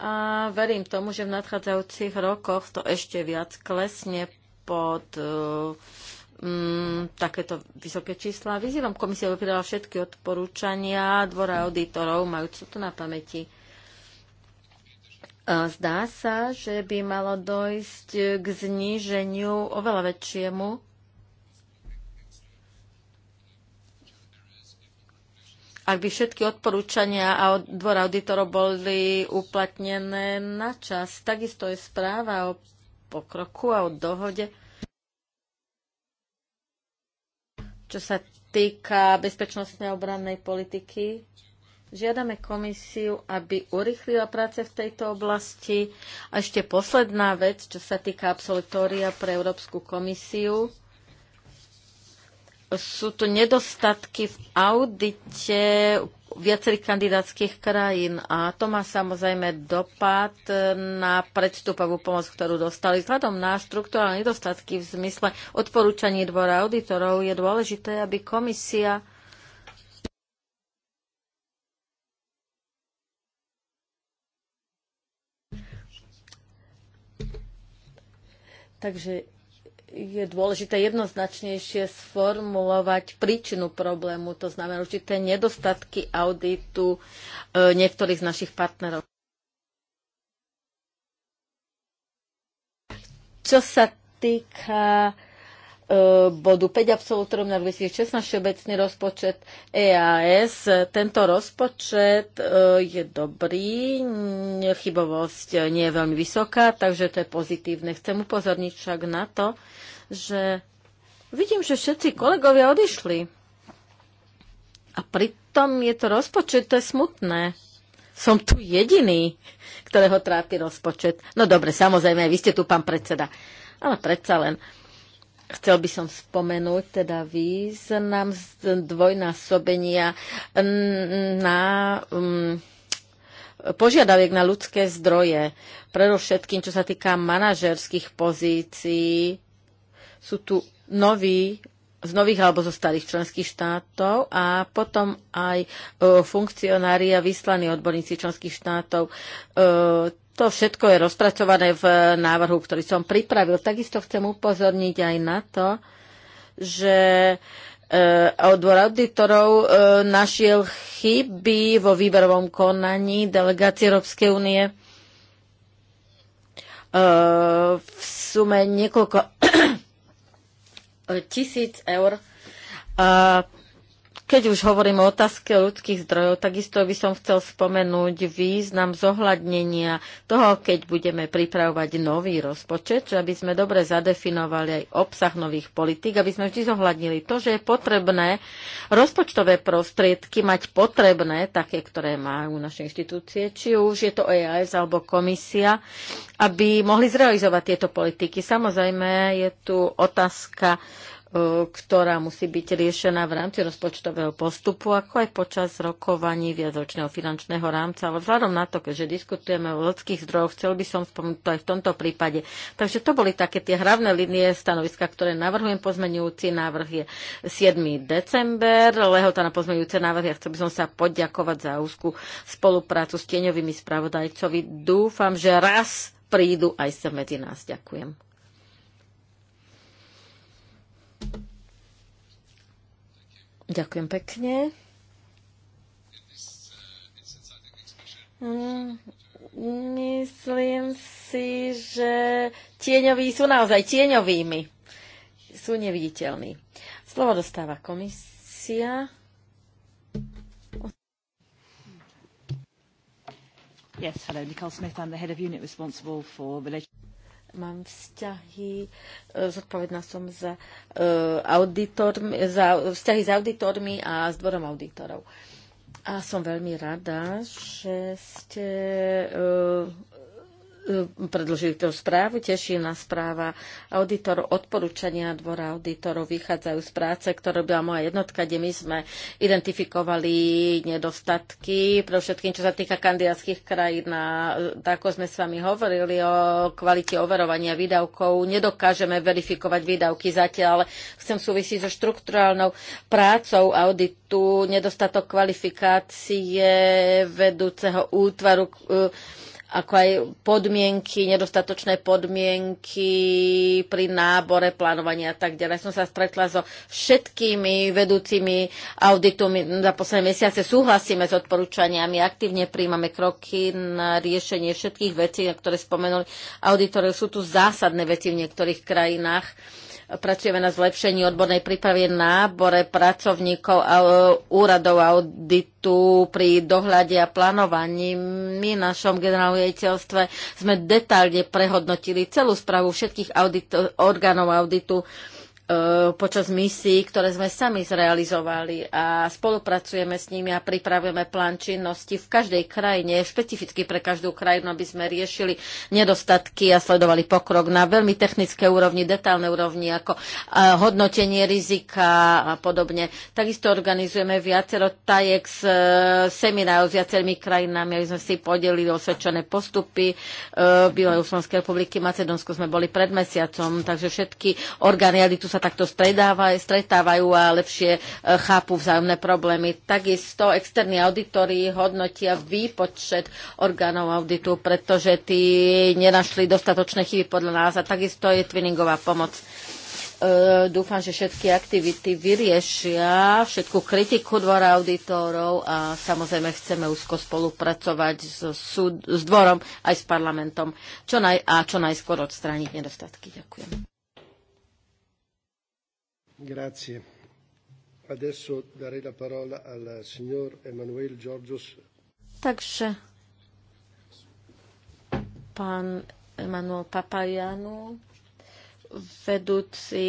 a verím tomu, že v nadchádzajúcich rokoch to ešte viac klesne pod eh, mm, takéto vysoké čísla. Vyzývam komisiu, aby pridala všetky odporúčania dvora auditorov, majúcu to na pamäti. Zdá sa, že by malo dojsť k zníženiu oveľa väčšiemu ak by všetky odporúčania a dvora auditorov boli uplatnené na čas. Takisto je správa o pokroku a o dohode čo sa týka bezpečnostnej obrannej politiky. Žiadame komisiu, aby urychlila práce v tejto oblasti. A ešte posledná vec, čo sa týka absolutória pre Európsku komisiu. Sú tu nedostatky v audite viacerých kandidátskych krajín a to má samozrejme dopad e, na predstupovú pomoc, ktorú dostali. Vzhľadom na štruktúralne nedostatky v zmysle odporúčaní dvora auditorov je dôležité, aby komisia Takže je dôležité jednoznačnejšie sformulovať príčinu problému, to znamená určité nedostatky auditu e, niektorých z našich partnerov. Čo sa týka bodu 5 absolutorom na 2016 všeobecný rozpočet EAS. Tento rozpočet e, je dobrý, chybovosť nie je veľmi vysoká, takže to je pozitívne. Chcem upozorniť však na to, že vidím, že všetci kolegovia odišli. A pritom je to rozpočet, to je smutné. Som tu jediný, ktorého trápi rozpočet. No dobre, samozrejme, vy ste tu, pán predseda. Ale predsa len. Uh, Chcel by som spomenúť teda význam dvojnásobenia na um, požiadaviek na ľudské zdroje, predovšetkým čo sa týka manažerských pozícií. Sú tu noví z nových alebo zo starých členských štátov a potom aj e, funkcionári a vyslaní odborníci členských štátov. E, to všetko je rozpracované v eh, návrhu, ktorý som pripravil. Takisto chcem upozorniť aj na to, že eh, odbor auditorov eh, našiel chyby vo výberovom konaní delegácie Európskej únie v sume niekoľko tisíc eur. A keď už hovorím o otázke ľudských zdrojov, takisto by som chcel spomenúť význam zohľadnenia toho, keď budeme pripravovať nový rozpočet, aby sme dobre zadefinovali aj obsah nových politík, aby sme vždy zohľadnili to, že je potrebné rozpočtové prostriedky mať potrebné, také, ktoré majú naše inštitúcie, či už je to EAS alebo komisia, aby mohli zrealizovať tieto politiky. Samozrejme je tu otázka E, ktorá musí byť riešená v rámci rozpočtového postupu, ako aj počas rokovaní viacročného finančného rámca. Ale vzhľadom na to, že diskutujeme o ľudských zdrojoch, chcel by som spomenúť to aj v tomto prípade. Takže to boli také tie hlavné linie stanoviska, ktoré navrhujem. Pozmenujúci návrh je 7. december, lehota na pozmenujúce návrhy. Ja chcel by som sa poďakovať za úzku spoluprácu s tieňovými spravodajcovi. Dúfam, že raz prídu aj sa medzi nás. Ďakujem. Ďakujem pekne. Myslím si, že tieňoví sú naozaj tieňovými. Sú neviditeľní. Slovo dostáva komisia. Yes, hello, Nicole Smith. I'm the head of unit responsible for relations mám vzťahy, e, zodpovedná som za, e, auditormi, za vzťahy s auditormi a s dvorom auditorov. A som veľmi rada, že ste e, E, predložili tú správu, teší na správa auditorov, odporúčania dvora auditorov vychádzajú z práce, ktorú robila moja jednotka, kde my sme identifikovali nedostatky, pre všetkým, čo sa týka kandidátskych krajín, a e, ako sme s vami hovorili o kvalite overovania výdavkov, nedokážeme verifikovať výdavky zatiaľ, ale chcem súvisiť so štruktúrálnou prácou auditu, nedostatok kvalifikácie vedúceho útvaru, e, ako aj podmienky, nedostatočné podmienky pri nábore, plánovaní a tak ďalej. Som sa stretla so všetkými vedúcimi auditumi. za posledné mesiace. Súhlasíme s odporúčaniami, aktívne príjmame kroky na riešenie všetkých vecí, ktoré spomenuli auditorov. Sú tu zásadné veci v niektorých krajinách Pracujeme na zlepšení odbornej prípravy nábore pracovníkov a e, úradov auditu pri dohľade a plánovaní. My v našom generálnom riaditeľstve sme detálne prehodnotili celú správu všetkých audito- orgánov auditu Eh, počas misií, ktoré sme sami zrealizovali a spolupracujeme s nimi a pripravujeme plán činnosti v každej krajine, špecificky pre každú krajinu, aby sme riešili nedostatky a sledovali pokrok na veľmi technické úrovni, detálne úrovni, ako eh, hodnotenie rizika a podobne. Takisto organizujeme viacero TAIEX eh, seminárov s viacerými krajinami, aby sme si podelili osvedčené postupy. V Bielorusovskej republiky Macedónsku sme boli pred mesiacom, takže všetky orgány tu sa takto stretávajú, stretávajú a lepšie e, chápu vzájomné problémy. Takisto externí auditori hodnotia výpočet orgánov auditu, pretože tí nenašli dostatočné chyby podľa nás a takisto je twinningová pomoc e, dúfam, že všetky aktivity vyriešia, všetku kritiku dvora auditorov a samozrejme chceme úzko spolupracovať s, súd, s dvorom aj s parlamentom čo naj, a čo najskôr odstrániť nedostatky. Ďakujem. Grazie. Adesso darei la parola al signor Emanuel Georgios. Takže pán Emanuel Papajanu vedúci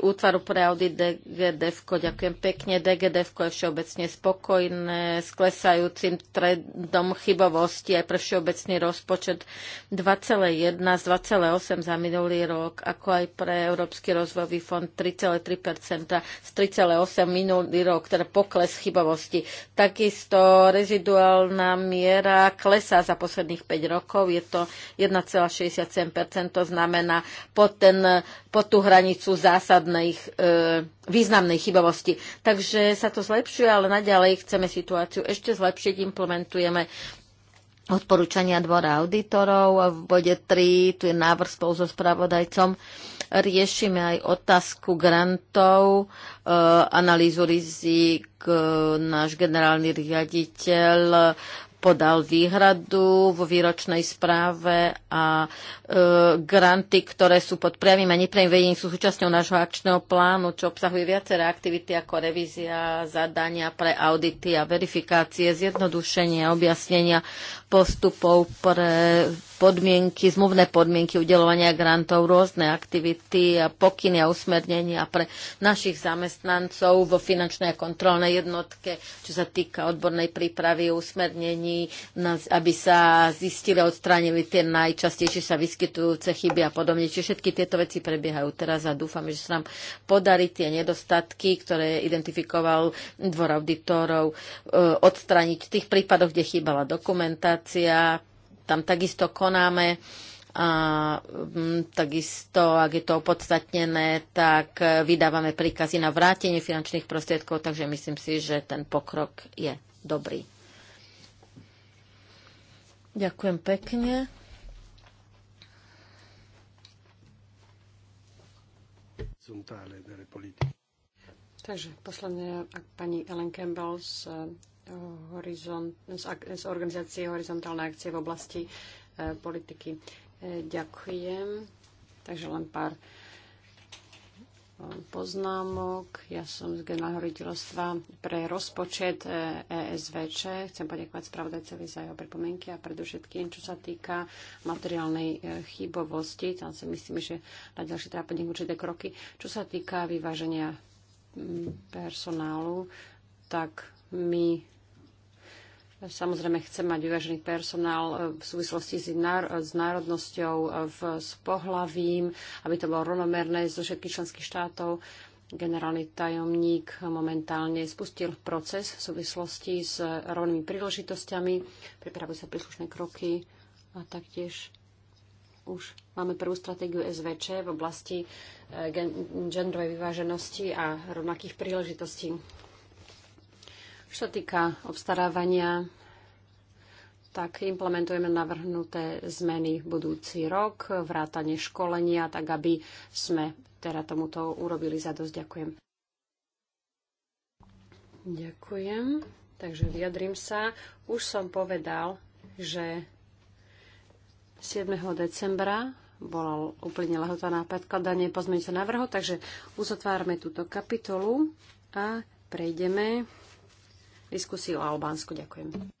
útvaru pre audit DGDF. -ko. Ďakujem pekne. DGDF je všeobecne spokojné s klesajúcim trendom chybovosti aj pre všeobecný rozpočet 2,1 z 2,8 za minulý rok, ako aj pre Európsky rozvojový fond 3,3 z 3,8 minulý rok, teda pokles chybovosti. Takisto reziduálna miera klesá za posledných 5 rokov, je to 1,67 to znamená pod ten pod tú hranicu zásadnej e, významnej chybovosti. Takže sa to zlepšuje, ale naďalej chceme situáciu ešte zlepšiť, implementujeme odporúčania dvora auditorov. V bode 3 tu je návrh spolu so spravodajcom. Riešime aj otázku grantov, e, analýzu rizik. E, náš generálny riaditeľ podal výhradu vo výročnej správe a e, granty, ktoré sú pod priamým a nepriamým vedením, sú súčasťou nášho akčného plánu, čo obsahuje viaceré aktivity ako revízia, zadania pre audity a verifikácie, zjednodušenie, objasnenia postupov pre podmienky, zmluvné podmienky udelovania grantov, rôzne aktivity a pokyny a usmernenia pre našich zamestnancov vo finančnej a kontrolnej jednotke, čo sa týka odbornej prípravy usmernení, aby sa zistili a odstránili tie najčastejšie sa vyskytujúce chyby a podobne. Čiže všetky tieto veci prebiehajú teraz a dúfam, že sa nám podarí tie nedostatky, ktoré identifikoval dvor auditorov, e, odstrániť v tých prípadoch, kde chýbala dokumentácia, tam takisto konáme a mm, takisto, ak je to opodstatnené, tak vydávame príkazy na vrátenie finančných prostriedkov, takže myslím si, že ten pokrok je dobrý. Ďakujem pekne. Takže posledne pani Ellen Campbell z horizont, z organizácie horizontálne akcie v oblasti e, politiky. E, ďakujem. Takže len pár e, poznámok. Ja som z generálneho riaditeľstva pre rozpočet ESVČ. Chcem poďakovať spravodajcovi za jeho pripomienky a predovšetkým, čo sa týka materiálnej chybovosti. Tam si myslím, že na ďalšie treba podniknúť určité kroky. Čo sa týka vyváženia personálu, tak my Samozrejme, chcem mať vyvážený personál e, v súvislosti s národnosťou, e, v, s pohlavím, aby to bolo rovnomerné zo všetkých členských štátov. Generálny tajomník momentálne spustil proces v súvislosti s rovnými príležitosťami, pripravujú sa príslušné kroky a taktiež už máme prvú stratégiu SVČ v oblasti e, genderovej vyváženosti a rovnakých príležitostí. Čo sa týka obstarávania, tak implementujeme navrhnuté zmeny budúci rok, vrátanie školenia, tak aby sme teda tomuto urobili za dosť. Ďakujem. Ďakujem. Takže vyjadrím sa. Už som povedal, že 7. decembra bola úplne lehotá na predkladanie pozmeňujúceho návrhu, takže uzatvárame túto kapitolu a prejdeme diskusiu o Albánsku. Ďakujem.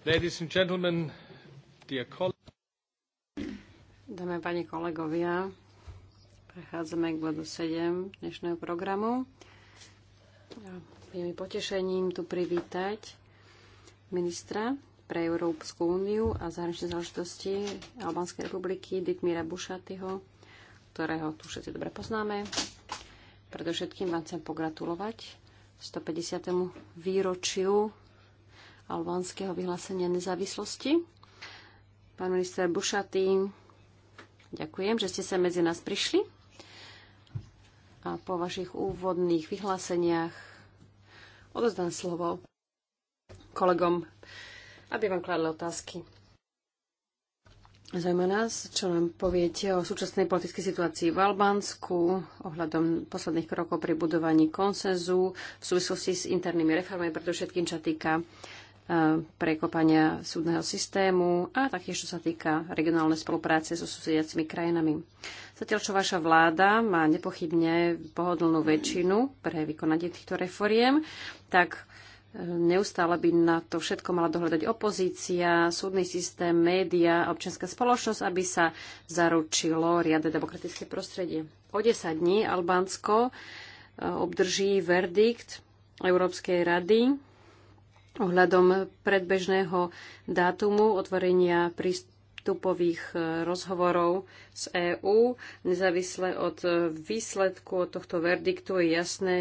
Ladies and gentlemen, dear Dáme kolegovia, prechádzame k bodu 7 dnešného programu. Je mi potešením tu privítať ministra pre Európsku úniu a zahraničné záležitosti Albánskej republiky Dikmíra Bušatyho, ktorého tu všetci dobre poznáme. Predovšetkým vám chcem pogratulovať 150. výročiu albánskeho vyhlásenia nezávislosti. Pán minister Bušatý, ďakujem, že ste sa medzi nás prišli. A po vašich úvodných vyhláseniach odozdám slovo kolegom, aby vám kladli otázky. Zaujíma nás, čo nám poviete o súčasnej politickej situácii v Albánsku, ohľadom posledných krokov pri budovaní konsenzu v súvislosti s internými reformami, preto všetkým, čo týka E, prekopania súdneho systému a taktiež, čo sa týka regionálnej spolupráce so susediacimi krajinami. Zatiaľ, čo vaša vláda má nepochybne pohodlnú väčšinu pre vykonanie týchto reforiem, tak e, Neustále by na to všetko mala dohľadať opozícia, súdny systém, média a občianská spoločnosť, aby sa zaručilo riadne demokratické prostredie. O 10 dní Albánsko e, obdrží verdikt Európskej rady ohľadom predbežného dátumu otvorenia prístupových e, rozhovorov z EÚ. Nezávisle od e, výsledku od tohto verdiktu je jasné,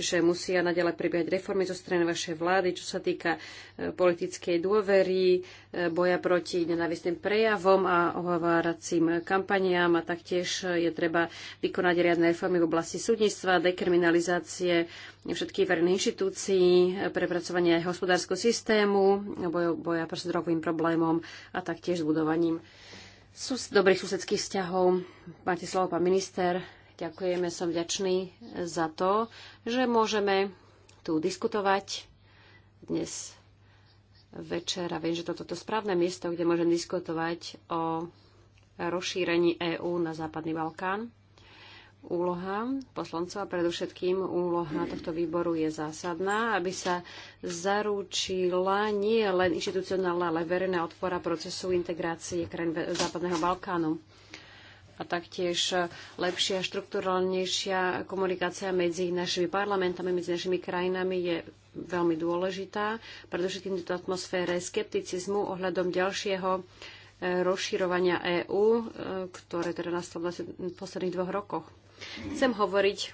že musia naďalej prebiehať reformy zo strany vašej vlády, čo sa týka e, politickej dôvery, boja proti nenávistným prejavom a ohováracím kampaniám a taktiež je treba vykonať riadne reformy v oblasti súdnictva, dekriminalizácie všetkých verejných inštitúcií, prepracovanie hospodárskeho systému, boja, boja proti drogovým problémom a taktiež s budovaním sus- dobrých susedských vzťahov. Máte slovo, pán minister. Ďakujeme, som vďačný za to, že môžeme tu diskutovať dnes večer a viem, že toto je správne miesto, kde môžem diskutovať o rozšírení EÚ na Západný Balkán. Úloha poslancov a predovšetkým úloha tohto výboru je zásadná, aby sa zaručila nie len inštitucionálna, ale verejná odpora procesu integrácie krajín Západného Balkánu a taktiež lepšia, štrukturálnejšia komunikácia medzi našimi parlamentami, medzi našimi krajinami je veľmi dôležitá. v tejto atmosfére skepticizmu ohľadom ďalšieho e, rozširovania EÚ, e, ktoré teda nastalo v posledných dvoch rokoch. Chcem hovoriť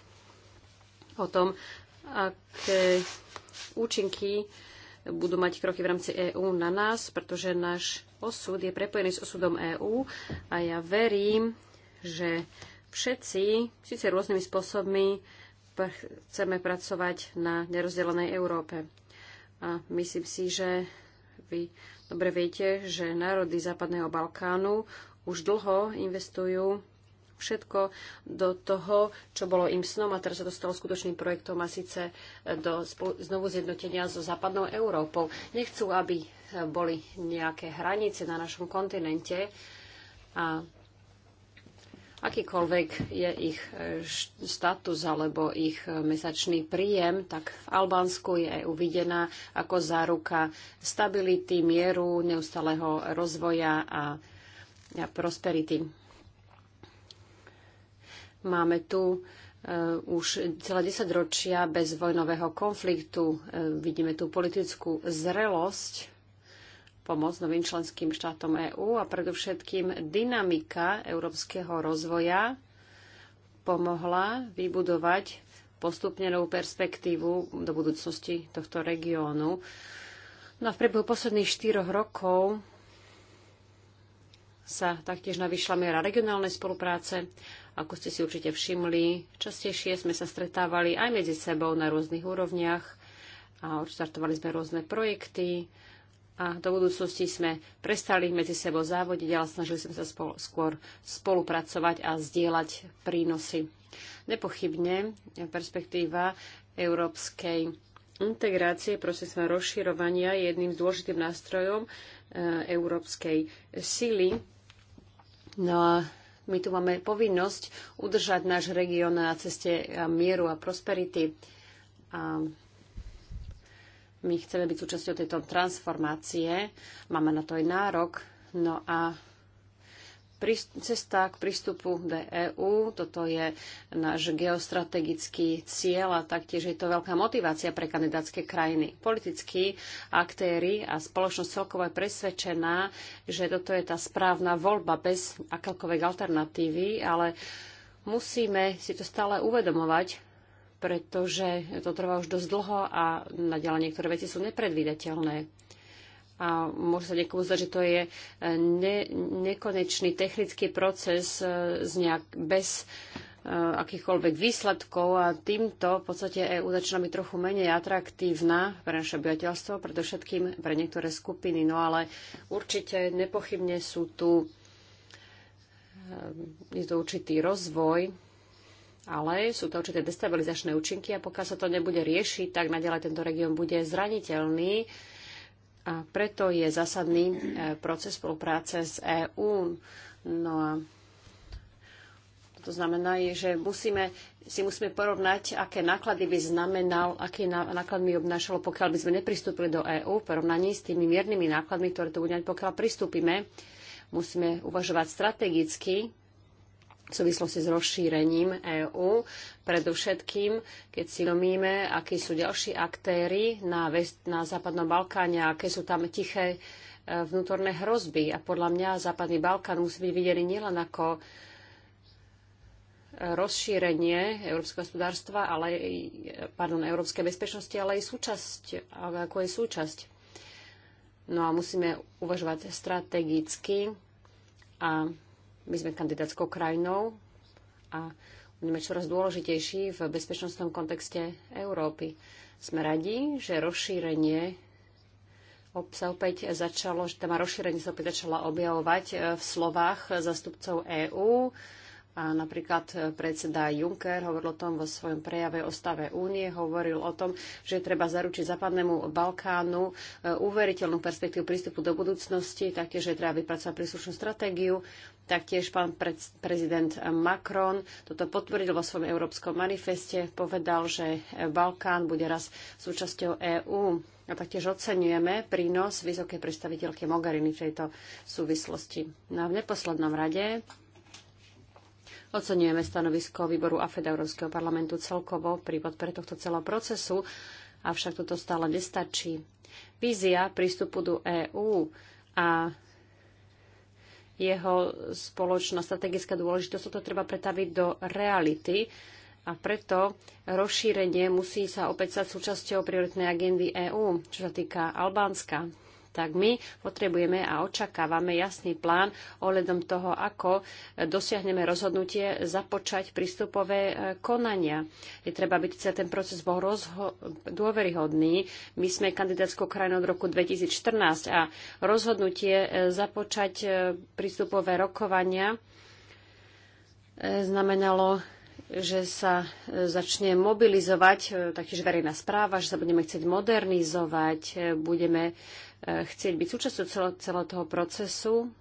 o tom, aké účinky budú mať kroky v rámci EÚ na nás, pretože náš osud je prepojený s osudom EÚ a ja verím, že všetci, síce rôznymi spôsobmi, chceme pracovať na nerozdelenej Európe. A myslím si, že vy dobre viete, že národy Západného Balkánu už dlho investujú všetko do toho, čo bolo im snom a teraz sa to stalo skutočným projektom a síce do znovu zjednotenia so západnou Európou. Nechcú, aby boli nejaké hranice na našom kontinente a akýkoľvek je ich e, status alebo ich e, mesačný príjem, tak v Albánsku je e uvidená ako záruka stability, mieru, neustáleho rozvoja a, prosperity. Máme tu už celé ročia bez vojnového konfliktu. Vidíme tú politickú zrelosť pomoc novým členským štátom EÚ a predovšetkým dynamika európskeho rozvoja pomohla vybudovať postupne novú perspektívu do budúcnosti tohto regiónu. No a v priebehu posledných štyroch rokov sa taktiež navýšla miera regionálnej spolupráce. Ako ste si určite všimli, častejšie sme sa stretávali aj medzi sebou na rôznych úrovniach a odštartovali sme rôzne projekty a do budúcnosti sme prestali medzi sebou závodiť, ale snažili sme sa spolu, skôr spolupracovať a zdieľať prínosy. Nepochybne perspektíva európskej integrácie procesom rozširovania je jedným z dôležitým nástrojom eh, európskej síly. No a my tu máme povinnosť udržať náš región na ceste mieru a prosperity. A my chceme byť súčasťou tejto transformácie, máme na to aj nárok. No a cesta k prístupu do EÚ. Toto je náš geostrategický cieľ a taktiež je to veľká motivácia pre kandidátske krajiny. Politickí aktéry a spoločnosť celkovo je presvedčená, že toto je tá správna voľba bez akákoľvek alternatívy, ale musíme si to stále uvedomovať, pretože to trvá už dosť dlho a naďalej niektoré veci sú nepredvídateľné. A môže sa niekomu zdať, že to je eh, ne, nekonečný technický proces eh, z nejak, bez eh, akýchkoľvek výsledkov a týmto v podstate EU začína byť trochu menej atraktívna pre naše obyvateľstvo, všetkým pre niektoré skupiny. No ale určite nepochybne sú tu je to určitý rozvoj ale sú to určité destabilizačné účinky a pokiaľ sa to nebude riešiť, tak naďalej tento región bude zraniteľný a preto je zásadný e, proces spolupráce s EÚ. No a to znamená, že musíme, si musíme porovnať, aké náklady by znamenal, aký náklad by obnášalo, pokiaľ by sme nepristúpili do EÚ, v porovnaní s tými miernymi nákladmi, ktoré to bude mať, pokiaľ pristúpime. Musíme uvažovať strategicky v súvislosti s rozšírením EÚ. Predovšetkým, keď si domíme, akí sú ďalší aktéry na, West, na Západnom Balkáne, aké sú tam tiché e, vnútorné hrozby. A podľa mňa Západný Balkán musí byť videný nielen ako rozšírenie európskeho hospodárstva, ale pardon, európskej bezpečnosti, ale aj súčasť, ako je súčasť. No a musíme uvažovať strategicky a my sme kandidátskou krajinou a budeme čoraz dôležitejší v bezpečnostnom kontexte Európy. Sme radi, že rozšírenie sa opäť začalo, že téma rozšírenie sa opäť začala objavovať eh, v slovách zastupcov EÚ. A napríklad eh, predseda Juncker hovoril o tom vo svojom prejave o stave únie, hovoril o tom, že treba zaručiť západnému Balkánu eh, uveriteľnú perspektívu prístupu do budúcnosti, taktiež je treba vypracovať príslušnú stratégiu. Taktiež pán prezident Macron toto potvrdil vo svojom európskom manifeste, povedal, že Balkán bude raz súčasťou EÚ. A taktiež oceňujeme prínos vysokej predstaviteľky Mogherini v tejto súvislosti. No a v neposlednom rade Oceňujeme stanovisko výboru AFED Európskeho parlamentu celkovo pri podpore tohto celého procesu, avšak toto stále nestačí. Vízia prístupu do EÚ a jeho spoločná strategická dôležitosť, toto treba pretaviť do reality a preto rozšírenie musí sa opäť stať súčasťou prioritnej agendy EÚ, čo sa týka Albánska tak my potrebujeme a očakávame jasný plán ohľadom toho, ako dosiahneme rozhodnutie započať prístupové e, konania. Je treba, aby teda ten proces bol dôveryhodný. My sme kandidátskou krajinou od roku 2014 a rozhodnutie e, započať e, prístupové rokovania znamenalo že sa e, začne mobilizovať e, taktiež verejná správa, že sa budeme chcieť modernizovať, e, budeme chcieť byť súčasťou celého, toho procesu.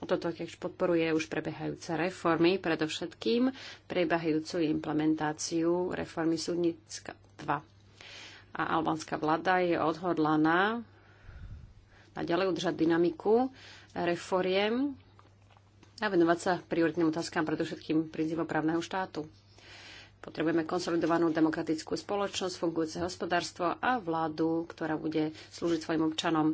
Toto tiež podporuje už prebiehajúce reformy, predovšetkým prebiehajúcu implementáciu reformy súdnická 2. A albánska vláda je odhodlaná naďalej udržať dynamiku reforiem a venovať sa prioritným otázkam, predovšetkým princípom právneho štátu. Potrebujeme konsolidovanú demokratickú spoločnosť, fungujúce hospodárstvo a vládu, ktorá bude slúžiť svojim občanom.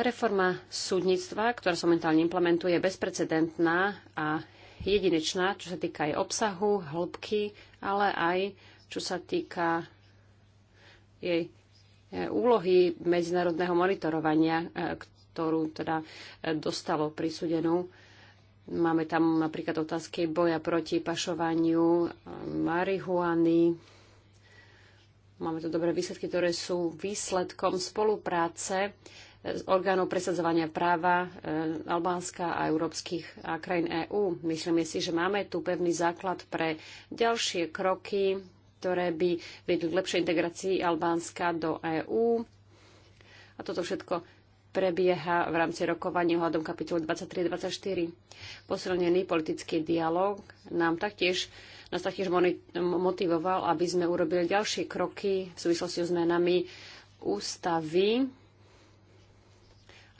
Reforma súdnictva, ktorá sa momentálne implementuje, je bezprecedentná a jedinečná, čo sa týka aj obsahu, hĺbky, ale aj čo sa týka jej e, úlohy medzinárodného monitorovania, e, ktorú teda e, dostalo prisúdenú Máme tam napríklad otázky boja proti pašovaniu eh, marihuany. Máme tu dobré výsledky, ktoré sú výsledkom spolupráce eh, orgánov presadzovania práva eh, Albánska a európskych a krajín EÚ. Myslíme si, že máme tu pevný základ pre ďalšie kroky, ktoré by vedli k lepšej integrácii Albánska do EÚ. A toto všetko prebieha v rámci rokovaní hľadom kapitolu 23-24. Posilnený politický dialog nám taktiež, nás taktiež motivoval, aby sme urobili ďalšie kroky v súvislosti s zmenami ústavy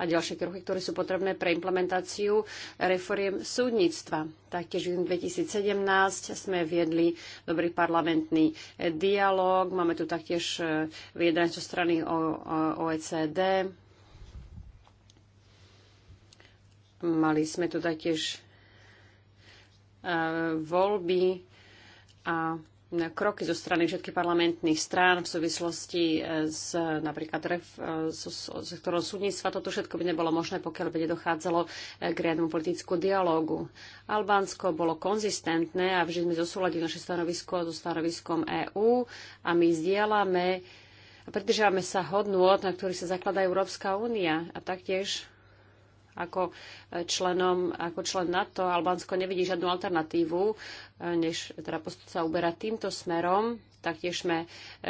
a ďalšie kroky, ktoré sú potrebné pre implementáciu reforiem súdnictva. Taktiež v 2017 sme viedli dobrý parlamentný dialog, máme tu taktiež eh, vyjednanie zo strany OECD, Mali sme tu taktiež e, voľby a kroky zo strany všetkých parlamentných strán v súvislosti e, s napríklad ref, e, so, so sektorom súdnictva. Toto všetko by nebolo možné, pokiaľ by nedochádzalo k riadnemu politickú dialógu. Albánsko bolo konzistentné a vždy sme zosúladili naše stanovisko so stanoviskom EÚ a my zdieľame a pridržiavame sa od, na ktorých sa zakladá Európska únia a taktiež ako, e, členom, ako člen NATO Albánsko nevidí žiadnu alternatívu, e, než teda postup sa uberá týmto smerom. Taktiež sme e,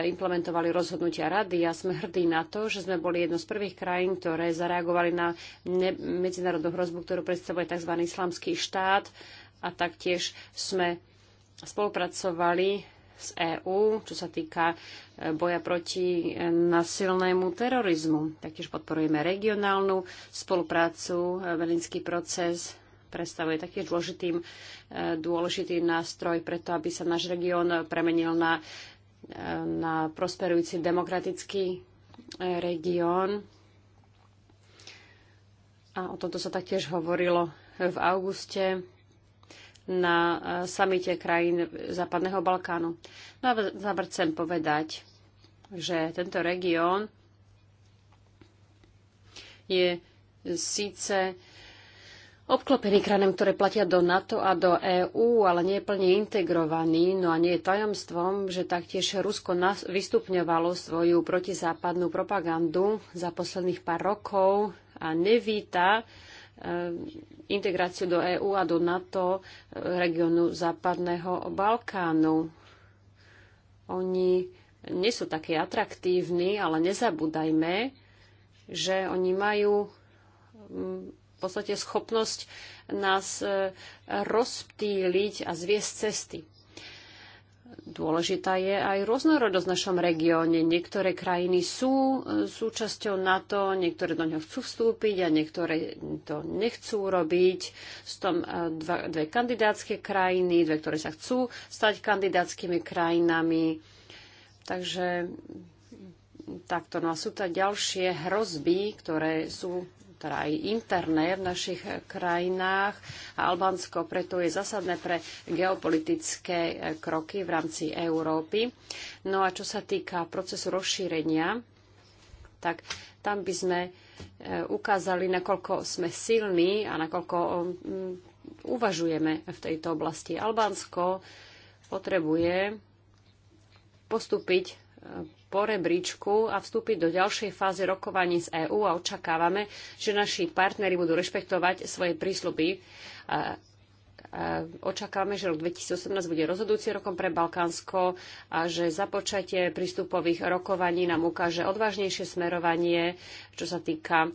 implementovali rozhodnutia rady a sme hrdí na to, že sme boli jedno z prvých krajín, ktoré zareagovali na medzinárodnú hrozbu, ktorú predstavuje tzv. islamský štát a taktiež sme spolupracovali z EÚ, čo sa týka e, boja proti e, nasilnému terorizmu. Taktiež podporujeme regionálnu spoluprácu. E, Berlínsky proces predstavuje taktiež dôležitý dôležitý nástroj preto, aby sa náš región premenil na, na prosperujúci demokratický región. A o tomto sa taktiež hovorilo v auguste na e, samite krajín Západného Balkánu. No a záver chcem povedať, že tento región je síce obklopený krajinami, ktoré platia do NATO a do EÚ, ale nie je plne integrovaný. No a nie je tajomstvom, že taktiež Rusko vystupňovalo svoju protizápadnú propagandu za posledných pár rokov a nevíta Eh, integráciu do EÚ a do NATO eh, regiónu Západného Balkánu. Oni nie sú takí atraktívni, ale nezabúdajme, že oni majú mm, v podstate schopnosť nás eh, rozptýliť a zviesť cesty. Dôležitá je aj rôznorodosť v našom regióne. Niektoré krajiny sú e, súčasťou NATO, niektoré do ňoho chcú vstúpiť a niektoré to nechcú robiť. Sú tam e, dva, dve kandidátske krajiny, dve, ktoré sa chcú stať kandidátskymi krajinami. Takže takto. No a sú tam ďalšie hrozby, ktoré sú teda aj interné v našich krajinách. A Albánsko preto je zásadné pre geopolitické eh, kroky v rámci Európy. No a čo sa týka procesu rozšírenia, tak tam by sme eh, ukázali, nakoľko sme silní a nakoľko mm, uvažujeme v tejto oblasti. Albánsko potrebuje postúpiť eh, po rebríčku a vstúpiť do ďalšej fázy rokovaní z EÚ a očakávame, že naši partnery budú rešpektovať svoje prísľuby. Očakávame, že rok 2018 bude rozhodujúci rokom pre Balkánsko a že započatie prístupových rokovaní nám ukáže odvážnejšie smerovanie, čo sa týka e,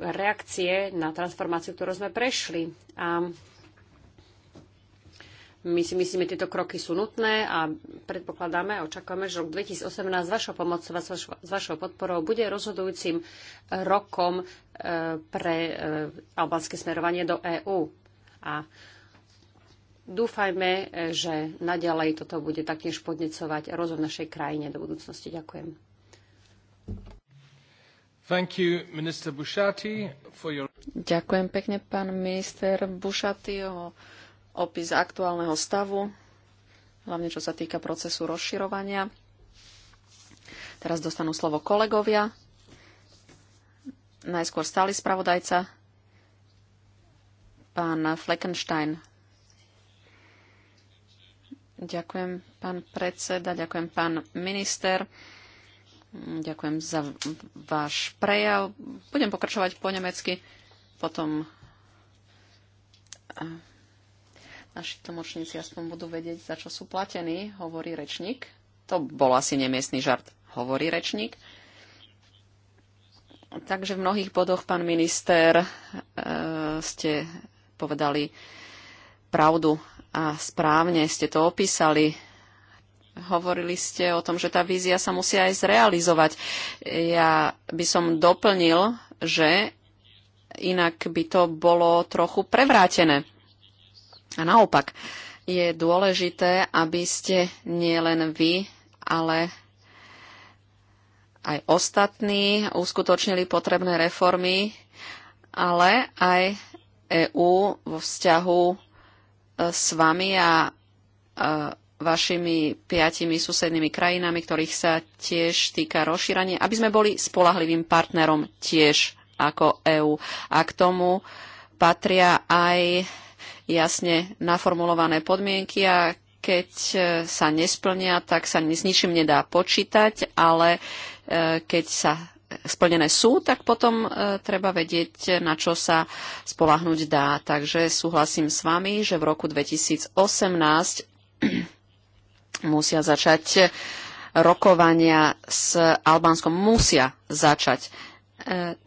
reakcie na transformáciu, ktorú sme prešli. A my si myslíme, tieto kroky sú nutné a predpokladáme a očakávame, že rok 2018 s vašou pomocou, s vašou podporou bude rozhodujúcim rokom e, pre e, albánske smerovanie do EÚ. A dúfajme, e, že naďalej toto bude taktiež podnecovať rozvoj našej krajine do budúcnosti. Ďakujem. You, Bushati, your... Ďakujem pekne, pán minister Bušati, opis aktuálneho stavu, hlavne čo sa týka procesu rozširovania. Teraz dostanú slovo kolegovia. Najskôr stály spravodajca, pán Fleckenstein. Ďakujem, pán predseda, ďakujem, pán minister. Ďakujem za váš prejav. Budem pokračovať po nemecky, potom Naši tlmočníci aspoň budú vedieť, za čo sú platení, hovorí rečník. To bol asi nemiestný žart, hovorí rečník. Takže v mnohých bodoch, pán minister, e, ste povedali pravdu a správne ste to opísali. Hovorili ste o tom, že tá vízia sa musí aj zrealizovať. Ja by som doplnil, že inak by to bolo trochu prevrátené. A naopak, je dôležité, aby ste nielen vy, ale aj ostatní uskutočnili potrebné reformy, ale aj EÚ vo vzťahu e, s vami a e, vašimi piatimi susednými krajinami, ktorých sa tiež týka rozšírania, aby sme boli spolahlivým partnerom tiež ako EÚ. A k tomu patria aj jasne naformulované podmienky a keď e, sa nesplnia, tak sa s ničím nedá počítať, ale e, keď sa splnené sú, tak potom e, treba vedieť, na čo sa spolahnuť dá. Takže súhlasím s vami, že v roku 2018 musia začať rokovania s Albánskom. Musia začať.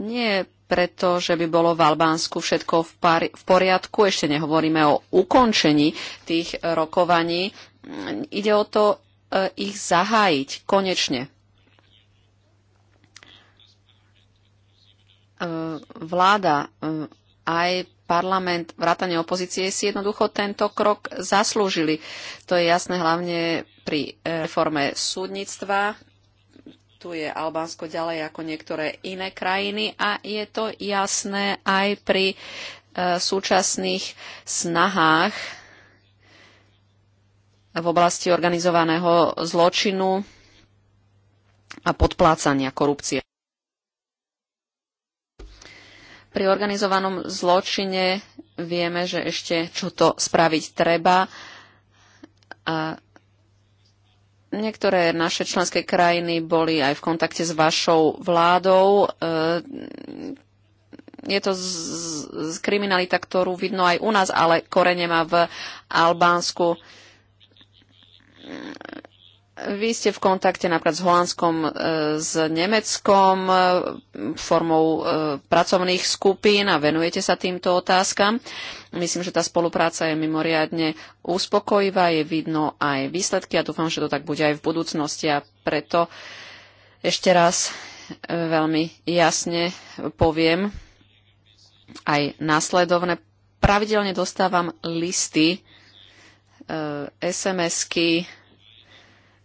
Nie preto, že by bolo v Albánsku všetko v, pari- v poriadku. Ešte nehovoríme o ukončení tých rokovaní. Ide o to eh, ich zahájiť konečne. Eh, vláda eh, aj parlament, vrátanie opozície si jednoducho tento krok zaslúžili. To je jasné hlavne pri reforme súdnictva, tu je Albánsko ďalej ako niektoré iné krajiny a je to jasné aj pri e, súčasných snahách v oblasti organizovaného zločinu a podplácania korupcie. Pri organizovanom zločine vieme, že ešte čo to spraviť treba. A Niektoré naše členské krajiny boli aj v kontakte s vašou vládou. E, je to z, z kriminalita, ktorú vidno aj u nás, ale korene má v Albánsku. Vy ste v kontakte napríklad s Holandskom, e, s Nemeckom e, formou e, pracovných skupín a venujete sa týmto otázkam. Myslím, že tá spolupráca je mimoriadne uspokojivá, je vidno aj výsledky a dúfam, že to tak bude aj v budúcnosti a preto ešte raz veľmi jasne poviem aj následovne. Pravidelne dostávam listy, SMS-ky,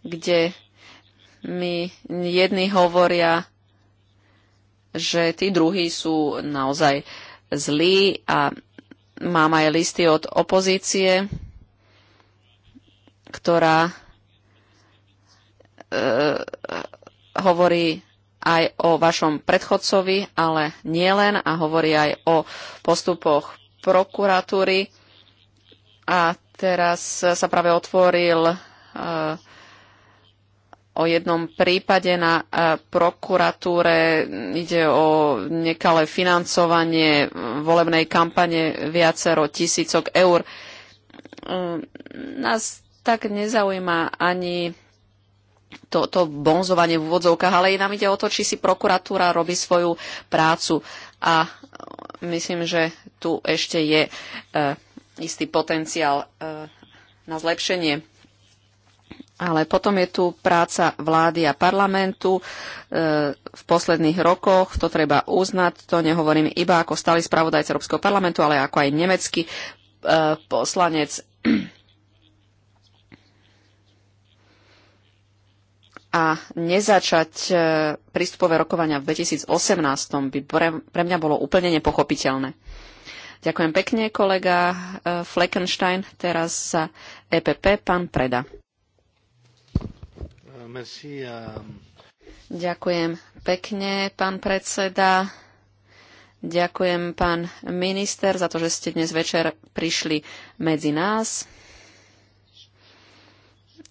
kde mi jedni hovoria, že tí druhí sú naozaj zlí a mám aj listy od opozície, ktorá e, hovorí aj o vašom predchodcovi, ale nielen a hovorí aj o postupoch prokuratúry. A teraz sa práve otvoril e, o jednom prípade na e, prokuratúre. Ide o nekalé financovanie volebnej kampane viacero tisícok eur. E, nás tak nezaujíma ani to, to bonzovanie v úvodzovkách, ale i nám ide o to, či si prokuratúra robí svoju prácu. A myslím, že tu ešte je e, istý potenciál e, na zlepšenie. Ale potom je tu práca vlády a parlamentu. E, v posledných rokoch, to treba uznať, to nehovorím iba ako stály spravodajca Európskeho parlamentu, ale ako aj nemecký e, poslanec. A nezačať e, prístupové rokovania v 2018 by pre mňa bolo úplne nepochopiteľné. Ďakujem pekne, kolega Fleckenstein. Teraz sa EPP, pán Preda. Um, Ďakujem pekne, pán predseda. Ďakujem, pán minister, za to, že ste dnes večer prišli medzi nás.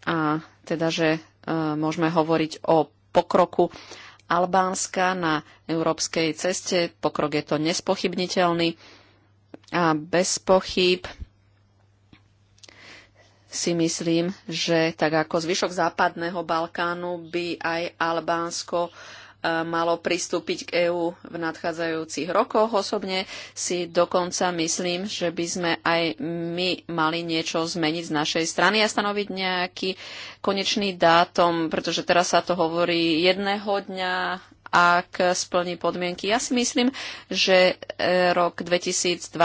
A teda, že uh, môžeme hovoriť o pokroku Albánska na európskej ceste. Pokrok je to nespochybniteľný. A bez pochyb si myslím, že tak ako zvyšok západného Balkánu by aj Albánsko e, malo pristúpiť k EÚ v nadchádzajúcich rokoch. Osobne si dokonca myslím, že by sme aj my mali niečo zmeniť z našej strany a stanoviť nejaký konečný dátum, pretože teraz sa to hovorí jedného dňa, ak splní podmienky. Ja si myslím, že e, rok 2025,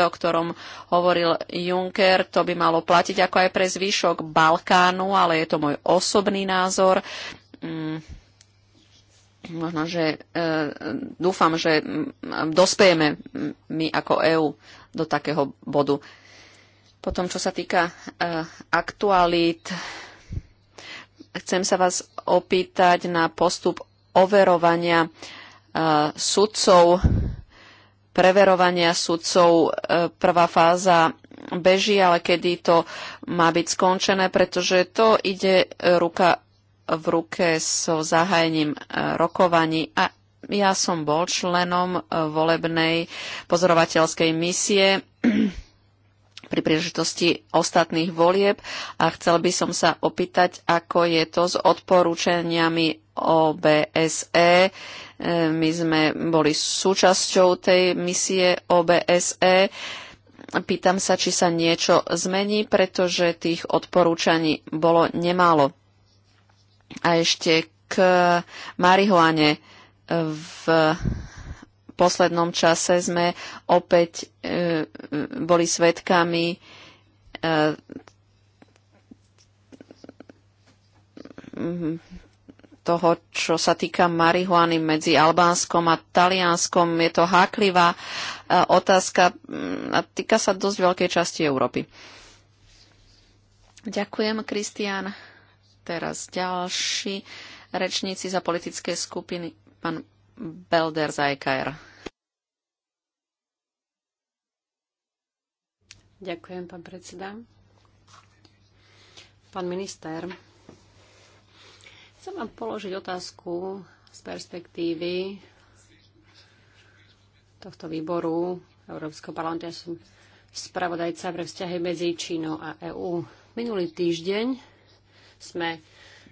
o ktorom hovoril Juncker, to by malo platiť ako aj pre zvyšok Balkánu, ale je to môj osobný názor mm, možno, že e, dúfam, že mm, dospejeme my ako EÚ do takého bodu. Potom, čo sa týka e, aktualít, chcem sa vás opýtať na postup overovania e, sudcov, preverovania sudcov. E, prvá fáza beží, ale kedy to má byť skončené, pretože to ide ruka v ruke so zahájením e, rokovaní a ja som bol členom volebnej pozorovateľskej misie pri príležitosti ostatných volieb a chcel by som sa opýtať, ako je to s odporúčaniami OBSE. E, my sme boli súčasťou tej misie OBSE. Pýtam sa, či sa niečo zmení, pretože tých odporúčaní bolo nemálo. A ešte k marihuane v poslednom čase sme opäť e, e boli svetkami e, toho, čo sa týka marihuany medzi Albánskom a Talianskom. Je to háklivá e, otázka mm, a týka sa dosť veľkej časti Európy. Ďakujem, Kristián. Teraz ďalší rečníci za politické skupiny. Pán Belder Ďakujem, pán predseda. Pán minister, chcem vám položiť otázku z perspektívy tohto výboru Európskeho parlamentu. Ja som spravodajca pre vzťahy medzi Čínou a EÚ. Minulý týždeň sme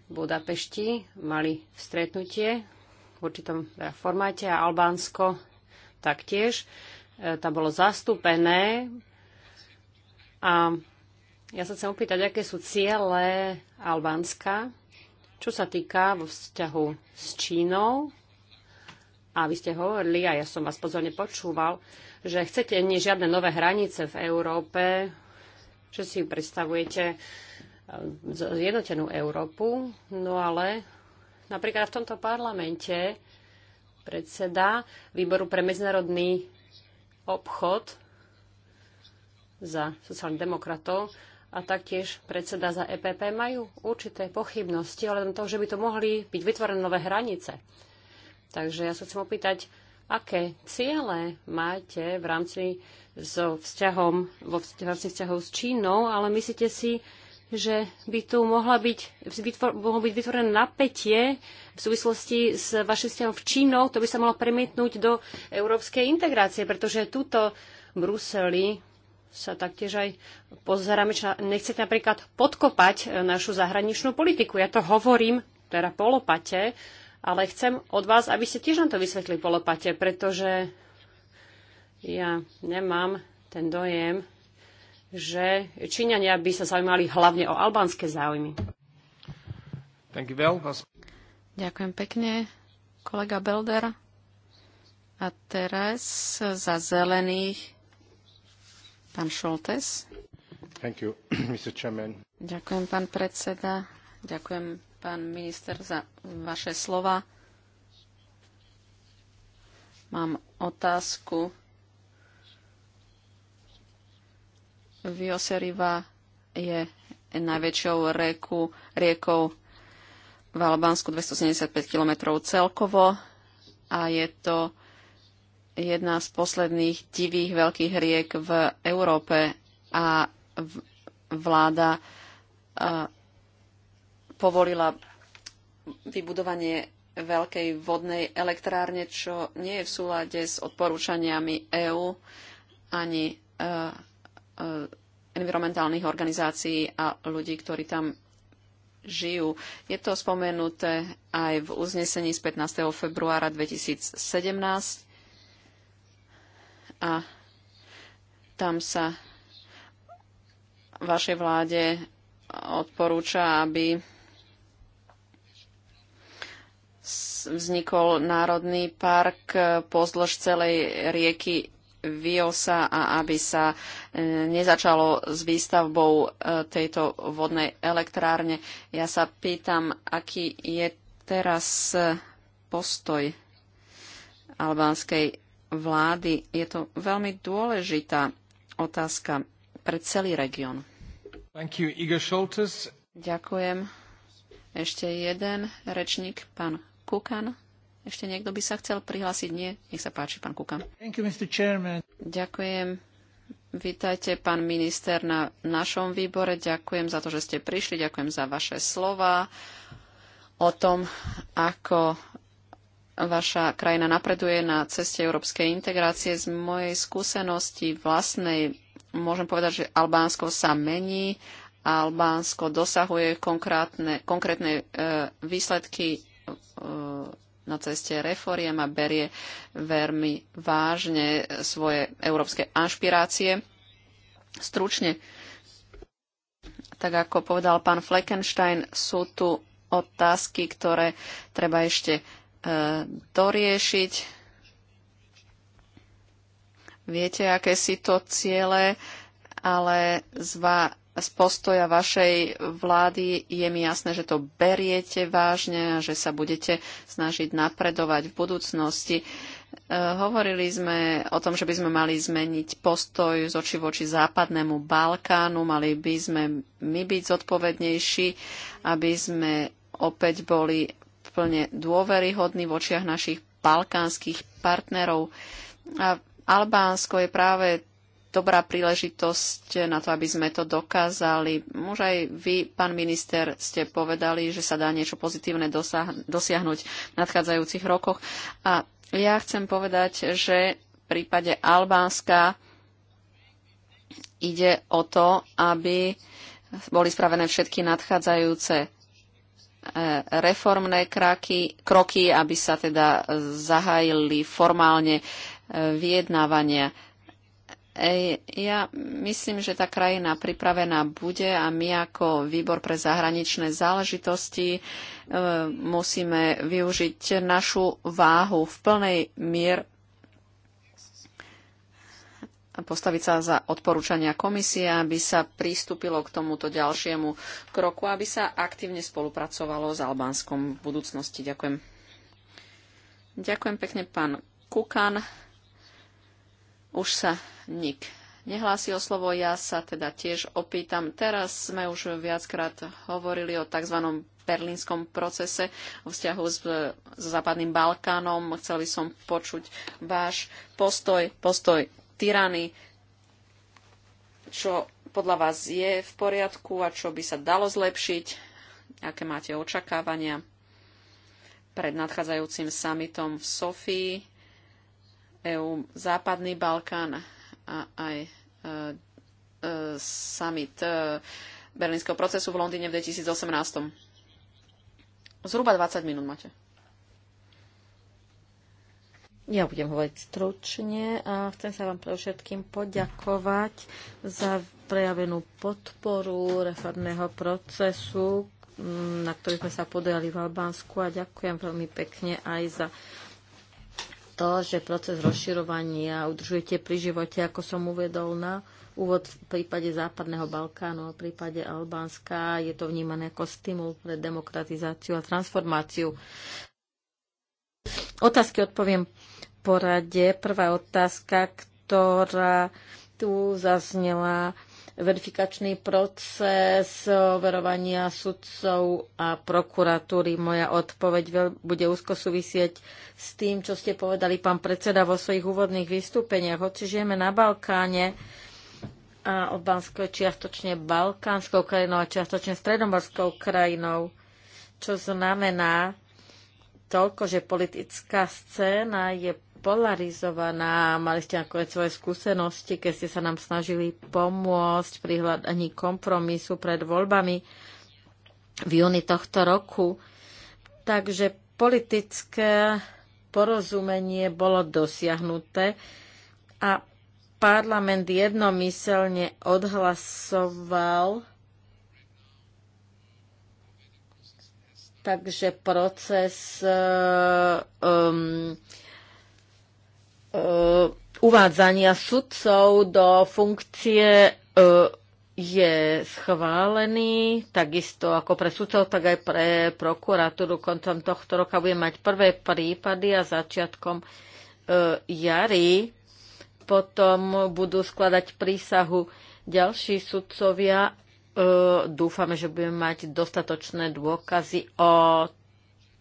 v Budapešti mali stretnutie v určitom e, formáte a Albánsko taktiež. E, tam bolo zastúpené a ja sa chcem opýtať, aké sú ciele Albánska, čo sa týka vo vzťahu s Čínou. A vy ste hovorili, a ja som vás pozorne počúval, že chcete nie žiadne nové hranice v Európe, že si predstavujete e, zjednotenú Európu, no ale Napríklad v tomto parlamente predseda výboru pre medzinárodný obchod za sociálnych demokratov a taktiež predseda za EPP majú určité pochybnosti ohľadom toho, že by to mohli byť vytvorené nové hranice. Takže ja sa chcem opýtať, aké ciele máte v rámci so vzťahom, vo vzťahu, vzťahov s Čínou, ale myslíte si, že by tu mohla byť, vytvor, mohlo byť vytvorené napätie v súvislosti s vašim vzťahom v Čínou, to by sa mohlo premietnúť do európskej integrácie, pretože túto Bruseli sa taktiež aj pozeráme, či nechcete napríklad podkopať e, našu zahraničnú politiku. Ja to hovorím teda polopate, ale chcem od vás, aby ste tiež nám to vysvetli polopate, pretože ja nemám ten dojem, že Číňania by sa zaujímali hlavne o albánske záujmy. Ďakujem pekne, kolega Belder. A teraz za zelených pán Šoltes. You, Ďakujem, pán predseda. Ďakujem, pán minister, za vaše slova. Mám otázku Vioseriva je najväčšou rieku, riekou v Albánsku 275 km celkovo a je to jedna z posledných divých veľkých riek v Európe a vláda povolila vybudovanie veľkej vodnej elektrárne, čo nie je v súlade s odporúčaniami EÚ ani e, e, environmentálnych organizácií a ľudí, ktorí tam žijú. Je to spomenuté aj v uznesení z 15. februára 2017 a tam sa vašej vláde odporúča, aby vznikol národný park pozdĺž celej rieky Viosa a aby sa e, nezačalo s výstavbou e, tejto vodnej elektrárne. Ja sa pýtam, aký je teraz e, postoj albánskej vlády. Je to veľmi dôležitá otázka pre celý región. Ďakujem. Ešte jeden rečník, pán Kukan. Ešte niekto by sa chcel prihlásiť? Nie? Nech sa páči, pán Kukan. You, Ďakujem. Vítajte, pán minister, na našom výbore. Ďakujem za to, že ste prišli. Ďakujem za vaše slova o tom, ako vaša krajina napreduje na ceste európskej integrácie. Z mojej skúsenosti vlastnej môžem povedať, že Albánsko sa mení Albánsko dosahuje konkrétne, konkrétne e, výsledky e, na ceste reforiem a berie veľmi vážne svoje európske ašpirácie. Stručne, tak ako povedal pán Fleckenstein, sú tu otázky, ktoré treba ešte e, doriešiť. Viete, aké si to ciele, ale zva, z postoja vašej vlády je mi jasné, že to beriete vážne a že sa budete snažiť napredovať v budúcnosti. E, hovorili sme o tom, že by sme mali zmeniť postoj z oči voči západnému Balkánu, mali by sme my byť zodpovednejší, aby sme opäť boli plne dôveryhodní v očiach našich balkánskych partnerov. A Albánsko je práve dobrá príležitosť na to, aby sme to dokázali. Môže aj vy, pán minister, ste povedali, že sa dá niečo pozitívne dosiahnuť v nadchádzajúcich rokoch. A ja chcem povedať, že v prípade Albánska ide o to, aby boli spravené všetky nadchádzajúce e, reformné kraky, kroky, aby sa teda zahájili formálne e, vyjednávania ja myslím, že tá krajina pripravená bude a my ako výbor pre zahraničné záležitosti e, musíme využiť našu váhu v plnej mier a postaviť sa za odporúčania komisie, aby sa pristúpilo k tomuto ďalšiemu kroku, aby sa aktívne spolupracovalo s Albánskom v budúcnosti. Ďakujem. Ďakujem pekne, pán Kukan. Už sa Nik nehlási o slovo. Ja sa teda tiež opýtam. Teraz sme už viackrát hovorili o tzv. berlínskom procese vo vzťahu s, s Západným Balkánom. Chcel by som počuť váš postoj, postoj tyrany, čo podľa vás je v poriadku a čo by sa dalo zlepšiť, aké máte očakávania pred nadchádzajúcim summitom v Sofii, EU, Západný Balkán, a aj e, e, summit e, berlínskeho procesu v Londýne v 2018. Zhruba 20 minút máte. Ja budem hovoriť stručne a chcem sa vám pre všetkým poďakovať za prejavenú podporu reformného procesu, na ktorý sme sa podali v Albánsku a ďakujem veľmi pekne aj za to, že proces rozširovania udržujete pri živote, ako som uvedol na úvod v prípade Západného Balkánu a v prípade Albánska, je to vnímané ako stimul pre demokratizáciu a transformáciu. Otázky odpoviem porade. Prvá otázka, ktorá tu zaznela, verifikačný proces verovania sudcov a prokuratúry. Moja odpoveď bude úzko súvisieť s tým, čo ste povedali pán predseda vo svojich úvodných vystúpeniach. Hoci žijeme na Balkáne, a Albánsko je čiastočne balkánskou krajinou a čiastočne stredomorskou krajinou, čo znamená toľko, že politická scéna je polarizovaná. Mali ste ako svoje skúsenosti, keď ste sa nám snažili pomôcť pri hľadaní kompromisu pred voľbami v júni tohto roku. Takže politické porozumenie bolo dosiahnuté a parlament jednomyselne odhlasoval takže proces eh, um, E, uvádzania sudcov do funkcie e, je schválený, takisto ako pre sudcov, tak aj pre prokuratúru. Koncom tohto roka budeme mať prvé prípady a začiatkom e, jary potom budú skladať prísahu ďalší sudcovia. dúfame, že budeme mať dostatočné dôkazy o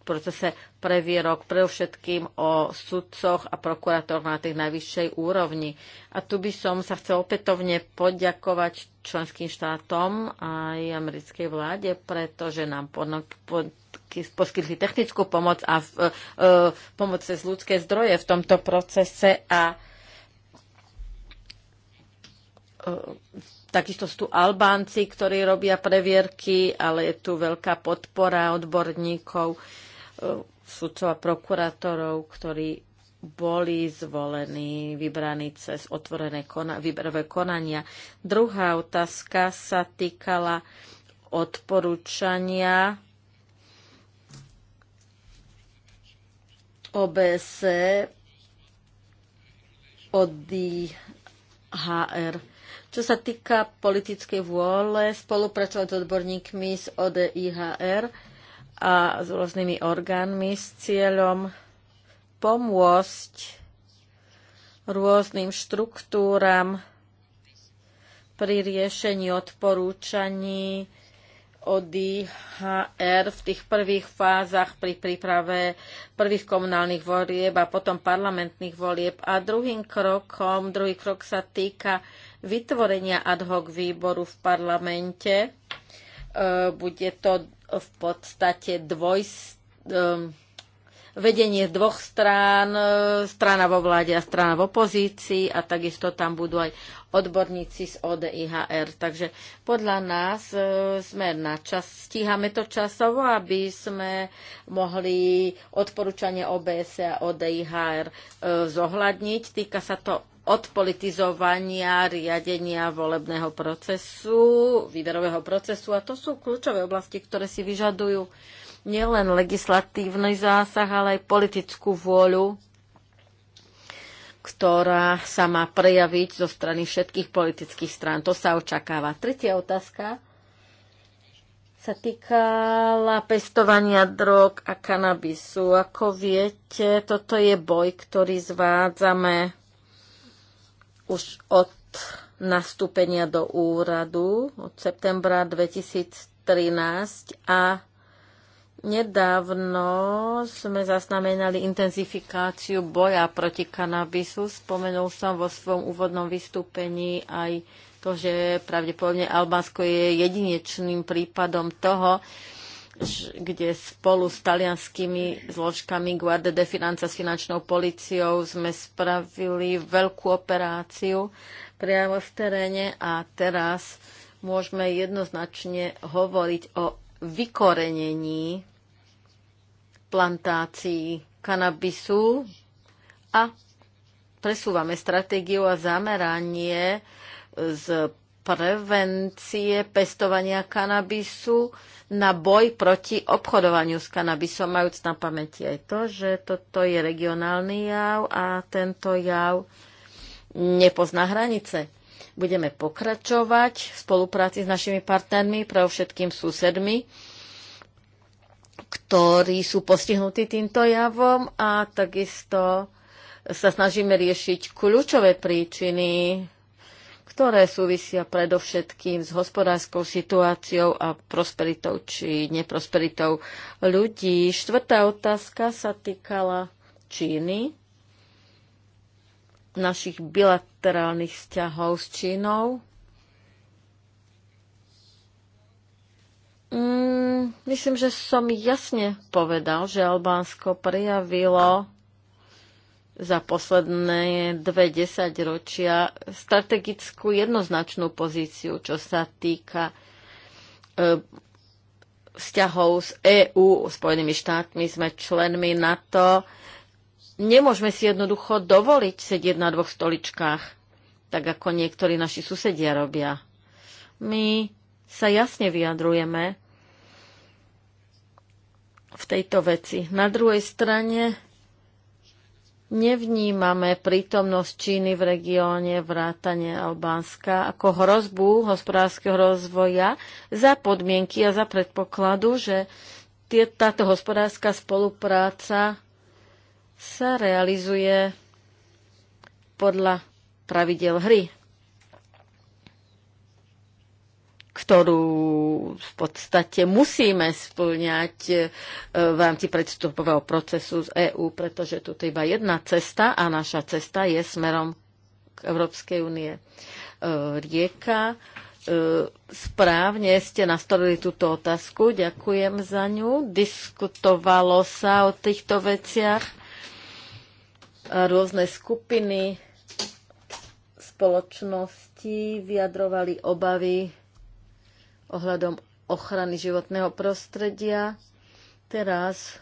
procese previerok predovšetkým pre všetkým o sudcoch a prokurátoroch na tej najvyššej úrovni. A tu by som sa chcel opätovne poďakovať členským štátom aj americkej vláde, pretože nám poskytli technickú pomoc a v, e, e, pomoc cez ľudské zdroje v tomto procese a e, Takisto sú tu Albánci, ktorí robia previerky, ale je tu veľká podpora odborníkov. Uh, sudcov a prokurátorov, ktorí boli zvolení, vybraní cez otvorené kona, výberové konania. Druhá otázka sa týkala odporúčania OBS od DHR. Čo sa týka politickej vôle, spolupracovať s odborníkmi z ODIHR, a s rôznymi orgánmi s cieľom pomôcť rôznym štruktúram pri riešení odporúčaní IHR v tých prvých fázach pri príprave prvých komunálnych volieb a potom parlamentných volieb. A druhým krokom, druhý krok sa týka vytvorenia ad hoc výboru v parlamente. E, bude to v podstate dvojst um, vedenie dvoch strán, e, strana vo vláde a strana v opozícii a takisto tam budú aj odborníci z ODIHR. Takže podľa nás e, sme na čas, stíhame to časovo, aby sme mohli odporúčanie OBS a ODIHR e, zohľadniť. Týka sa to odpolitizovania riadenia volebného procesu, výberového procesu a to sú kľúčové oblasti, ktoré si vyžadujú nielen legislatívny zásah, ale aj politickú vôľu, ktorá sa má prejaviť zo strany všetkých politických strán. To sa očakáva. Tretia otázka sa týkala pestovania drog a kanabisu. Ako viete, toto je boj, ktorý zvádzame už od nastúpenia do úradu od septembra 2013 a Nedávno sme zaznamenali intenzifikáciu boja proti kanabisu. Spomenul som vo svojom úvodnom vystúpení aj to, že pravdepodobne Albánsko je jedinečným prípadom toho, kde spolu s talianskými zložkami Guarda de Finanza s finančnou policiou sme spravili veľkú operáciu priamo v teréne a teraz môžeme jednoznačne hovoriť o vykorenení plantácií kanabisu a presúvame stratégiu a zameranie z prevencie pestovania kanabisu na boj proti obchodovaniu s kanabisom, majúc na pamäti aj to, že toto je regionálny jav a tento jav nepozná hranice. Budeme pokračovať v spolupráci s našimi partnermi, pre všetkým susedmi, ktorí sú postihnutí týmto javom a takisto sa snažíme riešiť kľúčové príčiny ktoré súvisia predovšetkým s hospodárskou situáciou a prosperitou či neprosperitou ľudí. Štvrtá otázka sa týkala Číny, našich bilaterálnych vzťahov s Čínou. Mm, myslím, že som jasne povedal, že Albánsko prijavilo za posledné dve desaťročia strategickú jednoznačnú pozíciu, čo sa týka e, vzťahov s EÚ, Spojenými štátmi, sme členmi NATO. Nemôžeme si jednoducho dovoliť sedieť na dvoch stoličkách, tak ako niektorí naši susedia robia. My sa jasne vyjadrujeme v tejto veci. Na druhej strane nevnímame prítomnosť Číny v regióne vrátane Albánska ako hrozbu hospodárskeho rozvoja za podmienky a za predpokladu, že tie, táto hospodárska spolupráca sa realizuje podľa pravidel hry. ktorú v podstate musíme splňať e, v rámci predstupového procesu z EÚ, pretože tu je iba jedna cesta a naša cesta je smerom k Európskej únie. E, rieka, e, správne ste nastavili túto otázku, ďakujem za ňu. Diskutovalo sa o týchto veciach. Rôzne skupiny spoločnosti vyjadrovali obavy ohľadom ochrany životného prostredia. Teraz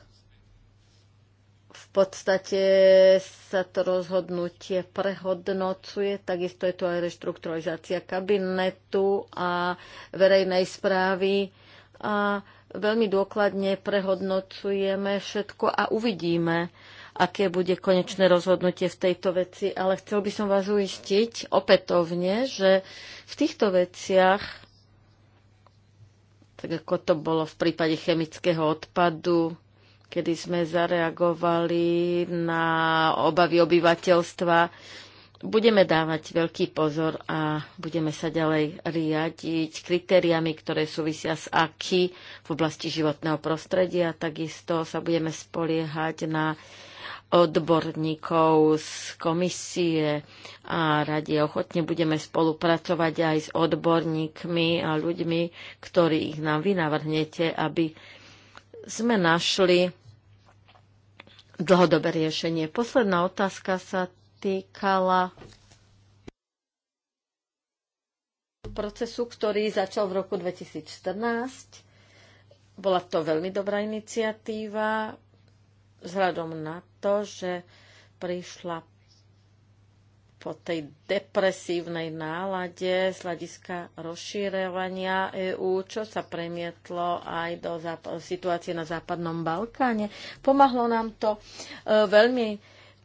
v podstate sa to rozhodnutie prehodnocuje, takisto je tu aj reštrukturalizácia kabinetu a verejnej správy a veľmi dôkladne prehodnocujeme všetko a uvidíme, aké bude konečné rozhodnutie v tejto veci, ale chcel by som vás uistiť opätovne, že v týchto veciach tak ako to bolo v prípade chemického odpadu, kedy sme zareagovali na obavy obyvateľstva. Budeme dávať veľký pozor a budeme sa ďalej riadiť kritériami, ktoré súvisia s aký v oblasti životného prostredia. Takisto sa budeme spoliehať na odborníkov z komisie a radi ochotne budeme spolupracovať aj s odborníkmi a ľuďmi, ktorých nám vy navrhnete, aby sme našli dlhodobé riešenie. Posledná otázka sa týkala procesu, ktorý začal v roku 2014. Bola to veľmi dobrá iniciatíva, vzhľadom na to, že prišla po tej depresívnej nálade z hľadiska rozšírovania EÚ, čo sa premietlo aj do situácie na Západnom Balkáne. Pomahlo nám to e, veľmi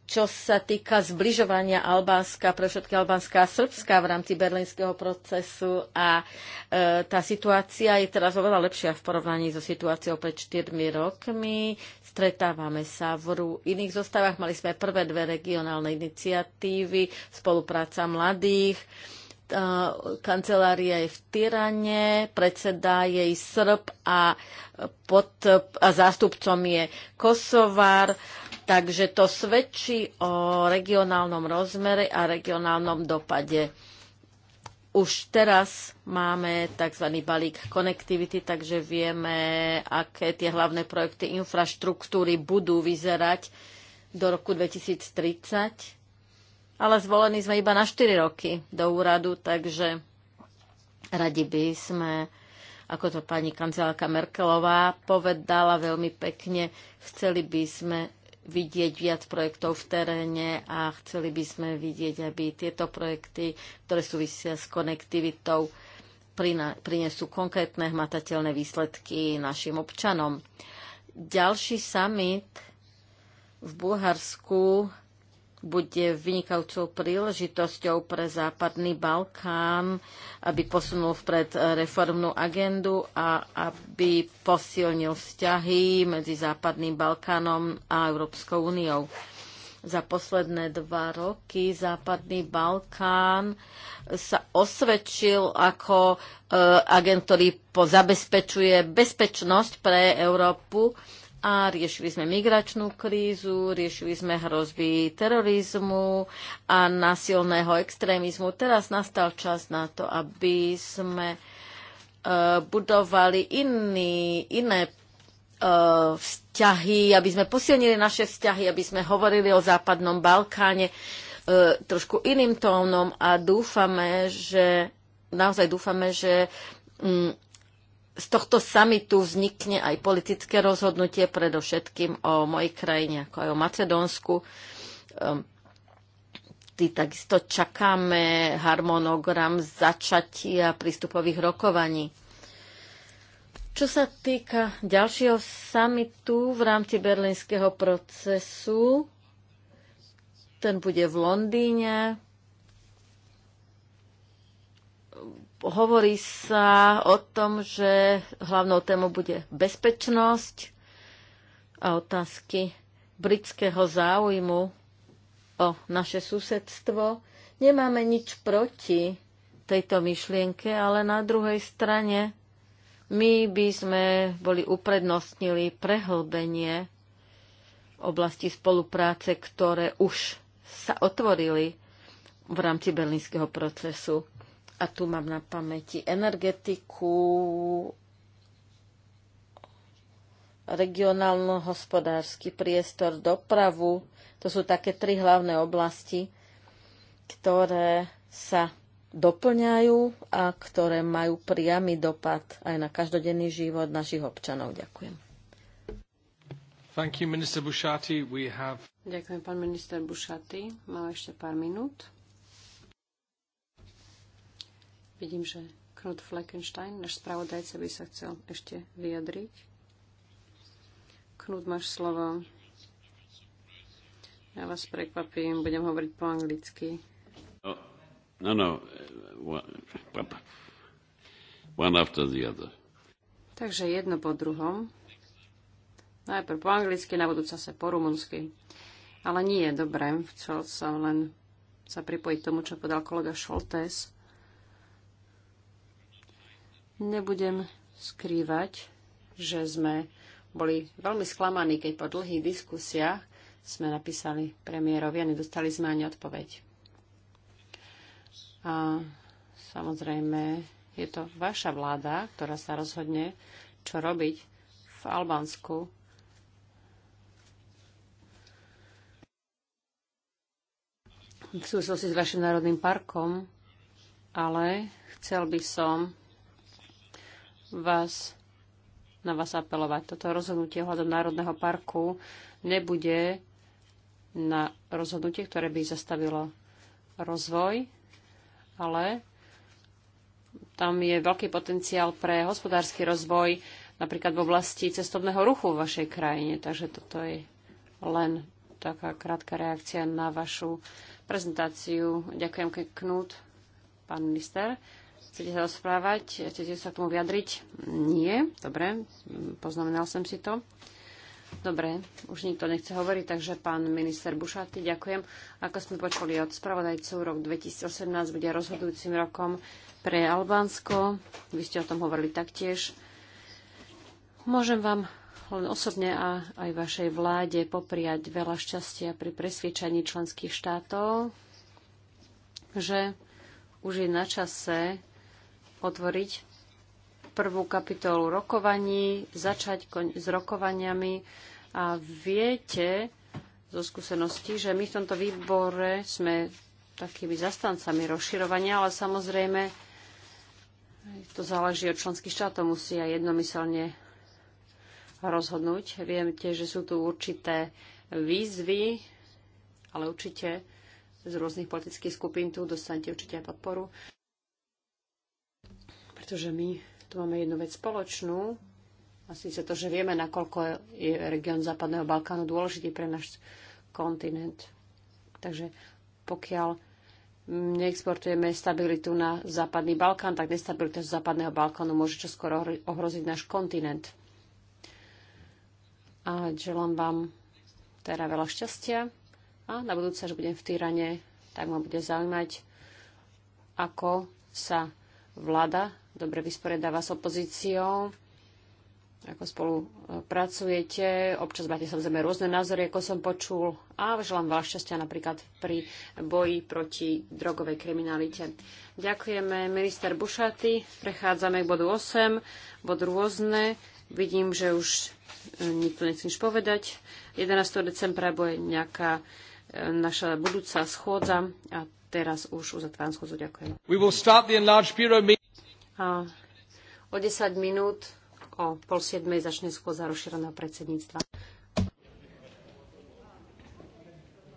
čo sa týka zbližovania Albánska, pre všetky Albánska a Srbska v rámci berlínskeho procesu a e, tá situácia je teraz oveľa lepšia v porovnaní so situáciou pred 4 rokmi. Stretávame sa v rú. iných zostavách. Mali sme prvé dve regionálne iniciatívy, spolupráca mladých, e, kancelária je v Tyrane, predseda jej Srb a, pod, a zástupcom je Kosovár. E, Takže to svedčí o regionálnom rozmere a regionálnom dopade. Už teraz máme tzv. balík konektivity, takže vieme, aké tie hlavné projekty infraštruktúry budú vyzerať do roku 2030. Ale zvolení sme iba na 4 roky do úradu, takže radi by sme, ako to pani kancelárka Merkelová povedala veľmi pekne, chceli by sme vidieť viac projektov v teréne a chceli by sme vidieť, aby tieto projekty, ktoré súvisia s konektivitou, prinesú konkrétne hmatateľné výsledky našim občanom. Ďalší summit v Bulharsku bude vynikajúcou príležitosťou pre Západný Balkán, aby posunul vpred reformnú agendu a aby posilnil vzťahy medzi Západným Balkánom a Európskou úniou za posledné dva roky Západný Balkán sa osvedčil ako e, agent, ktorý zabezpečuje bezpečnosť pre Európu a riešili sme migračnú krízu, riešili sme hrozby terorizmu a násilného extrémizmu. Teraz nastal čas na to, aby sme e, budovali iný, iné e, vzťahy, aby sme posilnili naše vzťahy, aby sme hovorili o západnom Balkáne e, trošku iným tónom a dúfame, že naozaj dúfame, že mm, z tohto samitu vznikne aj politické rozhodnutie, predovšetkým o mojej krajine, ako aj o Macedónsku. Ehm, ty takisto čakáme harmonogram začatia prístupových rokovaní. Čo sa týka ďalšieho samitu v rámci berlínskeho procesu, ten bude v Londýne Hovorí sa o tom, že hlavnou témou bude bezpečnosť a otázky britského záujmu o naše susedstvo. Nemáme nič proti tejto myšlienke, ale na druhej strane my by sme boli uprednostnili prehlbenie oblasti spolupráce, ktoré už sa otvorili v rámci berlínskeho procesu a tu mám na pamäti energetiku, regionálno-hospodársky priestor, dopravu. To sú také tri hlavné oblasti, ktoré sa doplňajú a ktoré majú priamy dopad aj na každodenný život našich občanov. Ďakujem. Thank you, minister We have... Ďakujem, pán minister Bušati. Máme ešte pár minút. Vidím, že Knut Fleckenstein, náš spravodajca, by sa chcel ešte vyjadriť. Knut, máš slovo. Ja vás prekvapím, budem hovoriť po anglicky. No, no, no eh, one after the other. Takže jedno po druhom. Najprv po anglicky, na budúca sa po rumunsky. Ale nie, dobre, chcel som len sa pripojiť tomu, čo podal kolega Šoltes. Nebudem skrývať, že sme boli veľmi sklamaní, keď po dlhých diskusiách sme napísali premiérovi a nedostali sme ani odpoveď. A samozrejme, je to vaša vláda, ktorá sa rozhodne, čo robiť v Albánsku. V súvislosti s vašim národným parkom, ale chcel by som vás, na vás apelovať. Toto rozhodnutie Hľadom Národného parku nebude na rozhodnutie, ktoré by zastavilo rozvoj, ale tam je veľký potenciál pre hospodársky rozvoj napríklad v oblasti cestovného ruchu v vašej krajine. Takže toto je len taká krátka reakcia na vašu prezentáciu. Ďakujem, Knut, pán minister. Chcete sa rozprávať? Chcete sa k tomu vyjadriť? Nie? Dobre, poznamenal som si to. Dobre, už nikto nechce hovoriť, takže pán minister Bušaty, ďakujem. Ako sme počuli od spravodajcov, rok 2018 bude rozhodujúcim rokom pre Albánsko. Vy ste o tom hovorili taktiež. Môžem vám len osobne a aj vašej vláde popriať veľa šťastia pri presviečaní členských štátov, že už je na čase otvoriť prvú kapitolu rokovaní, začať s rokovaniami a viete zo skúsenosti, že my v tomto výbore sme takými zastancami rozširovania, ale samozrejme to záleží od členských štátov, aj jednomyselne rozhodnúť. Viem tiež, že sú tu určité výzvy, ale určite z rôznych politických skupín tu dostanete určite aj podporu pretože my tu máme jednu vec spoločnú, a síce to, že vieme, nakoľko je región Západného Balkánu dôležitý pre náš kontinent. Takže pokiaľ neexportujeme stabilitu na Západný Balkán, tak nestabilita z Západného Balkánu môže čoskoro ohroziť náš kontinent. A želám vám teda veľa šťastia a na budúce, až budem v Týrane, tak ma bude zaujímať, ako sa vláda dobre vysporiadáva s opozíciou, ako spolu e, pracujete. Občas máte samozrejme rôzne názory, ako som počul. A želám vás šťastia napríklad pri boji proti drogovej kriminalite. Ďakujeme minister Bušaty. Prechádzame k bodu 8, bod rôzne. Vidím, že už e, nikto nechce nič povedať. 11. decembra bude nejaká e, naša budúca schôdza a teraz už uzatváram schôdzu. Ďakujem. A o 10 minút o pol siedmej začne skôr za rozšíreného predsedníctva.